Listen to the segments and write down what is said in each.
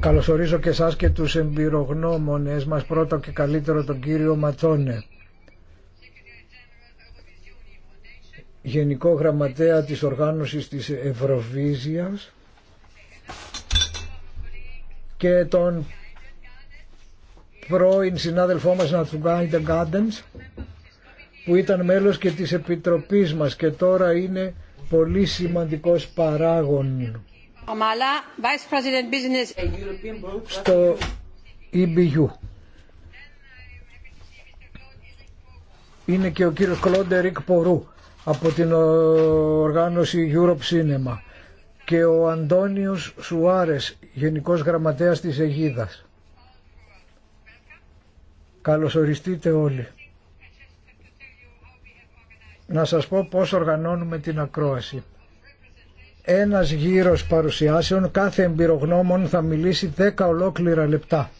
καλωσορίζω, και σά και σας και τους εμπειρογνώμονες μας πρώτα και καλύτερο τον κύριο Ματσόνε. Γενικό Γραμματέα της Οργάνωσης της Ευρωβίζιας και τον πρώην συνάδελφό μας Νατσουγκάιντε Γκάντενς που ήταν μέλος και της Επιτροπής μας και τώρα είναι πολύ σημαντικός παράγων στο EBU. Είναι και ο κύριος Κλόντερικ Πορού από την οργάνωση Europe Cinema και ο Αντώνιος Σουάρες, Γενικός Γραμματέας της Αιγίδας. Καλωσοριστείτε όλοι. Να σας πω πώς οργανώνουμε την ακρόαση. Ένας γύρος παρουσιάσεων, κάθε εμπειρογνώμων θα μιλήσει 10 ολόκληρα λεπτά.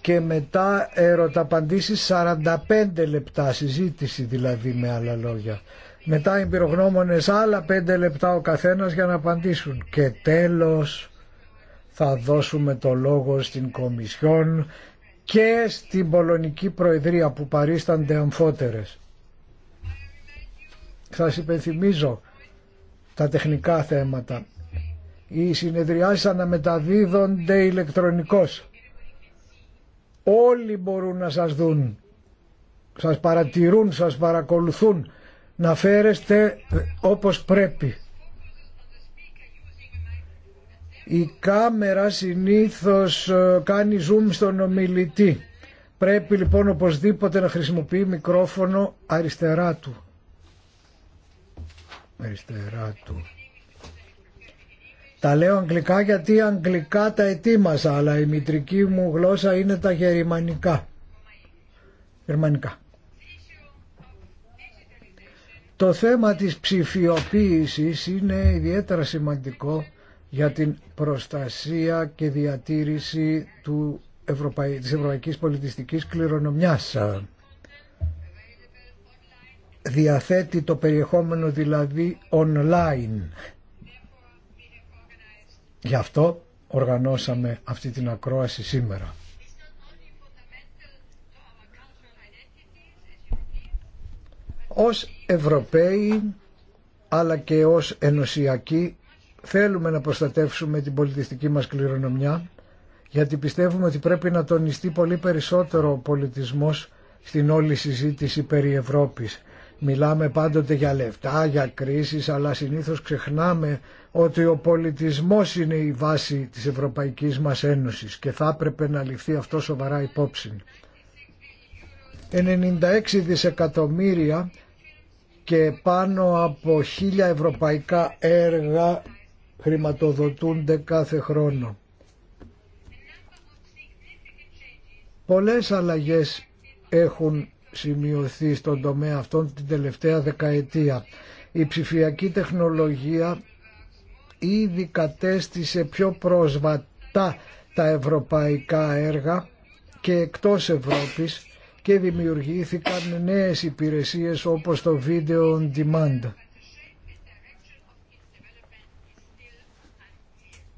Και μετά ερωταπαντήσεις 45 λεπτά, συζήτηση δηλαδή με άλλα λόγια. Μετά εμπειρογνώμονες άλλα 5 λεπτά ο καθένας για να απαντήσουν. Και τέλος θα δώσουμε το λόγο στην Κομισιόν και στην Πολωνική Προεδρία που παρίστανται αμφότερες. Θα σας υπενθυμίζω τα τεχνικά θέματα. Οι συνεδριάσεις αναμεταδίδονται ηλεκτρονικώς. Όλοι μπορούν να σας δουν, σας παρατηρούν, σας παρακολουθούν. Να φέρεστε όπως πρέπει. Η κάμερα συνήθως ε, κάνει zoom στον ομιλητή. Πρέπει λοιπόν οπωσδήποτε να χρησιμοποιεί μικρόφωνο αριστερά του. Αριστερά του. Τα λέω αγγλικά γιατί αγγλικά τα ετοίμασα, αλλά η μητρική μου γλώσσα είναι τα γερμανικά. Γερμανικά. Το θέμα της ψηφιοποίησης είναι ιδιαίτερα σημαντικό για την προστασία και διατήρηση του Ευρωπαϊ... της ευρωπαϊκής πολιτιστικής κληρονομιάς. Διαθέτει το περιεχόμενο δηλαδή online. Γι' αυτό οργανώσαμε αυτή την ακρόαση σήμερα. Ως Ευρωπαίοι αλλά και ως ενωσιακοί Θέλουμε να προστατεύσουμε την πολιτιστική μας κληρονομιά γιατί πιστεύουμε ότι πρέπει να τονιστεί πολύ περισσότερο ο πολιτισμός στην όλη συζήτηση περί Ευρώπης. Μιλάμε πάντοτε για λεφτά, για κρίσεις, αλλά συνήθως ξεχνάμε ότι ο πολιτισμός είναι η βάση της Ευρωπαϊκής μας Ένωσης και θα έπρεπε να ληφθεί αυτό σοβαρά υπόψη. 96 δισεκατομμύρια και πάνω από χίλια ευρωπαϊκά έργα χρηματοδοτούνται κάθε χρόνο. Πολλές αλλαγές έχουν σημειωθεί στον τομέα αυτόν την τελευταία δεκαετία. Η ψηφιακή τεχνολογία ήδη κατέστησε πιο πρόσβατα τα ευρωπαϊκά έργα και εκτός Ευρώπης και δημιουργήθηκαν νέες υπηρεσίες όπως το Video On Demand.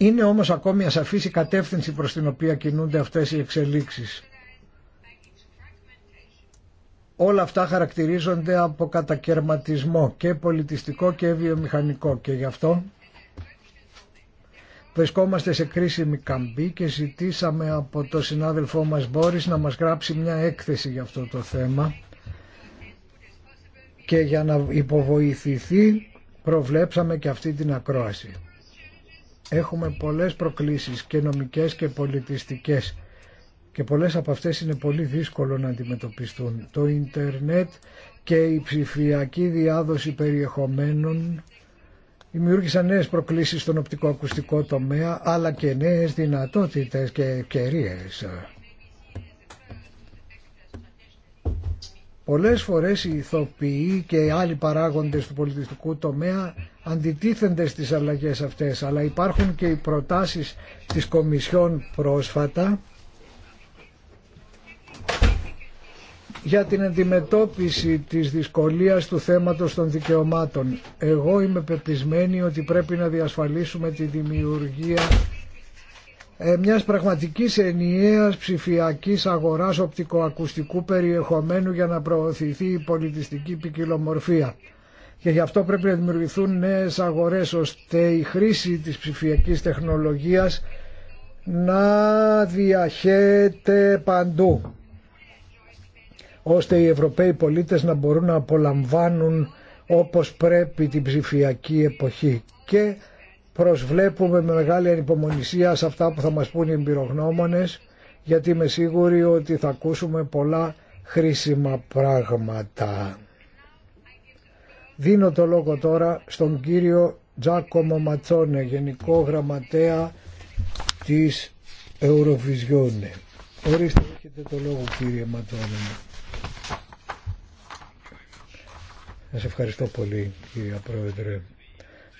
Είναι όμως ακόμη ασαφής η κατεύθυνση προς την οποία κινούνται αυτές οι εξελίξεις. Όλα αυτά χαρακτηρίζονται από κατακαιρματισμό και πολιτιστικό και βιομηχανικό και γι' αυτό βρισκόμαστε σε κρίσιμη καμπή και ζητήσαμε από το συνάδελφό μας Μπόρις να μας γράψει μια έκθεση για αυτό το θέμα και για να υποβοηθηθεί προβλέψαμε και αυτή την ακρόαση. Έχουμε πολλές προκλήσεις και νομικές και πολιτιστικές και πολλές από αυτές είναι πολύ δύσκολο να αντιμετωπιστούν. Το ίντερνετ και η ψηφιακή διάδοση περιεχομένων δημιούργησαν νέες προκλήσεις στον οπτικοακουστικό τομέα αλλά και νέες δυνατότητες και ευκαιρίε. Πολλές φορές οι ηθοποιοί και οι άλλοι παράγοντες του πολιτιστικού τομέα αντιτίθενται στις αλλαγές αυτές αλλά υπάρχουν και οι προτάσεις της Κομισιόν πρόσφατα για την αντιμετώπιση της δυσκολίας του θέματος των δικαιωμάτων. Εγώ είμαι πεπισμένη ότι πρέπει να διασφαλίσουμε τη δημιουργία ε, μιας πραγματικής ενιαίας ψηφιακής αγοράς οπτικοακουστικού περιεχομένου για να προωθηθεί η πολιτιστική ποικιλομορφία. Και γι' αυτό πρέπει να δημιουργηθούν νέες αγορές ώστε η χρήση της ψηφιακής τεχνολογίας να διαχέεται παντού ώστε οι Ευρωπαίοι πολίτες να μπορούν να απολαμβάνουν όπως πρέπει την ψηφιακή εποχή και προσβλέπουμε με μεγάλη ανυπομονησία σε αυτά που θα μας πούν οι εμπειρογνώμονες γιατί είμαι σίγουροι ότι θα ακούσουμε πολλά χρήσιμα πράγματα. Δίνω το λόγο τώρα στον κύριο Τζάκομο Ματσόνε, Γενικό Γραμματέα της Ευρωβιζιόνε. Ορίστε, έχετε το λόγο κύριε Ματσόνε. Σα ευχαριστώ πολύ κύριε Πρόεδρε.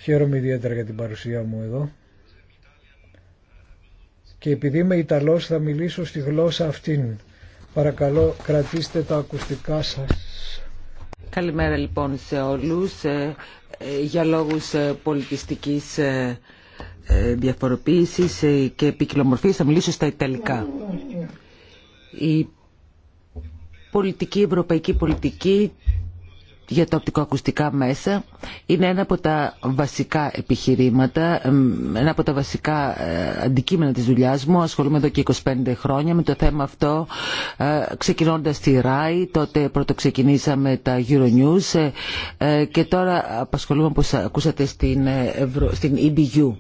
Χαίρομαι ιδιαίτερα για την παρουσία μου εδώ. Και επειδή είμαι Ιταλός θα μιλήσω στη γλώσσα αυτήν. Παρακαλώ κρατήστε τα ακουστικά σας. Καλημέρα λοιπόν σε όλους. Ε, ε, για λόγους ε, πολιτιστικής διαφοροποίησης και επικοινομορφής θα μιλήσω στα Ιταλικά. Η πολιτική, ευρωπαϊκή πολιτική για τα οπτικοακουστικά μέσα είναι ένα από τα βασικά επιχειρήματα, ένα από τα βασικά ε, αντικείμενα της δουλειάς μου. Ασχολούμαι εδώ και 25 χρόνια με το θέμα αυτό, ε, ξεκινώντας τη ΡΑΗ, τότε πρώτο ξεκινήσαμε τα Euronews ε, και τώρα απασχολούμαι, όπως ακούσατε, στην, στην EBU.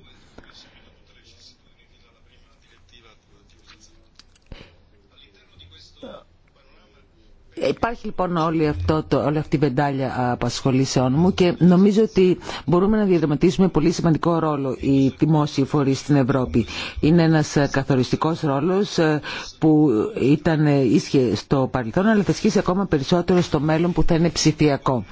Υπάρχει λοιπόν όλη, αυτό, το, όλη αυτή η βεντάλια απασχολήσεών μου και νομίζω ότι μπορούμε να διαδραματίσουμε πολύ σημαντικό ρόλο οι δημόσιοι φορείς στην Ευρώπη. Είναι ένας καθοριστικός ρόλος ε, που ήταν ίσχυε στο παρελθόν αλλά θα ισχύσει ακόμα περισσότερο στο μέλλον που θα είναι ψηφιακό.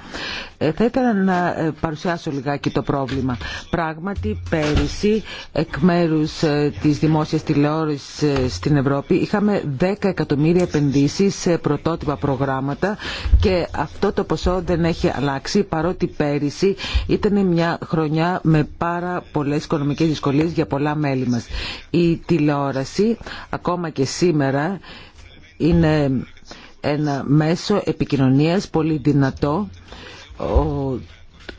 Ε, θα ήθελα να ε, παρουσιάσω λιγάκι το πρόβλημα. Πράγματι, πέρυσι, εκ μέρου ε, τη δημόσια τηλεόραση στην Ευρώπη, είχαμε 10 εκατομμύρια επενδύσει σε πρωτότυπα προγράμματα και αυτό το ποσό δεν έχει αλλάξει, παρότι πέρυσι ήταν μια χρονιά με πάρα πολλέ οικονομικέ δυσκολίε για πολλά μέλη μα. Η τηλεόραση, ακόμα και σήμερα, είναι ένα μέσο επικοινωνίας πολύ δυνατό ο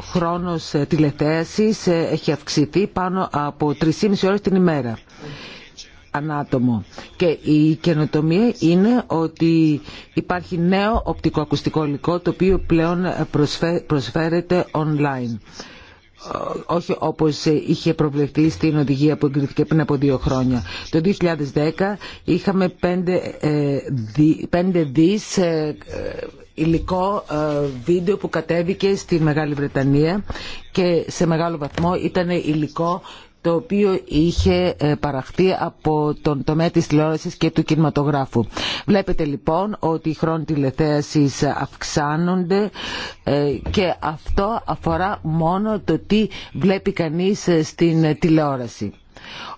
χρόνος ε, τηλεθέασης ε, έχει αυξηθεί πάνω από 3,5 ώρες την ημέρα ανάτομο. Και η καινοτομία είναι ότι υπάρχει νέο οπτικοακουστικό υλικό το οποίο πλέον προσφέρεται online. Όχι όπως ε, είχε προβλεφθεί στην οδηγία που εγκριθήκε πριν από δύο χρόνια. Το 2010 είχαμε 5 δις υλικό ε, βίντεο που κατέβηκε στη Μεγάλη Βρετανία και σε μεγάλο βαθμό ήταν υλικό το οποίο είχε ε, παραχθεί από τον τομέα της τηλεόρασης και του κινηματογράφου. Βλέπετε λοιπόν ότι οι χρόνοι τηλεθέασης αυξάνονται ε, και αυτό αφορά μόνο το τι βλέπει κανείς στην τηλεόραση.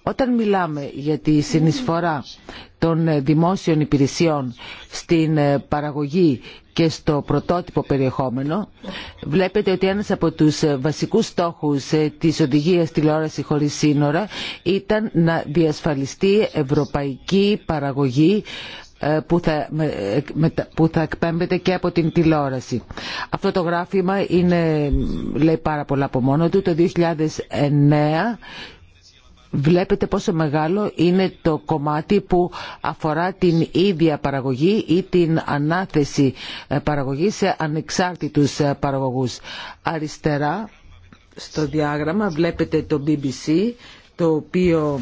Όταν μιλάμε για τη συνεισφορά των ε, δημόσιων υπηρεσιών στην ε, παραγωγή και στο πρωτότυπο περιεχόμενο, βλέπετε ότι ένας από τους ε, βασικούς στόχους της οδηγίας τηλεόραση χωρίς σύνορα ήταν να διασφαλιστεί ευρωπαϊκή παραγωγή που θα, που εκπέμπεται και από την τηλεόραση. Αυτό το γράφημα είναι, λέει πάρα πολλά από μόνο του. Το 2009 βλέπετε πόσο μεγάλο είναι το κομμάτι που αφορά την ίδια παραγωγή ή την ανάθεση παραγωγής σε ανεξάρτητους παραγωγούς. Αριστερά στο διάγραμμα βλέπετε το BBC το οποίο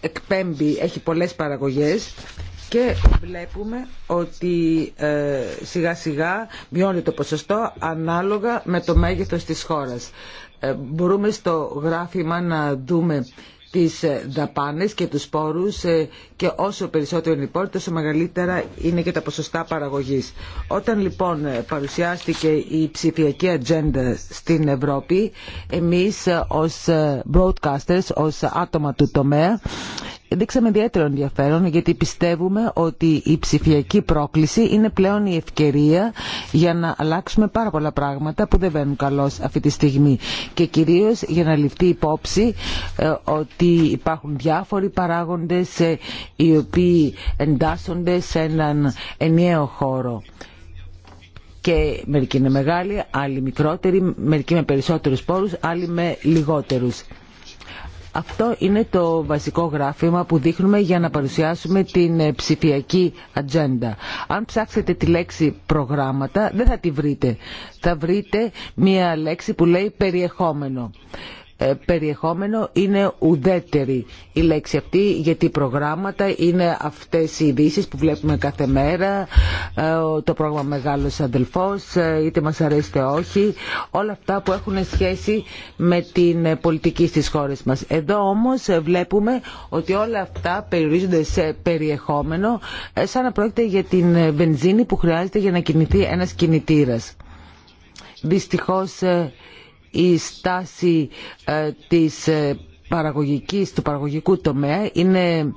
εκπέμπει, έχει πολλές παραγωγές και βλέπουμε ότι ε, σιγά σιγά μειώνει το ποσοστό ανάλογα με το μέγεθος της χώρας. Ε, μπορούμε στο γράφημα να δούμε τις ε, δαπάνες και τους πόρους ε, και όσο περισσότερο είναι η πόρη τόσο μεγαλύτερα είναι και τα ποσοστά παραγωγής. Όταν λοιπόν παρουσιάστηκε η ψηφιακή ατζέντα στην Ευρώπη εμείς ως broadcasters, ως άτομα του τομέα δείξαμε ιδιαίτερο ενδιαφέρον γιατί πιστεύουμε ότι η ψηφιακή πρόκληση είναι πλέον η ευκαιρία για να αλλάξουμε πάρα πολλά πράγματα που δεν βαίνουν καλώς αυτή τη στιγμή και κυρίως για να ληφθεί υπόψη ε, ότι υπάρχουν διάφοροι παράγοντες ε, οι οποίοι εντάσσονται σε έναν ενιαίο χώρο και μερικοί είναι μεγάλοι, άλλοι μικρότεροι, μερικοί με περισσότερους πόρους, άλλοι με λιγότερους. Αυτό είναι το βασικό γράφημα που δείχνουμε για να παρουσιάσουμε την ε, ψηφιακή ατζέντα. Αν ψάξετε τη λέξη προγράμματα δεν θα τη βρείτε. Θα βρείτε μια λέξη που λέει περιεχόμενο. Ε, περιεχόμενο είναι ουδέτερη η λέξη αυτή γιατί προγράμματα είναι αυτές οι ειδήσει που βλέπουμε κάθε μέρα ε, το πρόγραμμα Μεγάλος Αδελφός ε, είτε μας αρέσει όχι όλα αυτά που έχουν σχέση με την πολιτική στις χώρες μας εδώ όμως βλέπουμε ότι όλα αυτά περιορίζονται σε περιεχόμενο σαν να πρόκειται για την βενζίνη που χρειάζεται για να κινηθεί ένας κινητήρας δυστυχώς η στάση ε, της ε, παραγωγικής, του παραγωγικού τομέα είναι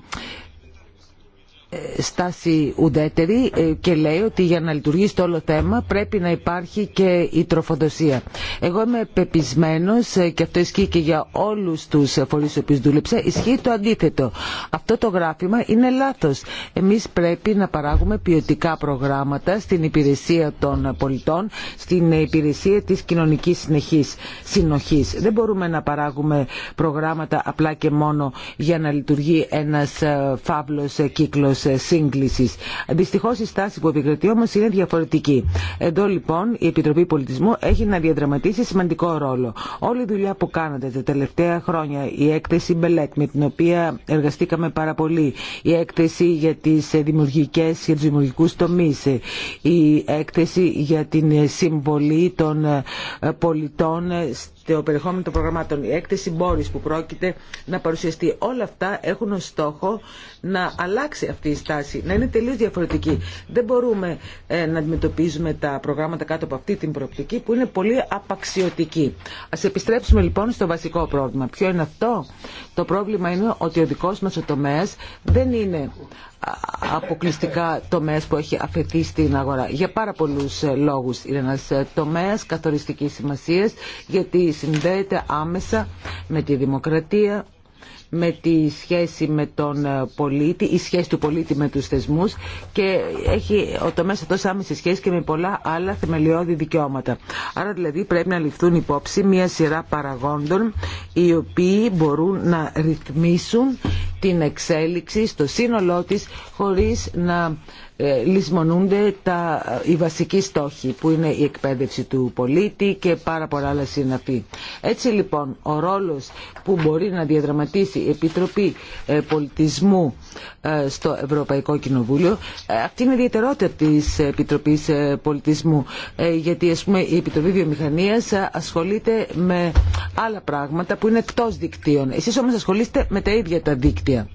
στάση ουδέτερη ε, και λέει ότι για να λειτουργήσει το όλο θέμα πρέπει να υπάρχει και η τροφοδοσία. Εγώ είμαι πεπισμένος ε, και αυτό ισχύει και για όλους του φορεί του οποίους δούλεψα, ισχύει το αντίθετο. Αυτό το γράφημα είναι λάθο. Εμεί πρέπει να παράγουμε ποιοτικά προγράμματα στην υπηρεσία των πολιτών, στην υπηρεσία της κοινωνική συνοχή. συνοχής. Δεν μπορούμε να παράγουμε προγράμματα απλά και μόνο για να λειτουργεί ένα ε, φαύλο κύκλο. Ε, σύγκληση. Δυστυχώς η στάση που επικρατεί όμω είναι διαφορετική. Εδώ λοιπόν η Επιτροπή Πολιτισμού έχει να διαδραματίσει σημαντικό ρόλο. Όλη η δουλειά που κάνατε τα τελευταία χρόνια, η έκθεση Μπελέκ με την οποία εργαστήκαμε πάρα πολύ, η έκθεση για τις ε, δημιουργικές, και τους δημιουργικούς τομείς, ε, η έκθεση για την συμβολή των πολιτών το περιεχόμενο των προγραμμάτων, η έκθεση Μπόρις που πρόκειται να παρουσιαστεί. Όλα αυτά έχουν ως στόχο να αλλάξει αυτή η στάση, να είναι τελείως διαφορετική. Δεν μπορούμε ε, να αντιμετωπίζουμε τα προγράμματα κάτω από αυτή την προοπτική που είναι πολύ απαξιωτική. Ας επιστρέψουμε λοιπόν στο βασικό πρόβλημα. Ποιο είναι αυτό? Το πρόβλημα είναι ότι ο δικός μας τομέας δεν είναι αποκλειστικά τομέας που έχει αφαιθεί στην αγορά. Για πάρα πολλούς λόγους είναι ένας τομέας καθοριστικής σημασίας γιατί συνδέεται άμεσα με τη δημοκρατία, με τη σχέση με τον ε, πολίτη, η σχέση του πολίτη με τους θεσμούς και έχει ο τομέας αυτός άμεση σχέση και με πολλά άλλα θεμελιώδη δικαιώματα. Άρα δηλαδή πρέπει να ληφθούν υπόψη μια σειρά παραγόντων οι οποίοι μπορούν να ρυθμίσουν την εξέλιξη στο σύνολό της χωρίς να ε, λησμονούνται τα, οι βασικοί στόχοι που είναι η εκπαίδευση του πολίτη και πάρα πολλά άλλα συναφή. Έτσι λοιπόν ο ρόλος που μπορεί να διαδραματίσει η Επιτροπή ε, Πολιτισμού ε, στο Ευρωπαϊκό Κοινοβούλιο αυτή είναι η ιδιαιτερότητα της Επιτροπής Πολιτισμού γιατί η Επιτροπή Βιομηχανίας ασχολείται με άλλα πράγματα που είναι εκτός δικτύων. Εσείς όμως ασχολείστε με τα ίδια τα δίκτυα.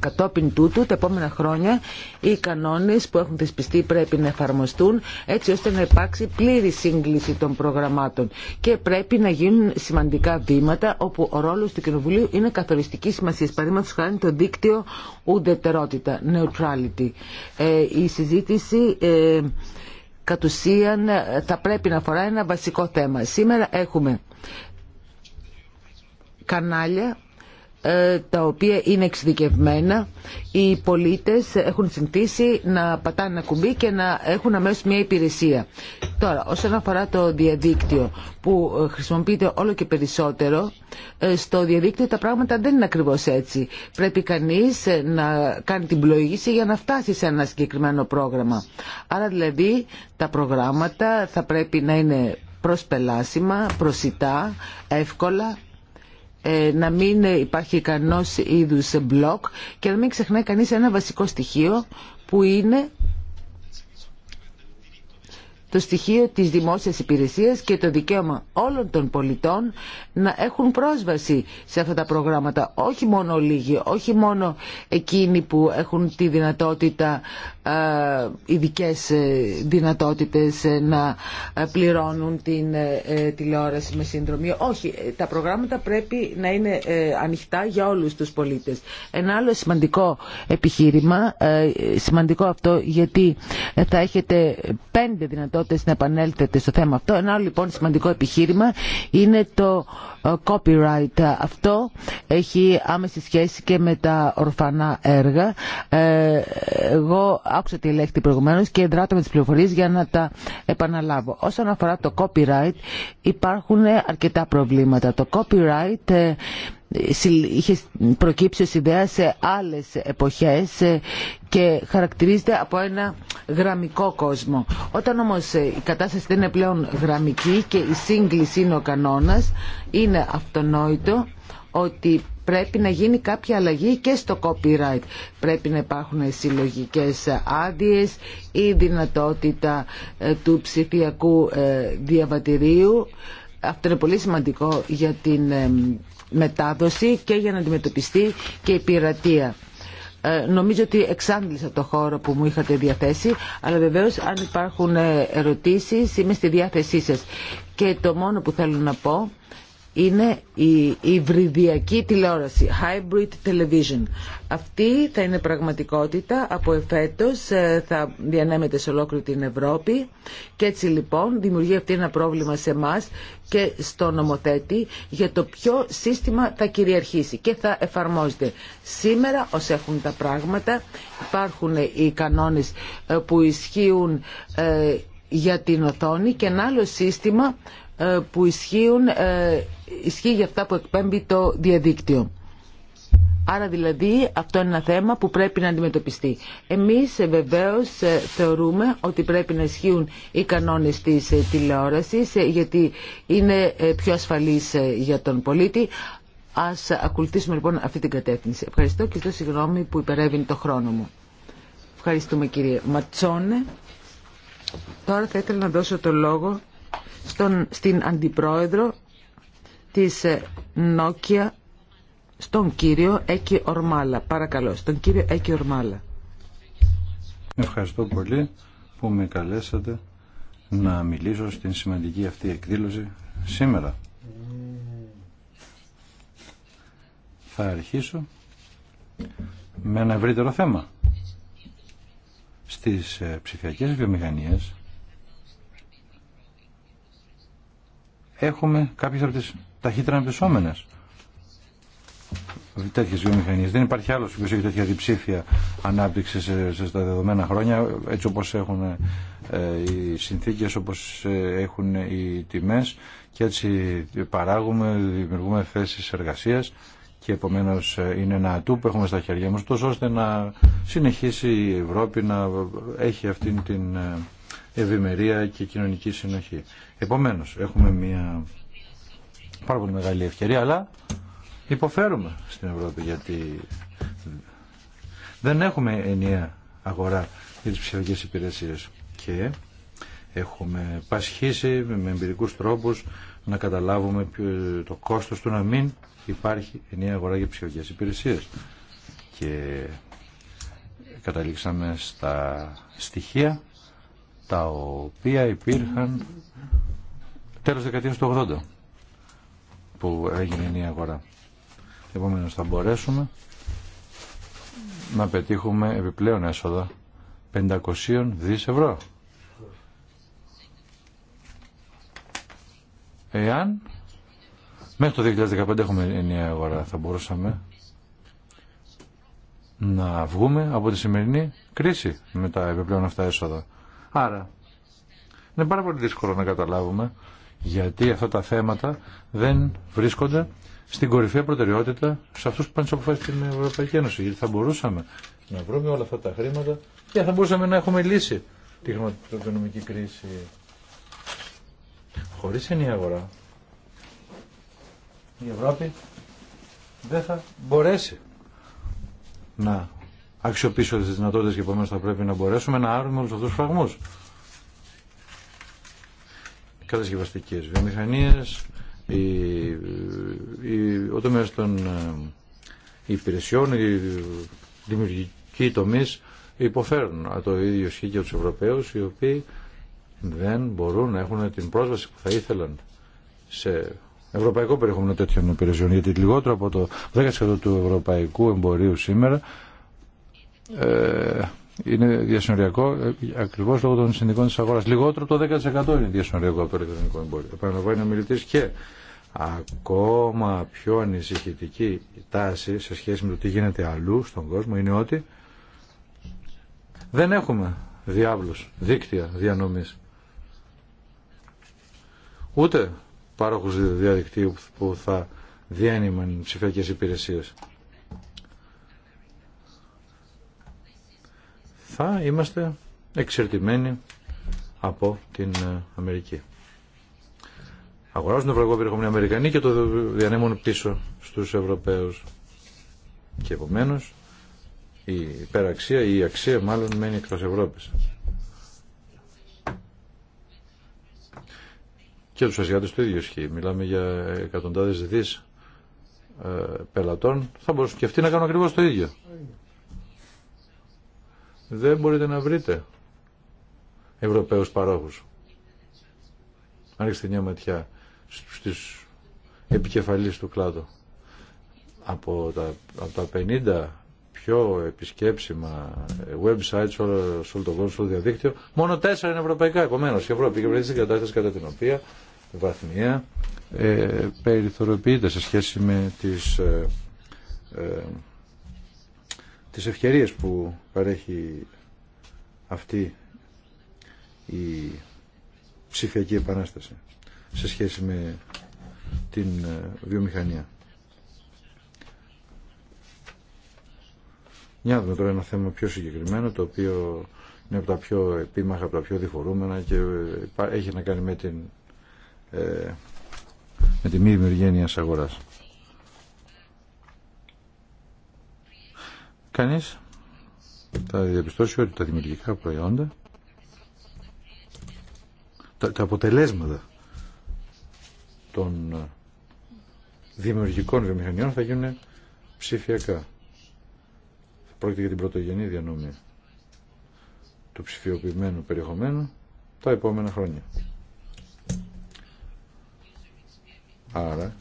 Κατόπιν τούτου, τα επόμενα χρόνια, οι κανόνες που έχουν θεσπιστεί πρέπει να εφαρμοστούν έτσι ώστε να υπάρξει πλήρη σύγκληση των προγραμμάτων και πρέπει να γίνουν σημαντικά βήματα όπου ο ρόλος του Κοινοβουλίου είναι καθοριστική σημασία. Παραδείγματος χάρη το δίκτυο ουδετερότητα, neutrality. Ε, η συζήτηση ε, κατ' ουσίαν ε, θα πρέπει να αφορά ένα βασικό θέμα. Σήμερα έχουμε κανάλια ε, τα οποία είναι εξειδικευμένα. Οι πολίτες έχουν συνηθίσει να πατάνε ένα κουμπί και να έχουν αμέσως μια υπηρεσία. Τώρα, όσον αφορά το διαδίκτυο που ε, χρησιμοποιείται όλο και περισσότερο, ε, στο διαδίκτυο τα πράγματα δεν είναι ακριβώς έτσι. Πρέπει κανείς να κάνει την πλοήγηση για να φτάσει σε ένα συγκεκριμένο πρόγραμμα. Άρα δηλαδή τα προγράμματα θα πρέπει να είναι προσπελάσιμα, προσιτά, εύκολα ε, να μην υπάρχει κανός είδους μπλοκ και να μην ξεχνάει κανείς ένα βασικό στοιχείο που είναι το στοιχείο της δημόσιας υπηρεσίας και το δικαίωμα όλων των πολιτών να έχουν πρόσβαση σε αυτά τα προγράμματα. Όχι μόνο λίγοι, όχι μόνο εκείνοι που έχουν τη δυνατότητα, ε, ειδικέ ε, δυνατότητες ε, να πληρώνουν την τηλεόραση με συνδρομή. Όχι, τα προγράμματα πρέπει να είναι ανοιχτά για όλους τους πολίτες. Ένα άλλο σημαντικό επιχείρημα, σημαντικό αυτό γιατί θα έχετε πέντε δυνατότητες δυνατότητες να επανέλθετε στο θέμα αυτό. Ένα άλλο λοιπόν σημαντικό επιχείρημα είναι το ε, copyright. Αυτό έχει άμεση σχέση και με τα ορφανά έργα. Ε, εγώ άκουσα τη λέξη προηγουμένω και εντράτω με τις πληροφορίες για να τα επαναλάβω. Όσον αφορά το copyright υπάρχουν αρκετά προβλήματα. Το copyright ε, είχε προκύψει ως ιδέα σε άλλες εποχές ε, και χαρακτηρίζεται από ένα γραμμικό κόσμο. Όταν όμως ε, η κατάσταση δεν είναι πλέον γραμμική και η σύγκληση είναι ο κανόνας, είναι αυτονόητο ότι πρέπει να γίνει κάποια αλλαγή και στο copyright. Πρέπει να υπάρχουν συλλογικέ άδειε, ή δυνατότητα ε, του ψηφιακού διαβατηρίου. Αυτό είναι πολύ σημαντικό για την μετάδοση και για να αντιμετωπιστεί και η πειρατεία. Ε, νομίζω ότι εξάντλησα το χώρο που μου είχατε διαθέσει, αλλά βεβαίως αν υπάρχουν ε, ερωτήσεις είμαι στη διάθεσή σας. Και το μόνο που θέλω να πω είναι η υβριδιακή τηλεόραση, hybrid television. Αυτή θα είναι πραγματικότητα από εφέτος, ε, θα διανέμεται σε ολόκληρη την Ευρώπη και έτσι λοιπόν δημιουργεί αυτή ένα πρόβλημα σε εμά και στο νομοθέτη για το ποιο σύστημα θα κυριαρχήσει και θα εφαρμόζεται. Σήμερα ως έχουν τα πράγματα υπάρχουν οι κανόνες ε, που ισχύουν ε, για την οθόνη και ένα άλλο σύστημα που ισχύουν ισχύει για αυτά που εκπέμπει το διαδίκτυο. Άρα δηλαδή αυτό είναι ένα θέμα που πρέπει να αντιμετωπιστεί. Εμείς ε, βεβαίως ε, θεωρούμε ότι πρέπει να ισχύουν οι κανόνες της ε, τηλεόρασης γιατί είναι πιο ασφαλής για τον πολίτη. Ας ακολουθήσουμε λοιπόν αυτή την κατεύθυνση. Ευχαριστώ και το συγγνώμη που υπερεύει το χρόνο μου. Ευχαριστούμε κύριε Ματσόνε. Τώρα θα ήθελα να δώσω το λόγο στον, στην Αντιπρόεδρο της Νόκια στον κύριο Έκη Ορμάλα. Παρακαλώ, στον κύριο Έκη Ορμάλα. Ευχαριστώ πολύ που με καλέσατε να μιλήσω στην σημαντική αυτή εκδήλωση σήμερα. Θα αρχίσω με ένα ευρύτερο θέμα. Στις ε, ψηφιακές βιομηχανίες έχουμε κάποιες από τις ταχύτερα αναπτυσσόμενε τέτοιε βιομηχανίε. Δεν υπάρχει άλλο που έχει τέτοια διψήφια ανάπτυξη σε, σε, στα δεδομένα χρόνια, έτσι όπω ε, ε, έχουν οι συνθήκε, όπω έχουν οι τιμέ και έτσι παράγουμε, δημιουργούμε θέσει εργασία και επομένω ε, είναι ένα ατού που έχουμε στα χέρια μα, ώστε να συνεχίσει η Ευρώπη να έχει αυτήν την ευημερία και κοινωνική συνοχή. Επομένω, έχουμε μια πάρα πολύ μεγάλη ευκαιρία, αλλά υποφέρουμε στην Ευρώπη γιατί δεν έχουμε ενιαία αγορά για τις ψηφιακές υπηρεσίες και έχουμε πασχίσει με εμπειρικούς τρόπους να καταλάβουμε το κόστος του να μην υπάρχει ενιαία αγορά για ψηφιακές υπηρεσίες και καταλήξαμε στα στοιχεία τα οποία υπήρχαν τέλος δεκαετίας του 80 που έγινε η αγορά. Επομένω θα μπορέσουμε να πετύχουμε επιπλέον έσοδα 500 δις ευρώ. Εάν μέχρι το 2015 έχουμε ενιαία αγορά θα μπορούσαμε να βγούμε από τη σημερινή κρίση με τα επιπλέον αυτά έσοδα. Άρα είναι πάρα πολύ δύσκολο να καταλάβουμε γιατί αυτά τα θέματα δεν βρίσκονται στην κορυφαία προτεραιότητα σε αυτού που πάνε τι αποφάσει στην Ευρωπαϊκή Ένωση. Γιατί θα μπορούσαμε να βρούμε όλα αυτά τα χρήματα και θα μπορούσαμε να έχουμε λύσει τη χρηματοοικονομική κρίση χωρίς ενή αγορά. Η Ευρώπη δεν θα μπορέσει να αξιοποιήσει τις δυνατότητες και επομένως θα πρέπει να μπορέσουμε να άρουμε όλους αυτούς τους φραγμούς κατασκευαστικές βιομηχανίες, η, η, ο τομέας των ε, υπηρεσιών, οι δημιουργικοί τομείς υποφέρουν. Το ίδιο ισχύει και τους Ευρωπαίους οι οποίοι δεν μπορούν να έχουν την πρόσβαση που θα ήθελαν σε ευρωπαϊκό περιεχόμενο τέτοιων υπηρεσιών γιατί λιγότερο από το 10% του ευρωπαϊκού εμπορίου σήμερα ε, είναι διασυνοριακό ε, ακριβώ λόγω των συνδικών τη αγορά. Λιγότερο το 10% είναι διασυνοριακό από το ελληνικό εμπόριο. Επαναλαμβάνει ο μιλητή και ακόμα πιο ανησυχητική τάση σε σχέση με το τι γίνεται αλλού στον κόσμο είναι ότι δεν έχουμε διάβλους, δίκτυα διανομής. Ούτε πάροχους διαδικτύου που θα διένυμαν ψηφιακές υπηρεσίες. θα είμαστε εξαιρετημένοι από την ε, Αμερική. Αγοράζουν το βραγό περιεχόμενο οι Αμερικανοί και το διανέμουν πίσω στους Ευρωπαίους. Και επομένω, η υπεραξία, η αξία μάλλον μένει εκτός Ευρώπης. Και τους Ασιάτες το ίδιο ισχύει. Μιλάμε για εκατοντάδες δις ε, πελατών. Θα μπορούσαν και αυτοί να κάνουν ακριβώς το ίδιο δεν μπορείτε να βρείτε Ευρωπαίους παρόχους. Άρχιστε μια ματιά στις επικεφαλής του κλάδου. Από τα, από τα 50 πιο επισκέψιμα websites σε όλο τον κόσμο, στο διαδίκτυο, μόνο τέσσερα είναι ευρωπαϊκά. Επομένω, η Ευρώπη και στην κατάσταση κατά την οποία βαθμία ε, περιθωριοποιείται σε σχέση με τις ε, ε τις ευκαιρίες που παρέχει αυτή η ψηφιακή επανάσταση σε σχέση με την ε, βιομηχανία. Για δούμε τώρα ένα θέμα πιο συγκεκριμένο, το οποίο είναι από τα πιο επίμαχα, από τα πιο διφορούμενα και ε, έχει να κάνει με την, ε, με τη μη δημιουργία αγοράς. κανείς θα διαπιστώσει ότι τα δημιουργικά προϊόντα τα, τα αποτελέσματα των ε, δημιουργικών βιομηχανιών θα γίνουν ψηφιακά. Θα πρόκειται για την πρωτογενή διανομή του ψηφιοποιημένου περιεχομένου τα επόμενα χρόνια. Άρα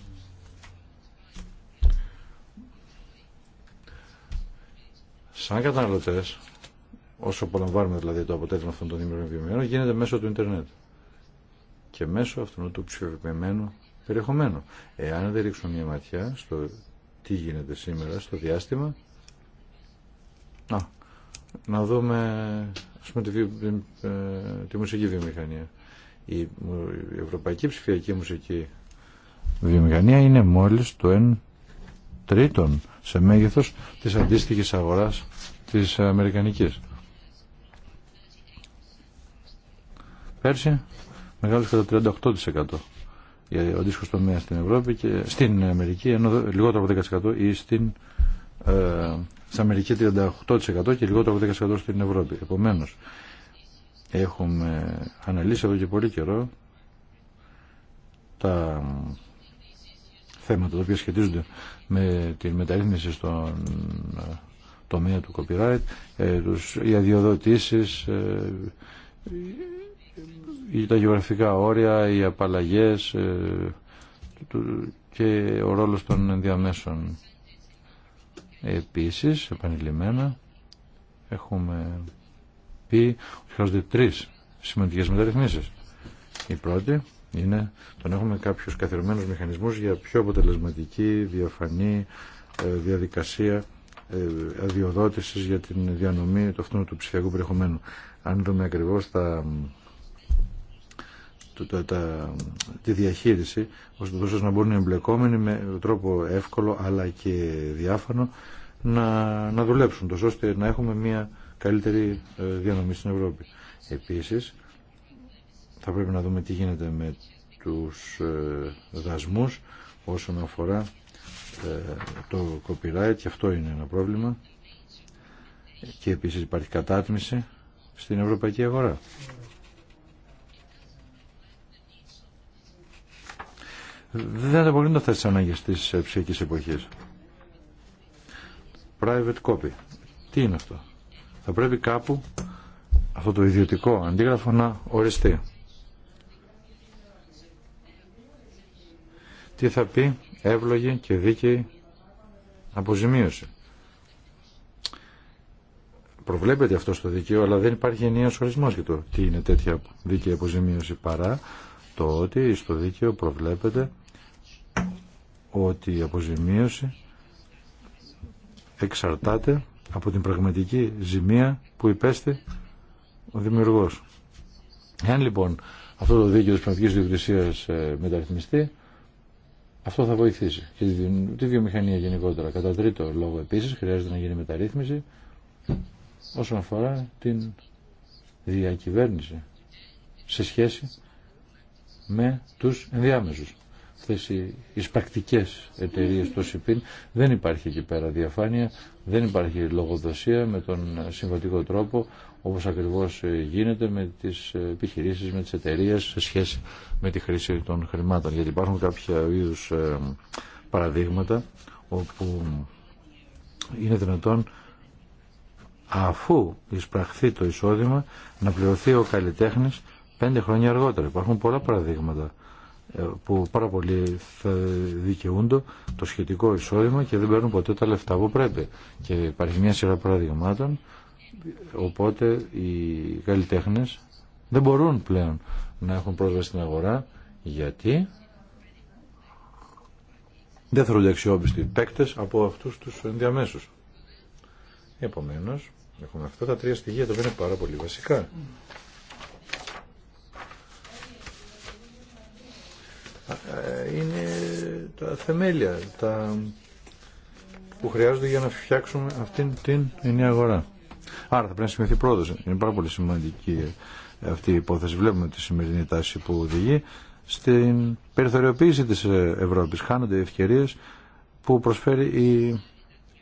σαν καταναλωτέ, όσο απολαμβάνουμε δηλαδή το αποτέλεσμα αυτών των δημιουργικών βιομηχανών, γίνεται μέσω του Ιντερνετ και μέσω αυτού του ψηφιοποιημένου περιεχομένου. Εάν δεν ρίξουμε μια ματιά στο τι γίνεται σήμερα, στο διάστημα, να, να δούμε ας πούμε, τη, ε, μουσική βιομηχανία. Η, η ευρωπαϊκή ψηφιακή μουσική βιομηχανία είναι μόλις το τρίτον σε μέγεθος της αντίστοιχης αγοράς της Αμερικανικής. Πέρσι μεγάλωσε κατά 38% για ο αντίστοιχος τομέα στην Ευρώπη και στην Αμερική, ενώ λιγότερο από 10% ή στην, ε, Αμερική 38% και λιγότερο από 10% στην Ευρώπη. Επομένως, έχουμε αναλύσει εδώ και πολύ καιρό τα θέματα τα οποία σχετίζονται με την μεταρρύθμιση στον ε, τομέα του copyright, ε, τους, οι αδειοδοτήσεις, ε, τα γεωγραφικά όρια, οι απαλλαγές και ο ρόλος των ενδιαμέσων. Επίσης, επανειλημμένα, έχουμε πει ότι χρειάζονται τρεις σημαντικές μεταρρυθμίσεις. Η πρώτη είναι τον έχουμε κάποιους καθιερωμένους μηχανισμούς για πιο αποτελεσματική, διαφανή ε, διαδικασία ε, αδειοδότησης για την διανομή του αυτού του ψηφιακού περιεχομένου. Αν δούμε ακριβώς τα, τη διαχείριση, ώστε να μπορούν οι εμπλεκόμενοι με τρόπο εύκολο αλλά και διάφανο να, να δουλέψουν, τόσο ώστε να έχουμε μια καλύτερη ε, διανομή στην Ευρώπη. Επίσης, θα πρέπει να δούμε τι γίνεται με τους ε, δασμούς όσον αφορά ε, το copyright και αυτό είναι ένα πρόβλημα και επίσης υπάρχει κατάτμιση στην ευρωπαϊκή αγορά. Δεν ανταποκρίνονται αυτές τις ανάγκες της ε, ψυχικής εποχής. Private copy. Τι είναι αυτό. Θα πρέπει κάπου αυτό το ιδιωτικό αντίγραφο να οριστεί. τι θα πει εύλογη και δίκαιη αποζημίωση. Προβλέπεται αυτό στο δίκαιο, αλλά δεν υπάρχει ενιαίος ορισμός για το τι είναι τέτοια δίκαιη αποζημίωση παρά το ότι στο δίκαιο προβλέπεται ότι η αποζημίωση εξαρτάται από την πραγματική ζημία που υπέστη ο δημιουργός. Εάν λοιπόν αυτό το δίκαιο της πραγματικής διοκτησίας ε, μεταρρυθμιστεί, αυτό θα βοηθήσει και τη βιομηχανία γενικότερα. Κατά τρίτο λόγο επίσης χρειάζεται να γίνει μεταρρύθμιση όσον αφορά την διακυβέρνηση σε σχέση με τους ενδιάμεσους. Αυτές οι εισπρακτικές εταιρείε του ΣΥΠΗΝ δεν υπάρχει εκεί πέρα διαφάνεια, δεν υπάρχει λογοδοσία με τον συμβατικό τρόπο όπως ακριβώς γίνεται με τις επιχειρήσεις, με τις εταιρείες σε σχέση με τη χρήση των χρημάτων. Γιατί υπάρχουν κάποια είδους ε, παραδείγματα όπου είναι δυνατόν αφού εισπραχθεί το εισόδημα να πληρωθεί ο καλλιτέχνης πέντε χρόνια αργότερα. Υπάρχουν πολλά παραδείγματα ε, που πάρα πολλοί θα δικαιούνται το σχετικό εισόδημα και δεν παίρνουν ποτέ τα λεφτά που πρέπει. Και υπάρχει μια σειρά παραδειγμάτων Οπότε οι καλλιτέχνε δεν μπορούν πλέον να έχουν πρόσβαση στην αγορά γιατί δεν θέλουν αξιόπιστοι παίκτε από αυτού του ενδιαμέσου. Επομένω, έχουμε αυτά τα τρία στοιχεία τα οποία είναι πάρα πολύ βασικά. Είναι τα θεμέλια τα που χρειάζονται για να φτιάξουμε αυτήν την ενιαία αγορά. Άρα θα πρέπει να σημειωθεί πρόοδο. Είναι πάρα πολύ σημαντική αυτή η υπόθεση. Βλέπουμε τη σημερινή τάση που οδηγεί στην περιθωριοποίηση τη Ευρώπη Χάνονται οι ευκαιρίε που προσφέρει η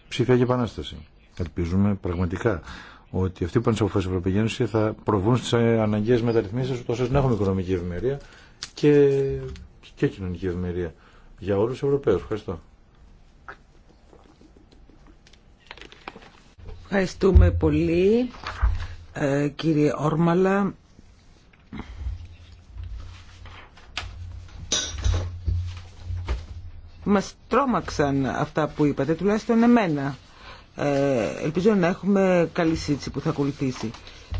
ψηφιακή επανάσταση. Ελπίζουμε πραγματικά ότι αυτοί που πάνε σε Ευρωπαϊκή Ένωση θα προβούν στι αναγκαίε μεταρρυθμίσει, ώστε να έχουμε οικονομική ευημερία και, και κοινωνική ευημερία για όλου του Ευρωπαίου. Ευχαριστώ. Ευχαριστούμε πολύ ε, κύριε Όρμαλα. Μας τρόμαξαν αυτά που είπατε, τουλάχιστον εμένα. Ε, ελπίζω να έχουμε καλή σύντηση που θα ακολουθήσει.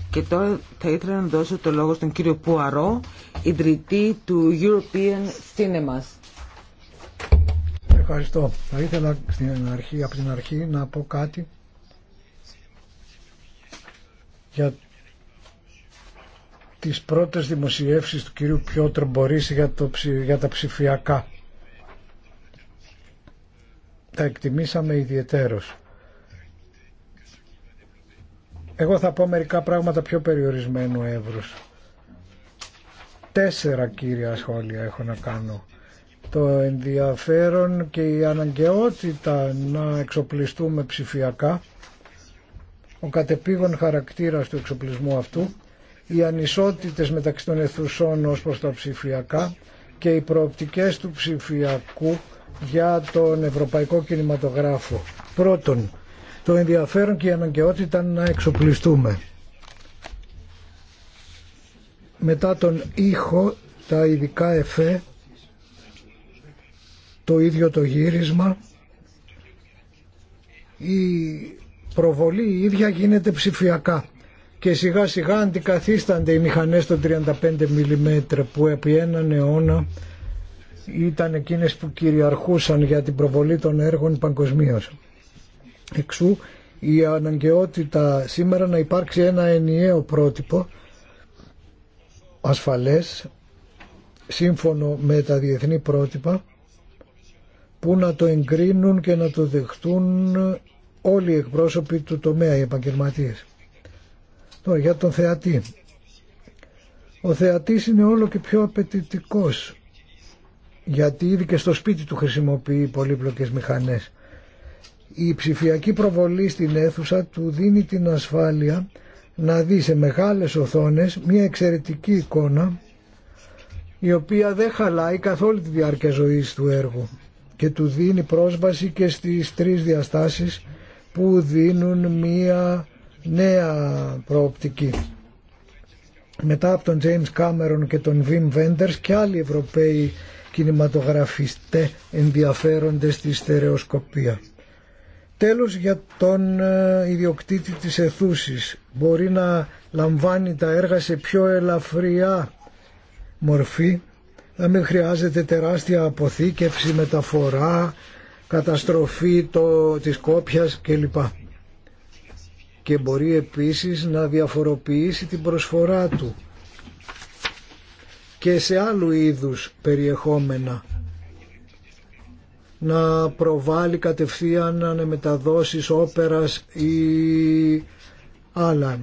Και τώρα θα ήθελα να δώσω το λόγο στον κύριο Πουαρό, ιδρυτή του European Cinemas. Ευχαριστώ. Θα ήθελα στην αρχή, από την αρχή να πω κάτι για τις πρώτες δημοσιεύσεις του κυρίου Πιότρ Μπορίση για, το, για τα ψηφιακά. Τα εκτιμήσαμε ιδιαιτέρως. Εγώ θα πω μερικά πράγματα πιο περιορισμένου εύρους. Τέσσερα κύρια σχόλια έχω να κάνω. Το ενδιαφέρον και η αναγκαιότητα να εξοπλιστούμε ψηφιακά ο κατεπήγον χαρακτήρας του εξοπλισμού αυτού, οι ανισότητες μεταξύ των αιθουσών ως προς τα ψηφιακά και οι προοπτικές του ψηφιακού για τον ευρωπαϊκό κινηματογράφο. Πρώτον, το ενδιαφέρον και η αναγκαιότητα να εξοπλιστούμε. Μετά τον ήχο, τα ειδικά εφέ, το ίδιο το γύρισμα, η προβολή η ίδια γίνεται ψηφιακά και σιγά σιγά αντικαθίστανται οι μηχανές των 35 mm που επί έναν αιώνα ήταν εκείνες που κυριαρχούσαν για την προβολή των έργων παγκοσμίω. Εξού η αναγκαιότητα σήμερα να υπάρξει ένα ενιαίο πρότυπο ασφαλές σύμφωνο με τα διεθνή πρότυπα που να το εγκρίνουν και να το δεχτούν όλοι οι εκπρόσωποι του τομέα, οι επαγγελματίες. Τώρα για τον θεατή. Ο θεατής είναι όλο και πιο απαιτητικό γιατί ήδη και στο σπίτι του χρησιμοποιεί πολύπλοκες μηχανές. Η ψηφιακή προβολή στην αίθουσα του δίνει την ασφάλεια να δει σε μεγάλες οθόνες μια εξαιρετική εικόνα η οποία δεν χαλάει καθ' τη διάρκεια ζωής του έργου και του δίνει πρόσβαση και στις τρεις διαστάσεις που δίνουν μία νέα προοπτική. Μετά από τον James Cameron και τον Wim Wenders και άλλοι Ευρωπαίοι κινηματογραφιστέ ενδιαφέρονται στη στερεοσκοπία. Τέλος για τον ε, ιδιοκτήτη της αιθούσης. Μπορεί να λαμβάνει τα έργα σε πιο ελαφριά μορφή, να μην χρειάζεται τεράστια αποθήκευση, μεταφορά, καταστροφή το, της κόπιας κλπ. Και μπορεί επίσης να διαφοροποιήσει την προσφορά του και σε άλλου είδους περιεχόμενα να προβάλλει κατευθείαν ανεμεταδόσεις όπερας ή άλλα.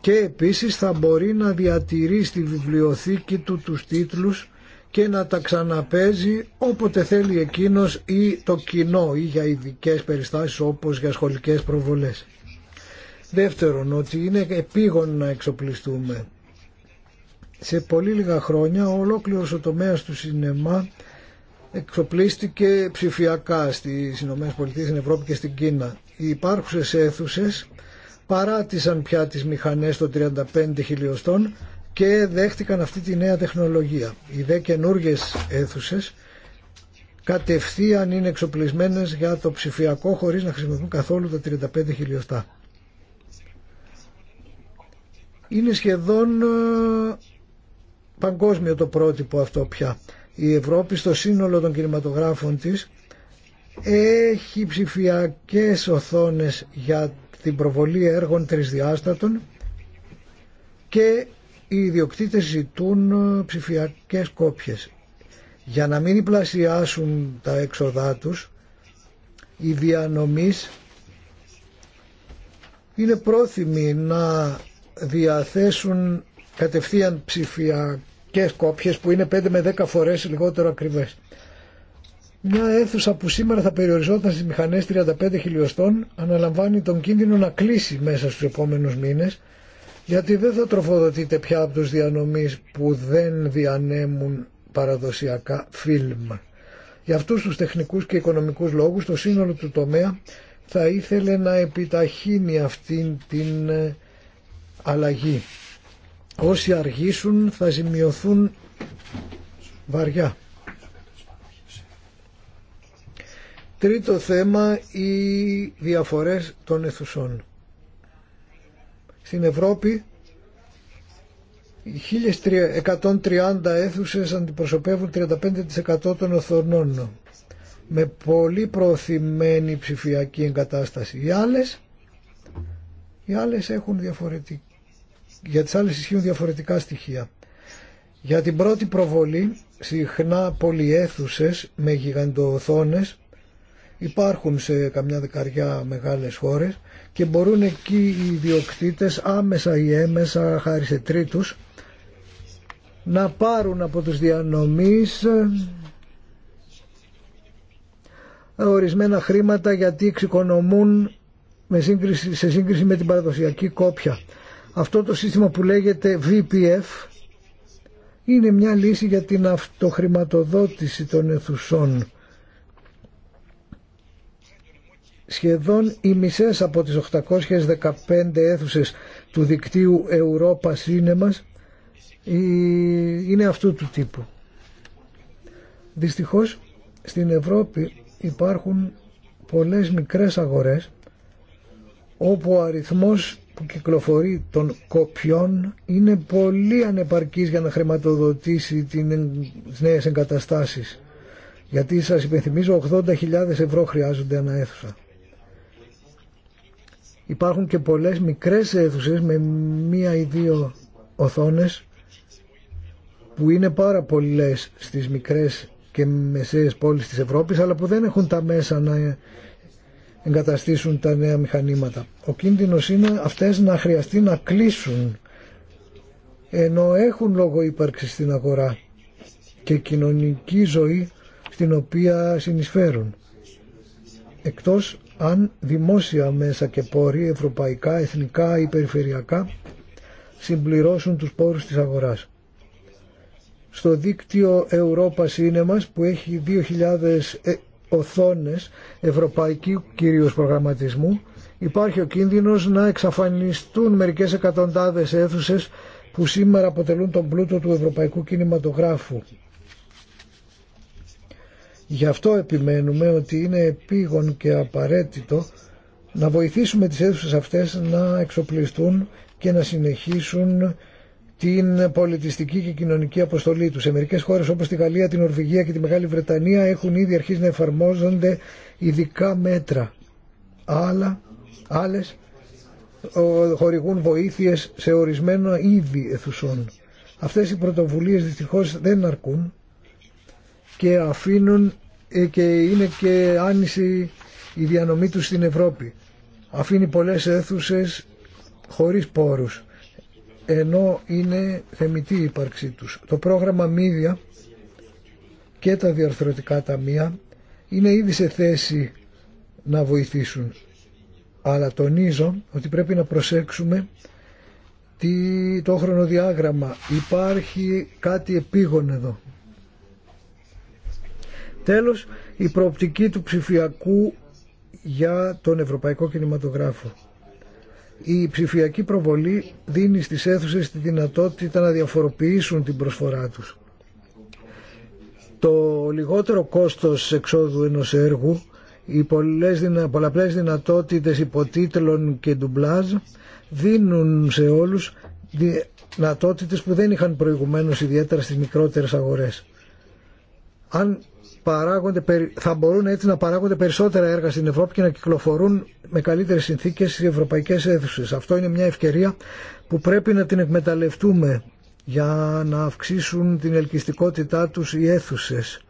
Και επίσης θα μπορεί να διατηρεί στη βιβλιοθήκη του τους τίτλους και να τα ξαναπέζει όποτε θέλει εκείνος ή το κοινό ή για ειδικέ περιστάσεις όπως για σχολικές προβολές. Δεύτερον, ότι είναι επίγον να εξοπλιστούμε. Σε πολύ λίγα χρόνια ο ολόκληρος ο τομέας του σινεμά εξοπλίστηκε ψηφιακά στις Ηνωμένες Πολιτείες, στην Ευρώπη και στην Κίνα. Οι υπάρχουσες αίθουσες παράτησαν πια τις μηχανές των 35 χιλιοστών και δέχτηκαν αυτή τη νέα τεχνολογία. Οι δε καινούργιε αίθουσε κατευθείαν είναι εξοπλισμένε για το ψηφιακό χωρίς να χρησιμοποιούν καθόλου τα 35 χιλιοστά. Είναι σχεδόν ε, παγκόσμιο το πρότυπο αυτό πια. Η Ευρώπη στο σύνολο των κινηματογράφων της έχει ψηφιακές οθόνες για την προβολή έργων τρισδιάστατων και οι ιδιοκτήτες ζητούν ε, ψηφιακές κόπιες. Για να μην υπλασιάσουν τα έξοδά τους, οι διανομής είναι πρόθυμοι να διαθέσουν κατευθείαν ψηφιακές κόπιες που είναι 5 με 10 φορές λιγότερο ακριβές. Μια αίθουσα που σήμερα θα περιοριζόταν στις μηχανές 35 χιλιοστών αναλαμβάνει τον κίνδυνο να κλείσει μέσα στους επόμενους μήνες γιατί δεν θα τροφοδοτείτε πια από τους διανομής που δεν διανέμουν παραδοσιακά φιλμ. Για αυτούς τους τεχνικούς και οικονομικούς λόγους το σύνολο του τομέα θα ήθελε να επιταχύνει αυτήν την ε, αλλαγή. Όσοι αργήσουν θα ζημιωθούν βαριά. Τρίτο θέμα, οι διαφορές των αιθουσών. Στην Ευρώπη 1.130 αίθουσες αντιπροσωπεύουν 35% των οθονών με πολύ προωθημένη ψηφιακή εγκατάσταση. Οι άλλες, οι άλλες έχουν διαφορετικά για τις άλλες ισχύουν διαφορετικά στοιχεία. Για την πρώτη προβολή, συχνά πολυέθουσε με γιγαντοοθόνες, υπάρχουν σε καμιά δεκαριά μεγάλες χώρες, και μπορούν εκεί οι ιδιοκτήτες άμεσα ή έμεσα χάρη σε τρίτους να πάρουν από τους διανομής ε, ορισμένα χρήματα γιατί εξοικονομούν με σύγκριση, σε σύγκριση με την παραδοσιακή κόπια. Αυτό το σύστημα που λέγεται VPF είναι μια λύση για την αυτοχρηματοδότηση των αιθουσών Σχεδόν οι μισές από τις 815 αίθουσες του δικτύου Europa Cinema ε, είναι αυτού του τύπου. Δυστυχώς στην Ευρώπη υπάρχουν πολλές μικρές αγορές όπου ο αριθμός που κυκλοφορεί των κοπιών είναι πολύ ανεπαρκής για να χρηματοδοτήσει τις νέες εγκαταστάσεις. Γιατί σας υπενθυμίζω 80.000 ευρώ χρειάζονται ένα αίθουσα. Υπάρχουν και πολλές μικρές αίθουσες με μία ή δύο οθόνες που είναι πάρα πολλές στις μικρές και μεσαίες πόλεις της Ευρώπης αλλά που δεν έχουν τα μέσα να εγκαταστήσουν τα νέα μηχανήματα. Ο κίνδυνος είναι αυτές να χρειαστεί να κλείσουν ενώ έχουν λόγο ύπαρξη στην αγορά και κοινωνική ζωή στην οποία συνεισφέρουν. Εκτός αν δημόσια μέσα και πόροι, ευρωπαϊκά, εθνικά ή περιφερειακά, συμπληρώσουν τους πόρους της αγοράς. Στο δίκτυο Europa Cinemas που έχει 2.000 ε, οθόνες ευρωπαϊκού κυρίως προγραμματισμού υπάρχει ο κίνδυνος να εξαφανιστούν μερικές εκατοντάδες αίθουσες που σήμερα αποτελούν τον πλούτο του ευρωπαϊκού κινηματογράφου Γι' αυτό επιμένουμε ότι είναι επίγον και απαραίτητο να βοηθήσουμε τις αίθουσες αυτές να εξοπλιστούν και να συνεχίσουν την πολιτιστική και κοινωνική αποστολή τους. Σε μερικές χώρες όπως τη Γαλλία, την Ορβηγία και τη Μεγάλη Βρετανία έχουν ήδη αρχίσει να εφαρμόζονται ειδικά μέτρα. Άλλα, άλλες χορηγούν βοήθειες σε ορισμένα είδη αιθουσών. Αυτές οι πρωτοβουλίες δυστυχώς δεν αρκούν και αφήνουν ε, και είναι και άνηση η διανομή του στην Ευρώπη. Αφήνει πολλές αίθουσε χωρίς πόρους, ενώ είναι θεμητή η ύπαρξή τους. Το πρόγραμμα Μίδια και τα διαρθρωτικά ταμεία είναι ήδη σε θέση να βοηθήσουν. Αλλά τονίζω ότι πρέπει να προσέξουμε τι, το χρονοδιάγραμμα. Υπάρχει κάτι επίγον εδώ. Τέλος, η προοπτική του ψηφιακού για τον Ευρωπαϊκό Κινηματογράφο. Η ψηφιακή προβολή δίνει στις αίθουσες τη δυνατότητα να διαφοροποιήσουν την προσφορά τους. Το λιγότερο κόστος εξόδου ενός έργου, οι πολλές, πολλαπλές δυνατότητες υποτίτλων και ντουμπλάζ δίνουν σε όλους δυνατότητες που δεν είχαν προηγουμένως ιδιαίτερα στις μικρότερες αγορές. Αν παράγονται, θα μπορούν έτσι να παράγονται περισσότερα έργα στην Ευρώπη και να κυκλοφορούν με καλύτερες συνθήκες οι ευρωπαϊκές αίθουσες. Αυτό είναι μια ευκαιρία που πρέπει να την εκμεταλλευτούμε για να αυξήσουν την ελκυστικότητά τους οι αίθουσες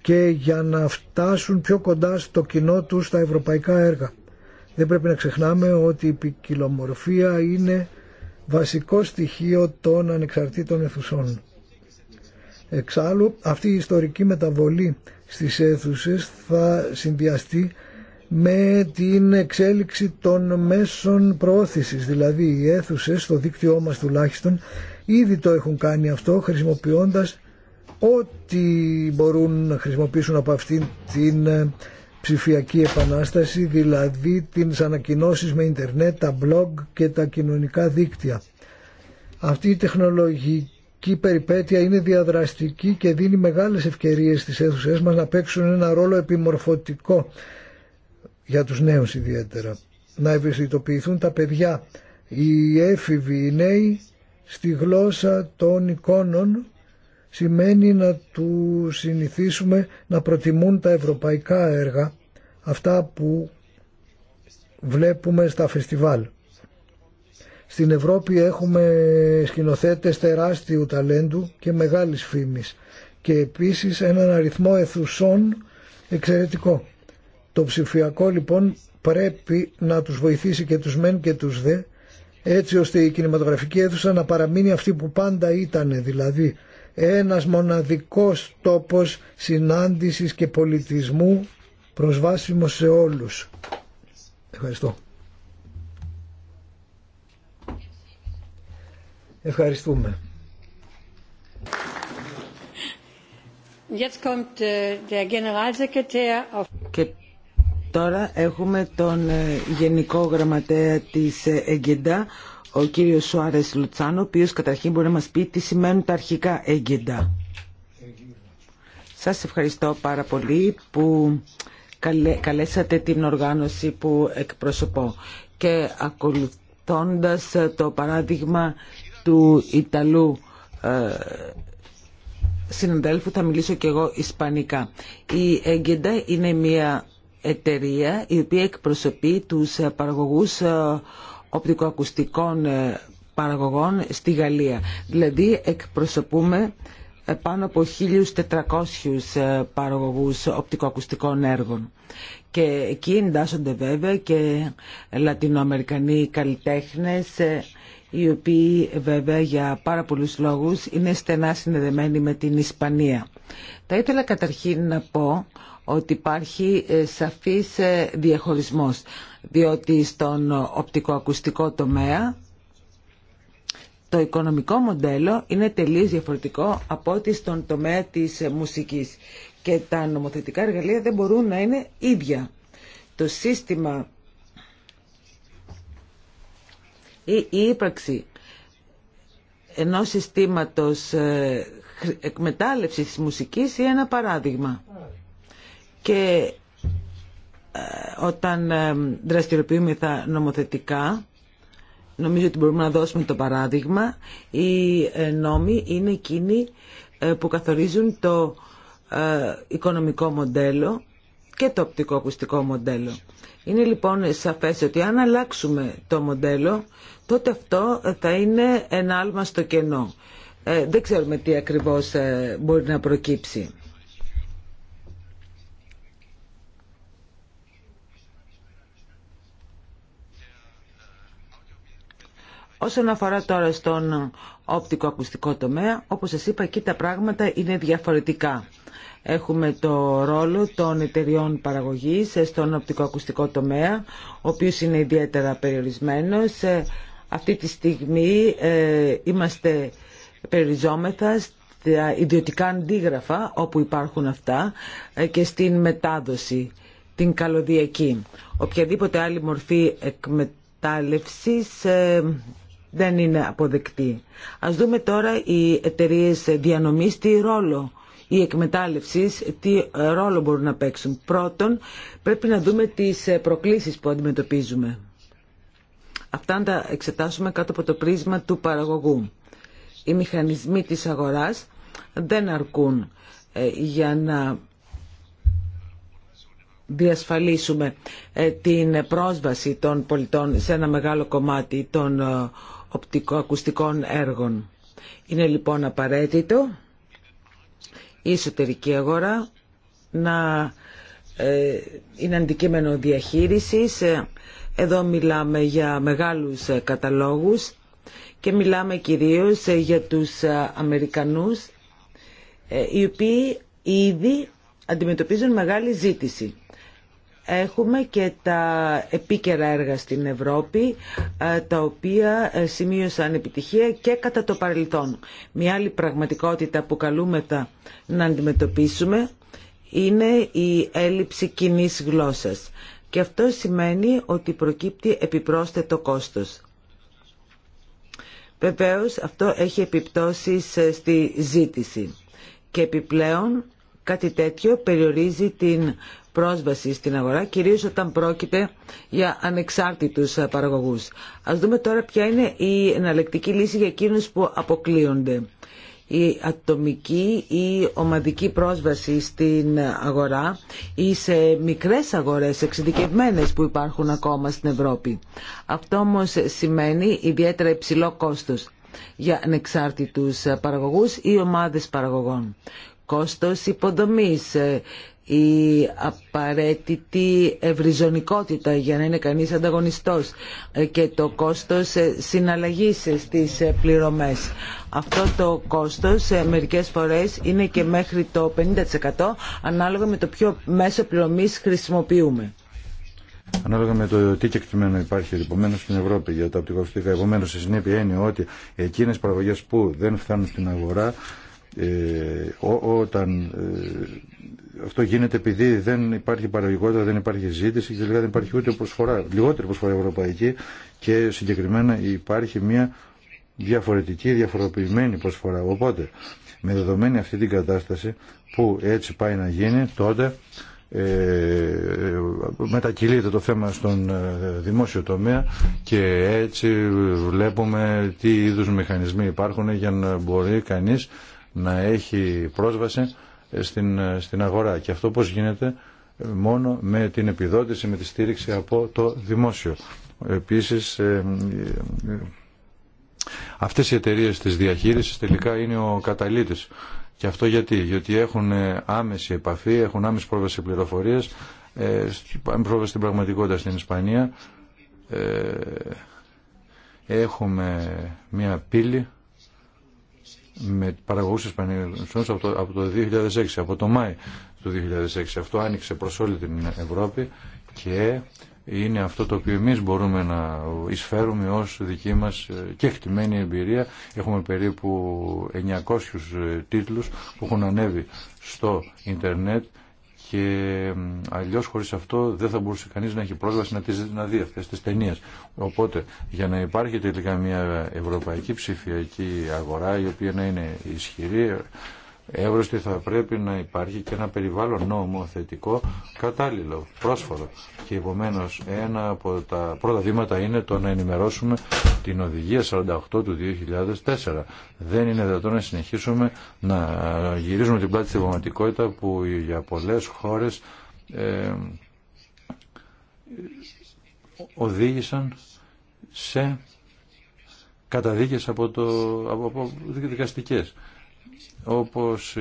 και για να φτάσουν πιο κοντά στο κοινό τους τα ευρωπαϊκά έργα. Δεν πρέπει να ξεχνάμε ότι η ποικιλομορφία είναι βασικό στοιχείο των ανεξαρτήτων αιθουσών. Εξάλλου αυτή η ιστορική μεταβολή στις αίθουσε θα συνδυαστεί με την εξέλιξη των μέσων προώθησης, δηλαδή οι αίθουσε στο δίκτυό μας τουλάχιστον ήδη το έχουν κάνει αυτό χρησιμοποιώντας ό,τι μπορούν να χρησιμοποιήσουν από αυτήν την ε, ψηφιακή επανάσταση, δηλαδή την ανακοινώσει με ίντερνετ, τα blog και τα κοινωνικά δίκτυα. Αυτή η τεχνολογική πολιτική περιπέτεια είναι διαδραστική και δίνει μεγάλες ευκαιρίες στις αίθουσές μας να παίξουν ένα ρόλο επιμορφωτικό για τους νέους ιδιαίτερα. Να ευαισθητοποιηθούν τα παιδιά, οι έφηβοι, οι νέοι στη γλώσσα των εικόνων σημαίνει να του συνηθίσουμε να προτιμούν τα ευρωπαϊκά έργα, αυτά που βλέπουμε στα φεστιβάλ. Στην Ευρώπη έχουμε σκηνοθέτες τεράστιου ταλέντου και μεγάλης φήμης και επίσης έναν αριθμό αιθουσών εξαιρετικό. Το ψηφιακό λοιπόν πρέπει να τους βοηθήσει και τους μεν και τους δε έτσι ώστε η κινηματογραφική αίθουσα να παραμείνει αυτή που πάντα ήταν δηλαδή ένας μοναδικός τόπος συνάντησης και πολιτισμού προσβάσιμος σε όλους. Ευχαριστώ. Ευχαριστούμε. Äh, και τώρα έχουμε τον ε, Γενικό Γραμματέα της ΕΓΕΝΤΑ, ο κύριος Σουάρες Λουτσάνο, ο οποίος καταρχήν μπορεί να μας πει τι σημαίνουν τα αρχικά ΕΓΕΝΤΑ. Σας ευχαριστώ πάρα πολύ που καλέσατε την οργάνωση που εκπροσωπώ και ακολουθώντας ε, το παράδειγμα του Ιταλού ε, συναντέλφου θα μιλήσω και εγώ ισπανικά. Η Έγκεντα είναι μια εταιρεία η οποία εκπροσωπεί τους ε, παραγωγούς ε, οπτικοακουστικών παραγωγών στη Γαλλία. Δηλαδή εκπροσωπούμε πάνω από 1.400 παραγωγούς οπτικοακουστικών έργων. Και εκεί εντάσσονται βέβαια και λατινοαμερικανοί καλλιτέχνες, οι οποίοι βέβαια για πάρα πολλούς λόγους είναι στενά συνδεδεμένοι με την Ισπανία. Θα ήθελα καταρχήν να πω ότι υπάρχει ε, σαφής ε, διαχωρισμός, διότι στον οπτικοακουστικό τομέα το οικονομικό μοντέλο είναι τελείως διαφορετικό από ό,τι στον τομέα της ε, μουσικής και τα νομοθετικά εργαλεία δεν μπορούν να είναι ίδια. Το σύστημα η ύπαρξη ενός συστήματος ε, εκμετάλλευσης της μουσικής είναι ένα παράδειγμα. Και ε, όταν ε, δραστηριοποιούμε τα νομοθετικά, νομίζω ότι μπορούμε να δώσουμε το παράδειγμα, οι νόμοι είναι εκείνοι που καθορίζουν το οικονομικό μοντέλο και το οπτικό-ακουστικό μοντέλο. Είναι λοιπόν σαφές ότι αν αλλάξουμε το μοντέλο, τότε αυτό θα είναι ένα άλμα στο κενό. Ε, δεν ξέρουμε τι ακριβώς ε, μπορεί να προκύψει. Όσον αφορά τώρα στον οπτικοακουστικό τομέα, όπως σας είπα, εκεί τα πράγματα είναι διαφορετικά. Έχουμε το ρόλο των εταιριών παραγωγής στον οπτικοακουστικό τομέα, ο οποίος είναι ιδιαίτερα περιορισμένος. Ε, αυτή τη στιγμή ε, είμαστε περιοριζόμεθα στα ιδιωτικά αντίγραφα όπου υπάρχουν αυτά ε, και στην μετάδοση, την καλωδιακή. Οποιαδήποτε άλλη μορφή εκμετάλλευσης δεν είναι αποδεκτή. Ας δούμε τώρα οι εταιρείε διανομής τι ρόλο η εκμετάλλευση, τι ρόλο μπορούν να παίξουν. Πρώτον, πρέπει να δούμε τις ε, προκλήσεις που αντιμετωπίζουμε. Αυτά να τα εξετάσουμε κάτω από το πρίσμα του παραγωγού. Οι μηχανισμοί της αγοράς δεν αρκούν ε, για να διασφαλίσουμε ε, την πρόσβαση των πολιτών σε ένα μεγάλο κομμάτι των οπτικοακουστικών έργων. Είναι λοιπόν απαραίτητο η εσωτερική αγορά να ε, είναι αντικείμενο διαχείρισης. Ε, εδώ μιλάμε για μεγάλους ε, καταλόγους και μιλάμε κυρίως για τους Αμερικανούς οι οποίοι ήδη αντιμετωπίζουν μεγάλη ζήτηση. Έχουμε και τα επίκαιρα έργα στην Ευρώπη, ε, τα οποία ε, σημείωσαν επιτυχία και κατά το παρελθόν. Μια άλλη πραγματικότητα που καλούμετα να αντιμετωπίσουμε είναι η έλλειψη κοινή γλώσσας. Και αυτό σημαίνει ότι προκύπτει επιπρόσθετο κόστος. Βεβαίως αυτό έχει επιπτώσεις ε, στη ζήτηση και επιπλέον κάτι τέτοιο περιορίζει την πρόσβαση στην αγορά, κυρίως όταν πρόκειται για ανεξάρτητους παραγωγούς. Ας δούμε τώρα ποια είναι η εναλλεκτική λύση για εκείνους που αποκλείονται. Η ατομική ή ομαδική πρόσβαση στην αγορά ή σε μικρές αγορές εξειδικευμένες που υπάρχουν ακόμα στην Ευρώπη. Αυτό όμως σημαίνει ιδιαίτερα υψηλό κόστος για ανεξάρτητους παραγωγούς ή ομάδες παραγωγών. Κόστος υποδομής, η απαραίτητη ευρυζωνικότητα για να είναι κανείς ανταγωνιστός και το κόστος συναλλαγής στις πληρωμές. Αυτό το κόστος μερικές φορές είναι και μέχρι το 50% ανάλογα με το ποιο μέσο πληρωμής χρησιμοποιούμε. Ανάλογα με το τι κεκτημένο υπάρχει επομένω στην Ευρώπη για τα οπτικοακουστικά, επομένω η συνέπεια είναι ότι εκείνε παραγωγέ που δεν φτάνουν στην αγορά ε, ό, όταν ε, αυτό γίνεται επειδή δεν υπάρχει παραγωγικότητα, δεν υπάρχει ζήτηση και τελικά δεν υπάρχει ούτε προσφορά, λιγότερη προσφορά ευρωπαϊκή και συγκεκριμένα υπάρχει μια διαφορετική, διαφοροποιημένη προσφορά. Οπότε, με δεδομένη αυτή την κατάσταση που έτσι πάει να γίνει, τότε ε, μετακυλείται το θέμα στον ε, δημόσιο τομέα και έτσι βλέπουμε τι είδους μηχανισμοί υπάρχουν για να μπορεί κανείς να έχει πρόσβαση στην, στην αγορά. Και αυτό πώς γίνεται μόνο με την επιδότηση, με τη στήριξη από το δημόσιο. Επίσης, ε, ε, αυτές οι εταιρείες της διαχείρισης τελικά είναι ο καταλήτης. Και αυτό γιατί, γιατί έχουν ε, άμεση επαφή, έχουν άμεση πρόσβαση σε πληροφορίες, πρόσβαση στην πραγματικότητα στην Ισπανία. Έχουμε μία πύλη με παραγωγούς Ισπανίων από, από το 2006, από το Μάη του 2006. Αυτό άνοιξε προς όλη την Ευρώπη και είναι αυτό το οποίο εμείς μπορούμε να εισφέρουμε ως δική μας ε, και χτυμένη εμπειρία. Έχουμε περίπου 900 ε, τίτλους που έχουν ανέβει στο ίντερνετ και αλλιώς χωρίς αυτό δεν θα μπορούσε κανεί να έχει πρόσβαση να, τις, να δει αυτέ τι ταινίε. Οπότε για να υπάρχει τελικά μια ευρωπαϊκή ψηφιακή αγορά η οποία να είναι ισχυρή εύρωστη θα πρέπει να υπάρχει και ένα περιβάλλον νομοθετικό κατάλληλο, πρόσφορο. Και επομένω ένα από τα πρώτα βήματα είναι το να ενημερώσουμε την οδηγία 48 του 2004. Δεν είναι δυνατόν να συνεχίσουμε να γυρίζουμε την πλάτη στη πραγματικότητα που για πολλές χώρες ε, οδήγησαν σε καταδίκες από το, από, από δικαστικές όπως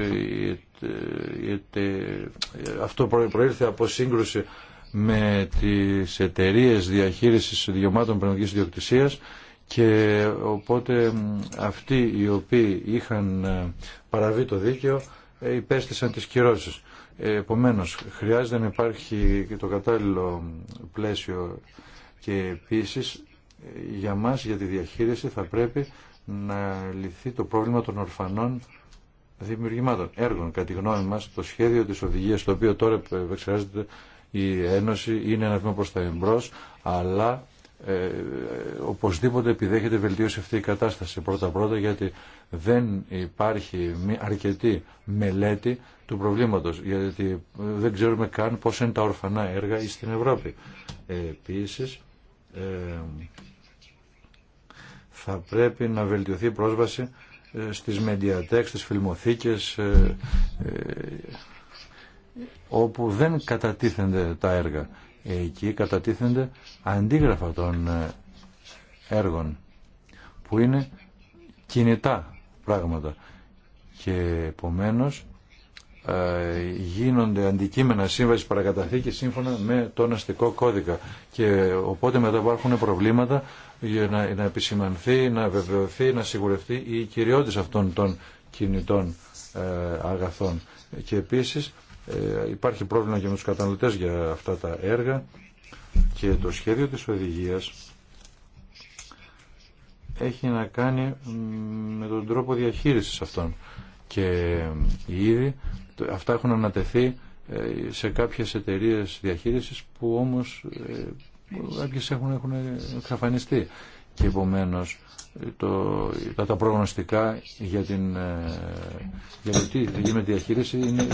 αυτό προήλθε από σύγκρουση με τις εταιρείε διαχείρισης ιδιωμάτων πνευματικής ιδιοκτησίας και οπότε αυτοί οι οποίοι είχαν ε, παραβεί το δίκαιο ε, υπέστησαν τις κυρώσεις. Ε, επομένως, χρειάζεται να υπάρχει και το κατάλληλο πλαίσιο και επίσης για μας, για τη διαχείριση, θα πρέπει να λυθεί το πρόβλημα των ορφανών δημιουργημάτων, έργων. Κατά τη γνώμη μας, το σχέδιο της οδηγίας, το οποίο τώρα επεξεργάζεται η Ένωση, είναι ένα βήμα προς τα εμπρός, αλλά ε, οπωσδήποτε επιδέχεται βελτίωση αυτή η κατάσταση πρώτα-πρώτα γιατί δεν υπάρχει αρκετή μελέτη του προβλήματος γιατί ε, δεν ξέρουμε καν πώς είναι τα ορφανά έργα στην Ευρώπη. Ε, επίσης ε, θα πρέπει να βελτιωθεί η πρόσβαση ε, στις Mediatek, στις φιλμοθήκες ε, ε, όπου δεν κατατίθενται τα έργα. Εκεί κατατίθενται αντίγραφα των έργων που είναι κινητά πράγματα και επομένως γίνονται αντικείμενα σύμβαση παρακαταθήκη σύμφωνα με τον αστικό κώδικα και οπότε μετά υπάρχουν προβλήματα για να, να επισημανθεί, να βεβαιωθεί, να σιγουρευτεί η κυριότητα αυτών των κινητών ε, αγαθών. Και επίσης ε, υπάρχει πρόβλημα και με τους καταναλωτές για αυτά τα έργα και το σχέδιο της οδηγίας έχει να κάνει με τον τρόπο διαχείρισης αυτών και ήδη αυτά έχουν ανατεθεί ε, σε κάποιες εταιρείες διαχείρισης που όμως κάποιες έχουν, έχουν εξαφανιστεί και επομένως το, τα, τα προγνωστικά για την ε, για το διαχείριση είναι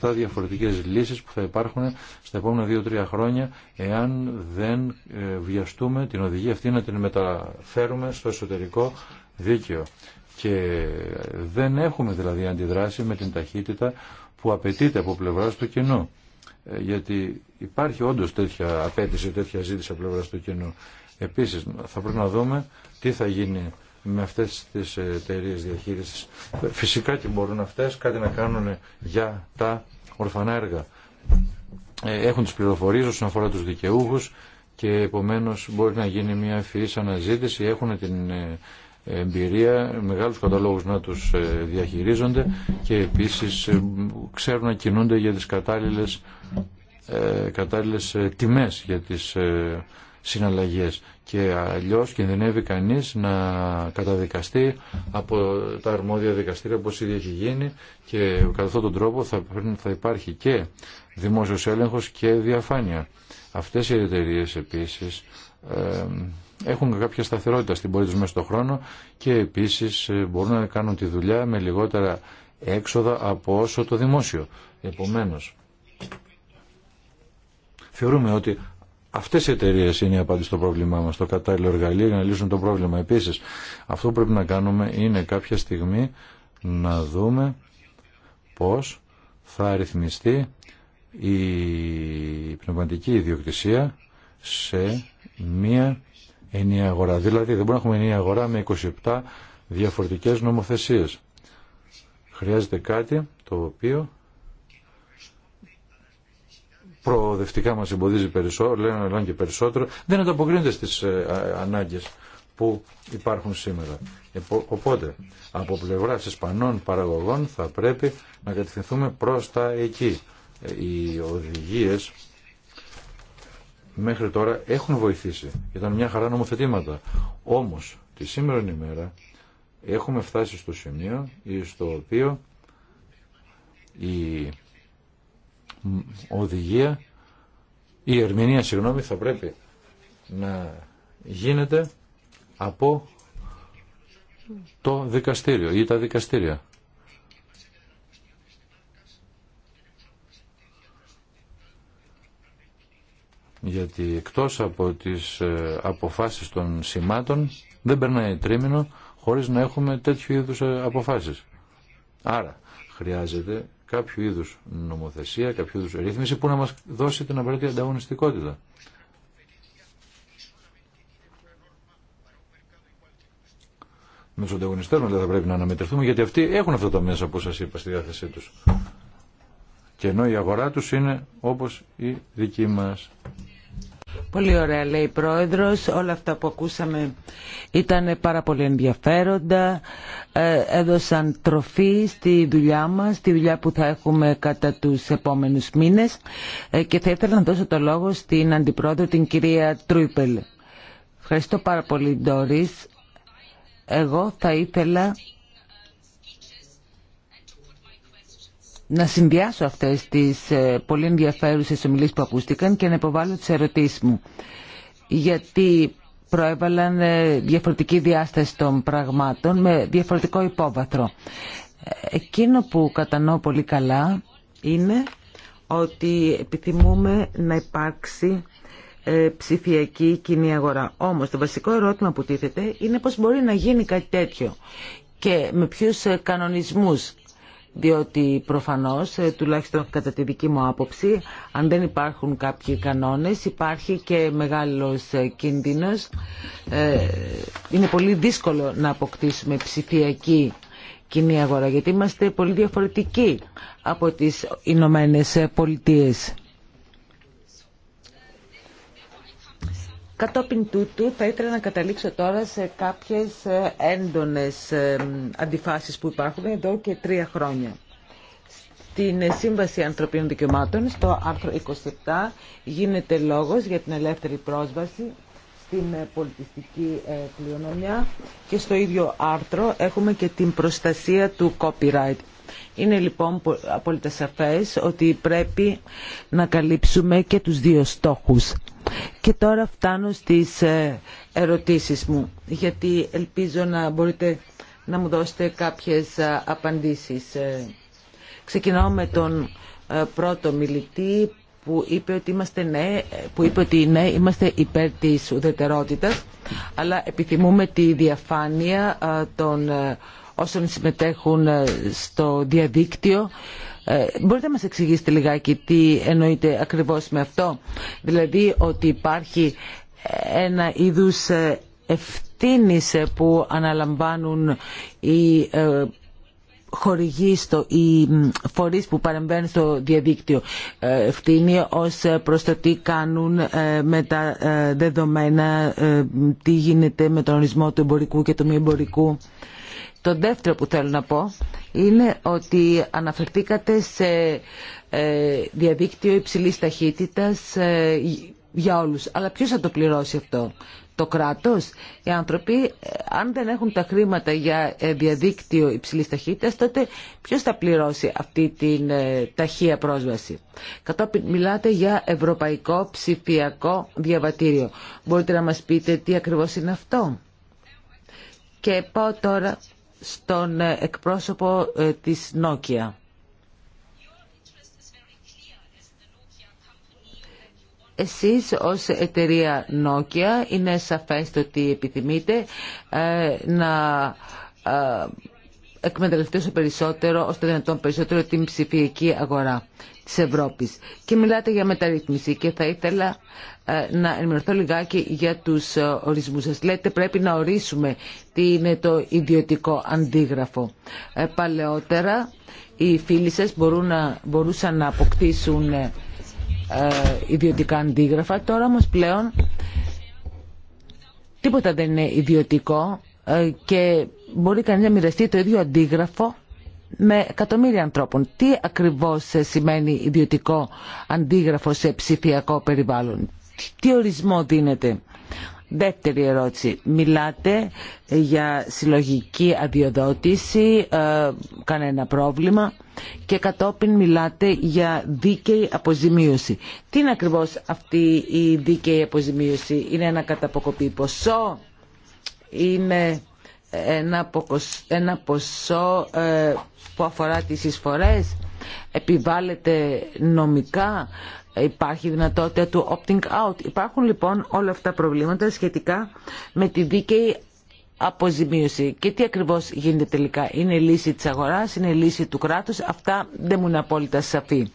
27 διαφορετικές λύσεις που θα υπάρχουν στα επόμενα 2-3 χρόνια εάν δεν ε, βιαστούμε την οδηγία αυτή να την μεταφέρουμε στο εσωτερικό δίκαιο και δεν έχουμε δηλαδή αντιδράσει με την ταχύτητα που απαιτείται από πλευράς του κοινού. Ε, γιατί υπάρχει όντω τέτοια απέτηση, τέτοια ζήτηση από πλευρά του κοινού. Επίσης θα πρέπει να δούμε τι θα γίνει με αυτές τις εταιρείε διαχείριση. Φυσικά και μπορούν αυτές κάτι να κάνουν για τα ορφανά έργα. Ε, έχουν τι πληροφορίε όσον αφορά τους δικαιούχου και επομένως μπορεί να γίνει μια ευφυή αναζήτηση, έχουν την ε, εμπειρία, μεγάλους καταλόγους να τους ε, διαχειρίζονται και επίσης ε, ξέρουν να κινούνται για τις κατάλληλες, ε, τιμέ τιμές για τις συναλλαγές και αλλιώς κινδυνεύει κανείς να καταδικαστεί από τα αρμόδια δικαστήρια όπως ήδη έχει γίνει και κατά αυτόν τον τρόπο θα, υπάρχει και δημόσιος έλεγχος και διαφάνεια. Αυτές οι εταιρείε επίσης έχουν κάποια σταθερότητα στην πορεία τους μέσα στον χρόνο και επίσης ε, μπορούν να κάνουν τη δουλειά με λιγότερα έξοδα από όσο το δημόσιο. Επομένως, θεωρούμε ότι αυτές οι εταιρείε είναι η απάντηση στο πρόβλημά μας, το κατάλληλο εργαλείο για να λύσουν το πρόβλημα. Επίσης, αυτό που πρέπει να κάνουμε είναι κάποια στιγμή να δούμε πώς θα ρυθμιστεί η πνευματική ιδιοκτησία σε μία ενιαία αγορά. Δηλαδή δεν μπορούμε να έχουμε ενιαία αγορά με 27 διαφορετικές νομοθεσίες. Χρειάζεται κάτι το οποίο προοδευτικά μας εμποδίζει περισσότερο, λένε, και περισσότερο, δεν ανταποκρίνεται στις ε, ανάγκες που υπάρχουν σήμερα. Οπότε, από πλευρά Ισπανών παραγωγών θα πρέπει να κατευθυνθούμε προς τα εκεί. Ε, οι οδηγίες μέχρι τώρα έχουν βοηθήσει. Ήταν μια χαρά νομοθετήματα. Όμως, τη σήμερα ημέρα έχουμε φτάσει στο σημείο στο οποίο η οδηγία, η ερμηνεία, συγγνώμη, θα πρέπει να γίνεται από το δικαστήριο ή τα δικαστήρια. γιατί εκτός από τις ε, αποφάσεις των σημάτων δεν περνάει τρίμηνο χωρίς να έχουμε τέτοιου είδους ε, αποφάσεις. Άρα χρειάζεται κάποιο είδους νομοθεσία, κάποιο είδους ρύθμιση που να μας δώσει την απαραίτητη ανταγωνιστικότητα. Με του ανταγωνιστέ μα δεν θα πρέπει να αναμετρηθούμε γιατί αυτοί έχουν αυτά τα μέσα που σα είπα στη διάθεσή του. Και ενώ η αγορά του είναι όπω η δική μα. Πολύ ωραία λέει η Πρόεδρος. Όλα αυτά που ακούσαμε ήταν πάρα πολύ ενδιαφέροντα. Ε, έδωσαν τροφή στη δουλειά μας, τη δουλειά που θα έχουμε κατά τους επόμενους μήνες. Ε, και θα ήθελα να δώσω το λόγο στην Αντιπρόεδρο, την κυρία Τρούιπελ. Ευχαριστώ πάρα πολύ, Ντόρις. Εγώ θα ήθελα να συνδυάσω αυτές τις ε, πολύ ενδιαφέρουσες ομιλίες που ακούστηκαν και να υποβάλω τις ερωτήσεις μου. Γιατί προέβαλαν ε, διαφορετική διάσταση των πραγμάτων με διαφορετικό υπόβαθρο. Ε, εκείνο που κατανοώ πολύ καλά είναι ότι επιθυμούμε να υπάρξει ψηφιακή κοινή αγορά. Όμως το βασικό ερώτημα που τίθεται είναι πώς μπορεί να γίνει κάτι τέτοιο και με ποιους κανονισμούς διότι προφανώς, ε, τουλάχιστον κατά τη δική μου άποψη, αν δεν υπάρχουν κάποιοι κανόνες, υπάρχει και μεγάλος ε, κίνδυνος. Ε, είναι πολύ δύσκολο να αποκτήσουμε ψηφιακή κοινή αγορά, γιατί είμαστε πολύ διαφορετικοί από τις Ηνωμένε Πολιτείες. Κατόπιν τούτου θα ήθελα να καταλήξω τώρα σε κάποιες ε, έντονες ε, αντιφάσεις που υπάρχουν εδώ και τρία χρόνια. Στην Σύμβαση Ανθρωπίνων Δικαιωμάτων, στο άρθρο 27, γίνεται λόγος για την ελεύθερη πρόσβαση στην ε, πολιτιστική κληρονομιά και στο ίδιο άρθρο έχουμε και την προστασία του copyright. Είναι λοιπόν απόλυτα σαφές ότι πρέπει να καλύψουμε και τους δύο στόχους και τώρα φτάνω στις ε, ερωτήσεις μου, γιατί ελπίζω να μπορείτε να μου δώσετε κάποιες ε, απαντήσεις. Ε, Ξεκινώ με τον πρώτο μιλητή που είπε ότι, είμαστε ναι, που είπε ότι ναι, είμαστε υπέρ της ουδετερότητας, αλλά επιθυμούμε τη διαφάνεια των όσων συμμετέχουν στο διαδίκτυο ε, μπορείτε να μας εξηγήσετε λιγάκι τι εννοείται ακριβώς με αυτό. Δηλαδή ότι υπάρχει ένα είδους ε, ευθύνης ε, που αναλαμβάνουν οι χορηγεί στο, οι φορείς που παρεμβαίνουν στο διαδίκτυο ευθύνη ως προς το τι κάνουν με τα δεδομένα, τι γίνεται με τον ορισμό του εμπορικού και του μη εμπορικού. Το δεύτερο που θέλω να πω είναι ότι αναφερθήκατε σε ε, διαδίκτυο υψηλής ταχύτητας ε, για όλους. Αλλά ποιος θα το πληρώσει αυτό, το κράτος. Οι άνθρωποι ε, αν δεν έχουν τα χρήματα για διαδίκτυο υψηλής ταχύτητας τότε ποιος θα πληρώσει αυτή την ταχεία πρόσβαση. Κατόπιν μιλάτε για ευρωπαϊκό ψηφιακό διαβατήριο. Μπορείτε να μας πείτε τι ακριβώς είναι αυτό. Και πάω τώρα στον ε, εκπρόσωπο ε, της Nokia. Εσείς ως εταιρεία Nokia είναι σαφές το ότι επιθυμείτε ε, να εκμεταλλευτεί όσο περισσότερο, όσο δυνατόν περισσότερο την ψηφιακή αγορά της Ευρώπης. Και μιλάτε για μεταρρύθμιση και θα ήθελα ε, να ενημερωθώ λιγάκι για τους ε, ορισμούς σας. Λέτε πρέπει να ορίσουμε τι είναι το ιδιωτικό αντίγραφο. Ε, παλαιότερα οι φίλοι σας να, μπορούσαν να αποκτήσουν ιδιωτικά αντίγραφα. Τώρα όμως πλέον τίποτα δεν είναι ιδιωτικό και μπορεί κανείς να μοιραστεί το ίδιο αντίγραφο με εκατομμύρια ανθρώπων. Τι ακριβώς σημαίνει ιδιωτικό αντίγραφο σε ψηφιακό περιβάλλον. Τι ορισμό δίνεται. Δεύτερη ερώτηση. Μιλάτε για συλλογική αδειοδότηση, ε, κανένα πρόβλημα και κατόπιν μιλάτε για δίκαιη αποζημίωση. Τι είναι ακριβώς αυτή η δίκαιη αποζημίωση. Είναι ένα καταποκοπή ποσό, είναι ένα ποσό ε, που αφορά τις εισφορές επιβάλλεται νομικά υπάρχει δυνατότητα του opting out υπάρχουν λοιπόν όλα αυτά τα προβλήματα σχετικά με τη δίκαιη αποζημίωση και τι ακριβώς γίνεται τελικά είναι η λύση της αγοράς, είναι η λύση του κράτους αυτά δεν μου είναι απόλυτα σαφή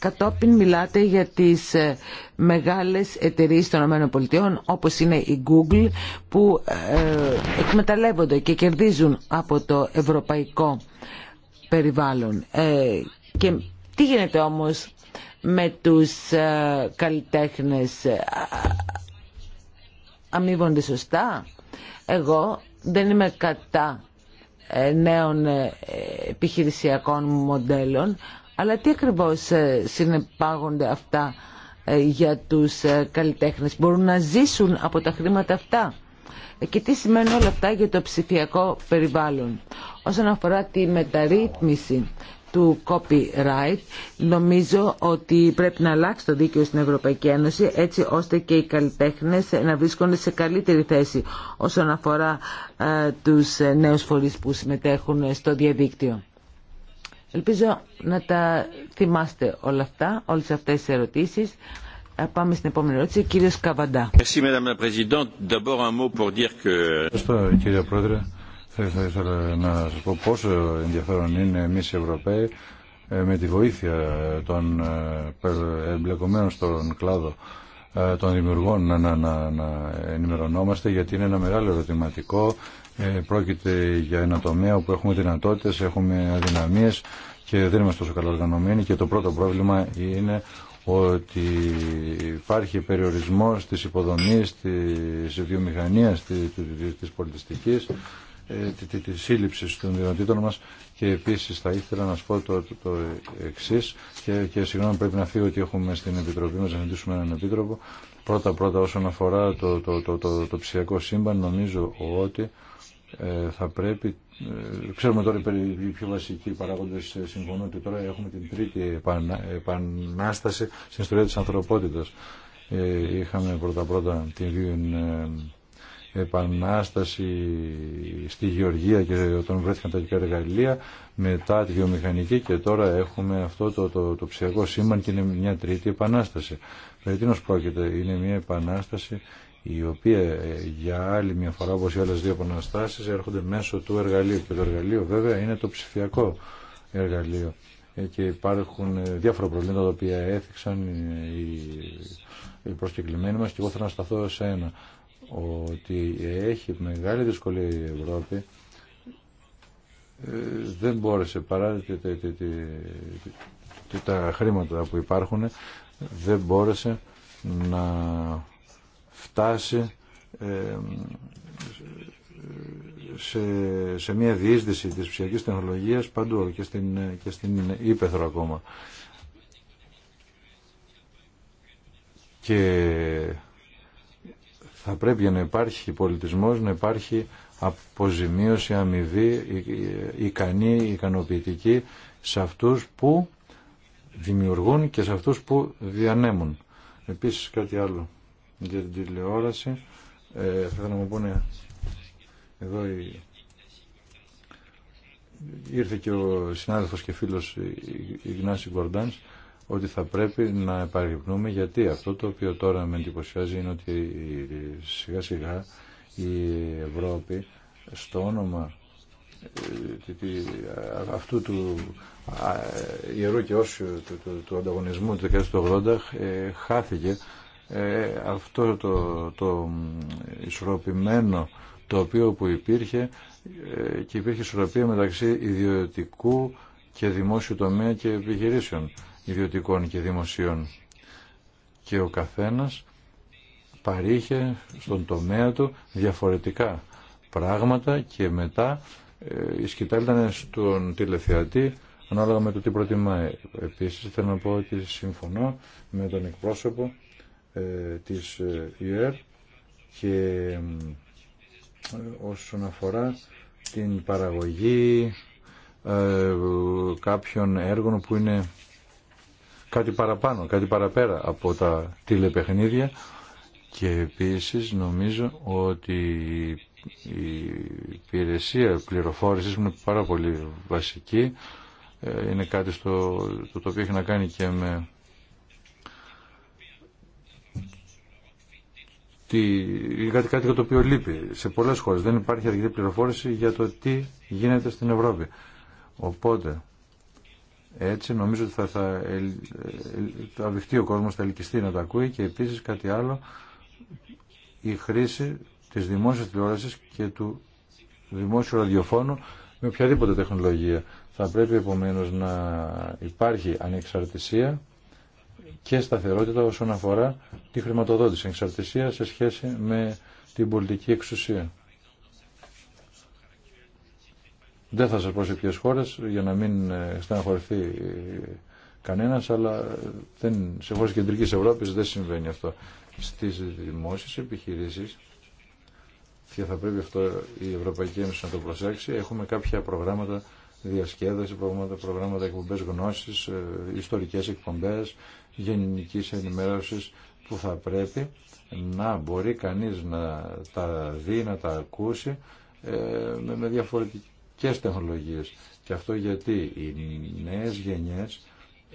Κατόπιν μιλάτε για τις ε, μεγάλες εταιρείες των ΗΠΑ όπως είναι η Google που ε, εκμεταλλεύονται και κερδίζουν από το ευρωπαϊκό περιβάλλον. Ε, και τι γίνεται όμως με τους καλλιτέχνες αμείβονται σωστά. Εγώ δεν είμαι κατά νέων επιχειρησιακών μοντέλων αλλά τι ακριβώς ε, συνεπάγονται αυτά ε, για τους ε, καλλιτέχνες. Μπορούν να ζήσουν από τα χρήματα αυτά. Και τι σημαίνουν όλα αυτά για το ψηφιακό περιβάλλον. Όσον αφορά τη μεταρρύθμιση του copyright, νομίζω ότι πρέπει να αλλάξει το δίκαιο στην Ευρωπαϊκή Ένωση έτσι ώστε και οι καλλιτέχνες να βρίσκονται σε καλύτερη θέση όσον αφορά τους νέους φορείς που συμμετέχουν στο διαδίκτυο. Ελπίζω να τα θυμάστε όλα αυτά, όλες αυτές τις ερωτήσεις. Πάμε στην επόμενη ερώτηση. Κύριος Καβαντά. Ευχαριστώ κύριε Πρόεδρε. Θα ήθελα να σας πω πόσο ενδιαφέρον είναι εμείς οι Ευρωπαίοι ε, με τη βοήθεια των ε, εμπλεκομένων στον κλάδο ε, των δημιουργών να, να, να, να ενημερωνόμαστε γιατί είναι ένα μεγάλο ερωτηματικό ε, πρόκειται για ένα τομέα όπου έχουμε δυνατότητες, έχουμε αδυναμίες και δεν είμαστε τόσο καλά οργανωμένοι και το πρώτο πρόβλημα είναι ότι υπάρχει περιορισμός της υποδομής, της βιομηχανίας, της πολιτιστικής, ε, της σύλληψης των δυνατήτων μας και επίσης θα ήθελα να σας πω το, το, εξής και, και συγγνώμη πρέπει να φύγω ότι έχουμε στην Επιτροπή μας να ζητησουμε έναν Επίτροπο πρώτα πρώτα όσον αφορά το, το, το, το, το ψηφιακό σύμπαν νομίζω ότι ε, θα πρέπει, ε, ξέρουμε τώρα οι πιο βασικοί παράγοντες ε, συμφωνούν ότι τώρα έχουμε την τρίτη επανάσταση στην ιστορία της ανθρωπότητας. Είχαμε πρώτα-πρώτα την επανάσταση στη Γεωργία και όταν βρέθηκαν τα δικά εργαλεία, μετά τη βιομηχανική και τώρα έχουμε αυτό το, το, το σήμα και είναι μια τρίτη επανάσταση. Περί πρόκειται, είναι μια επανάσταση η οποία ε, για άλλη μια φορά όπως οι άλλες δύο επαναστάσεις έρχονται μέσω του εργαλείου και το εργαλείο βέβαια είναι το ψηφιακό εργαλείο ε, και υπάρχουν ε, διάφορα προβλήματα τα οποία έθιξαν οι προσκεκλημένοι μας και εγώ θέλω να σταθώ σε ένα ότι έχει μεγάλη δυσκολία η Ευρώπη δεν μπόρεσε παρά τα χρήματα που υπάρχουν δεν μπόρεσε να φτάσει ε, σε, σε μια διείσδυση της ψυχικής τεχνολογίας παντού και στην, και στην Ήπεθρο ακόμα. Και θα πρέπει να υπάρχει πολιτισμός, να υπάρχει αποζημίωση, αμοιβή, ικανή, ικανοποιητική σε αυτούς που δημιουργούν και σε αυτούς που διανέμουν. Επίσης κάτι άλλο για την τηλεόραση. Ε, θα ήθελα να μου πούνε εδώ ήρθε και ο συνάδελφος και φίλος Ιγνάση Γκορντάνς ότι θα πρέπει να επαγρυπνούμε γιατί αυτό το οποίο τώρα με εντυπωσιάζει είναι ότι σιγά σιγά η Ευρώπη στο όνομα ε, αυτού του ε, ιερού και όσου του, του ανταγωνισμού του 1980 ε, χάθηκε ε, αυτό το, το ισορροπημένο το οποίο που υπήρχε ε, και υπήρχε ισορροπία μεταξύ ιδιωτικού και δημόσιου τομέα και επιχειρήσεων ιδιωτικών και δημοσίων και ο καθένας παρήχε στον τομέα του διαφορετικά πράγματα και μετά ε, η στον τηλεθεατή ανάλογα με το τι προτιμάει. Επίσης θέλω να πω ότι συμφωνώ με τον εκπρόσωπο ε, της ε, ΙΕΡ και ε, όσον αφορά την παραγωγή κάποιων έργων που είναι κάτι παραπάνω, κάτι παραπέρα από τα τηλεπαιχνίδια και επίσης νομίζω ότι η υπηρεσία πληροφόρησης είναι πάρα πολύ βασική είναι κάτι στο, το οποίο έχει να κάνει και με τι, κάτι, κάτι το οποίο λείπει σε πολλές χώρες. Δεν υπάρχει αρκετή πληροφόρηση για το τι γίνεται στην Ευρώπη. Οπότε, έτσι νομίζω ότι θα, θα, ε, θα ο κόσμος, θα ελκυστεί να τα ακούει και επίσης κάτι άλλο, η χρήση της δημόσιας τηλεόρασης και του δημόσιου ραδιοφώνου με οποιαδήποτε τεχνολογία. Θα πρέπει επομένως να υπάρχει ανεξαρτησία και σταθερότητα όσον αφορά τη χρηματοδότηση εξαρτησία σε σχέση με την πολιτική εξουσία. Δεν θα σας πω σε ποιες χώρες για να μην ε, στεναχωρηθεί κανένας, αλλά ε, δεν, σε χώρες κεντρικής Ευρώπης δεν συμβαίνει αυτό. Στις δημόσιες επιχειρήσεις και θα πρέπει αυτό η Ευρωπαϊκή Ένωση να το προσέξει. Έχουμε κάποια προγράμματα διασκέδαση, προγράμματα, προγράμματα εκπομπέ γνώση, ε, ιστορικέ εκπομπέ, γενικής ενημέρωσης που θα πρέπει να μπορεί κανείς να τα δει, να τα ακούσει ε, με διαφορετικές τεχνολογίες. Και αυτό γιατί οι νέες γενιές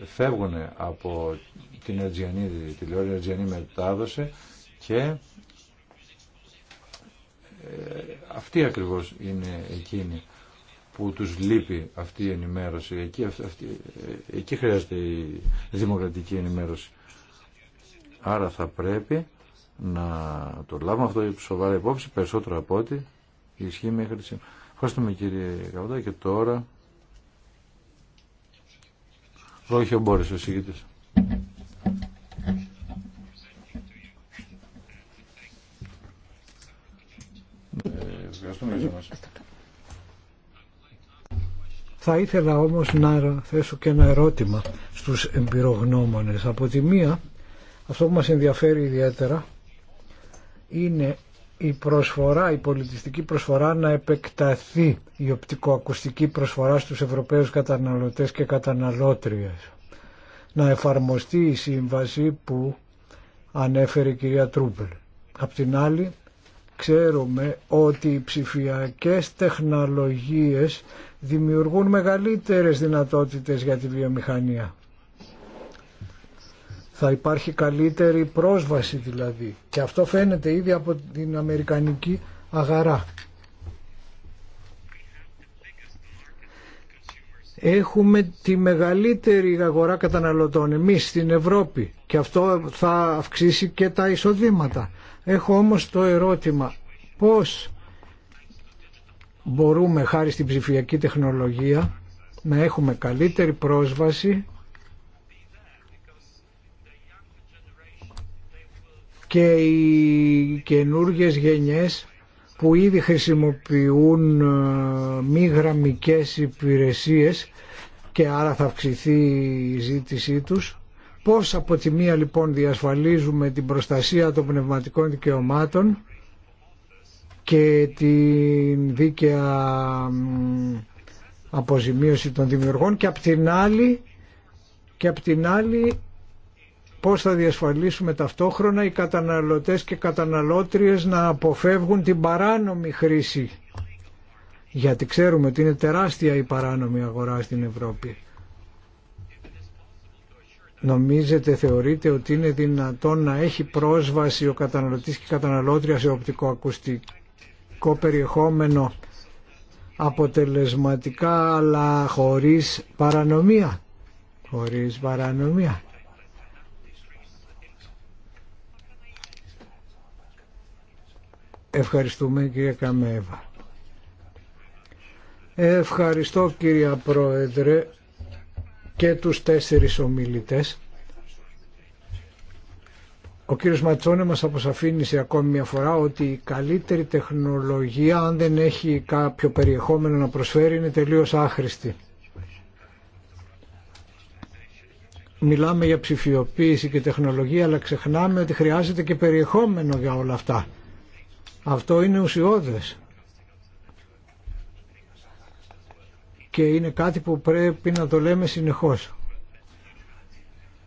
φεύγουν από την Ατζιανή, τηλεόραση Ατζιανή μετάδοση και ε, αυτή ακριβώς είναι εκείνη που τους λείπει αυτή η ενημέρωση. Εκεί, αυτή, ε, εκεί χρειάζεται η δημοκρατική ενημέρωση. Άρα θα πρέπει να το λάβουμε αυτό σοβαρά υπόψη, περισσότερο από ό,τι ισχύει μέχρι σήμερα. Ευχαριστούμε κύριε Καβδά και τώρα... Ρόχιο Μπόρις ο συγκεκριτής. Ε, ευχαριστούμε για θα ήθελα όμως να θέσω και ένα ερώτημα στους εμπειρογνώμονες. Από τη μία, αυτό που μας ενδιαφέρει ιδιαίτερα είναι η προσφορά, η πολιτιστική προσφορά να επεκταθεί η οπτικοακουστική προσφορά στους Ευρωπαίους καταναλωτές και καταναλώτριες. Να εφαρμοστεί η σύμβαση που ανέφερε η κυρία Τρούπελ. Απ' την άλλη Ξέρουμε ότι οι ψηφιακές τεχνολογίες δημιουργούν μεγαλύτερες δυνατότητες για τη βιομηχανία. Θα υπάρχει καλύτερη πρόσβαση δηλαδή. Και αυτό φαίνεται ήδη από την Αμερικανική αγαρά. έχουμε τη μεγαλύτερη αγορά καταναλωτών εμείς στην Ευρώπη και αυτό θα αυξήσει και τα εισοδήματα. Έχω όμως το ερώτημα πώς μπορούμε χάρη στην ψηφιακή τεχνολογία να έχουμε καλύτερη πρόσβαση και οι καινούργιες γενιές που ήδη χρησιμοποιούν ε, μη γραμμικές υπηρεσίες και άρα θα αυξηθεί η ζήτησή τους. Πώς από τη μία λοιπόν διασφαλίζουμε την προστασία των πνευματικών δικαιωμάτων και την δίκαια αποζημίωση των δημιουργών και από την και απ' την άλλη πώς θα διασφαλίσουμε ταυτόχρονα οι καταναλωτές και καταναλώτριες να αποφεύγουν την παράνομη χρήση. Γιατί ξέρουμε ότι είναι τεράστια η παράνομη αγορά στην Ευρώπη. Νομίζετε, θεωρείτε ότι είναι δυνατόν να έχει πρόσβαση ο καταναλωτής και η καταναλώτρια σε οπτικοακουστικό περιεχόμενο αποτελεσματικά αλλά χωρίς παρανομία. Χωρίς παρανομία. Ευχαριστούμε κύριε Καμέβα. Ευχαριστώ κύριε Πρόεδρε και τους τέσσερις ομιλητές. Ο κύριος Ματσόνε μας αποσαφήνισε ακόμη μια φορά ότι η καλύτερη τεχνολογία αν δεν έχει κάποιο περιεχόμενο να προσφέρει είναι τελείως άχρηστη. Μιλάμε για ψηφιοποίηση και τεχνολογία αλλά ξεχνάμε ότι χρειάζεται και περιεχόμενο για όλα αυτά. Αυτό είναι ουσιώδες. Και είναι κάτι που πρέπει να το λέμε συνεχώς.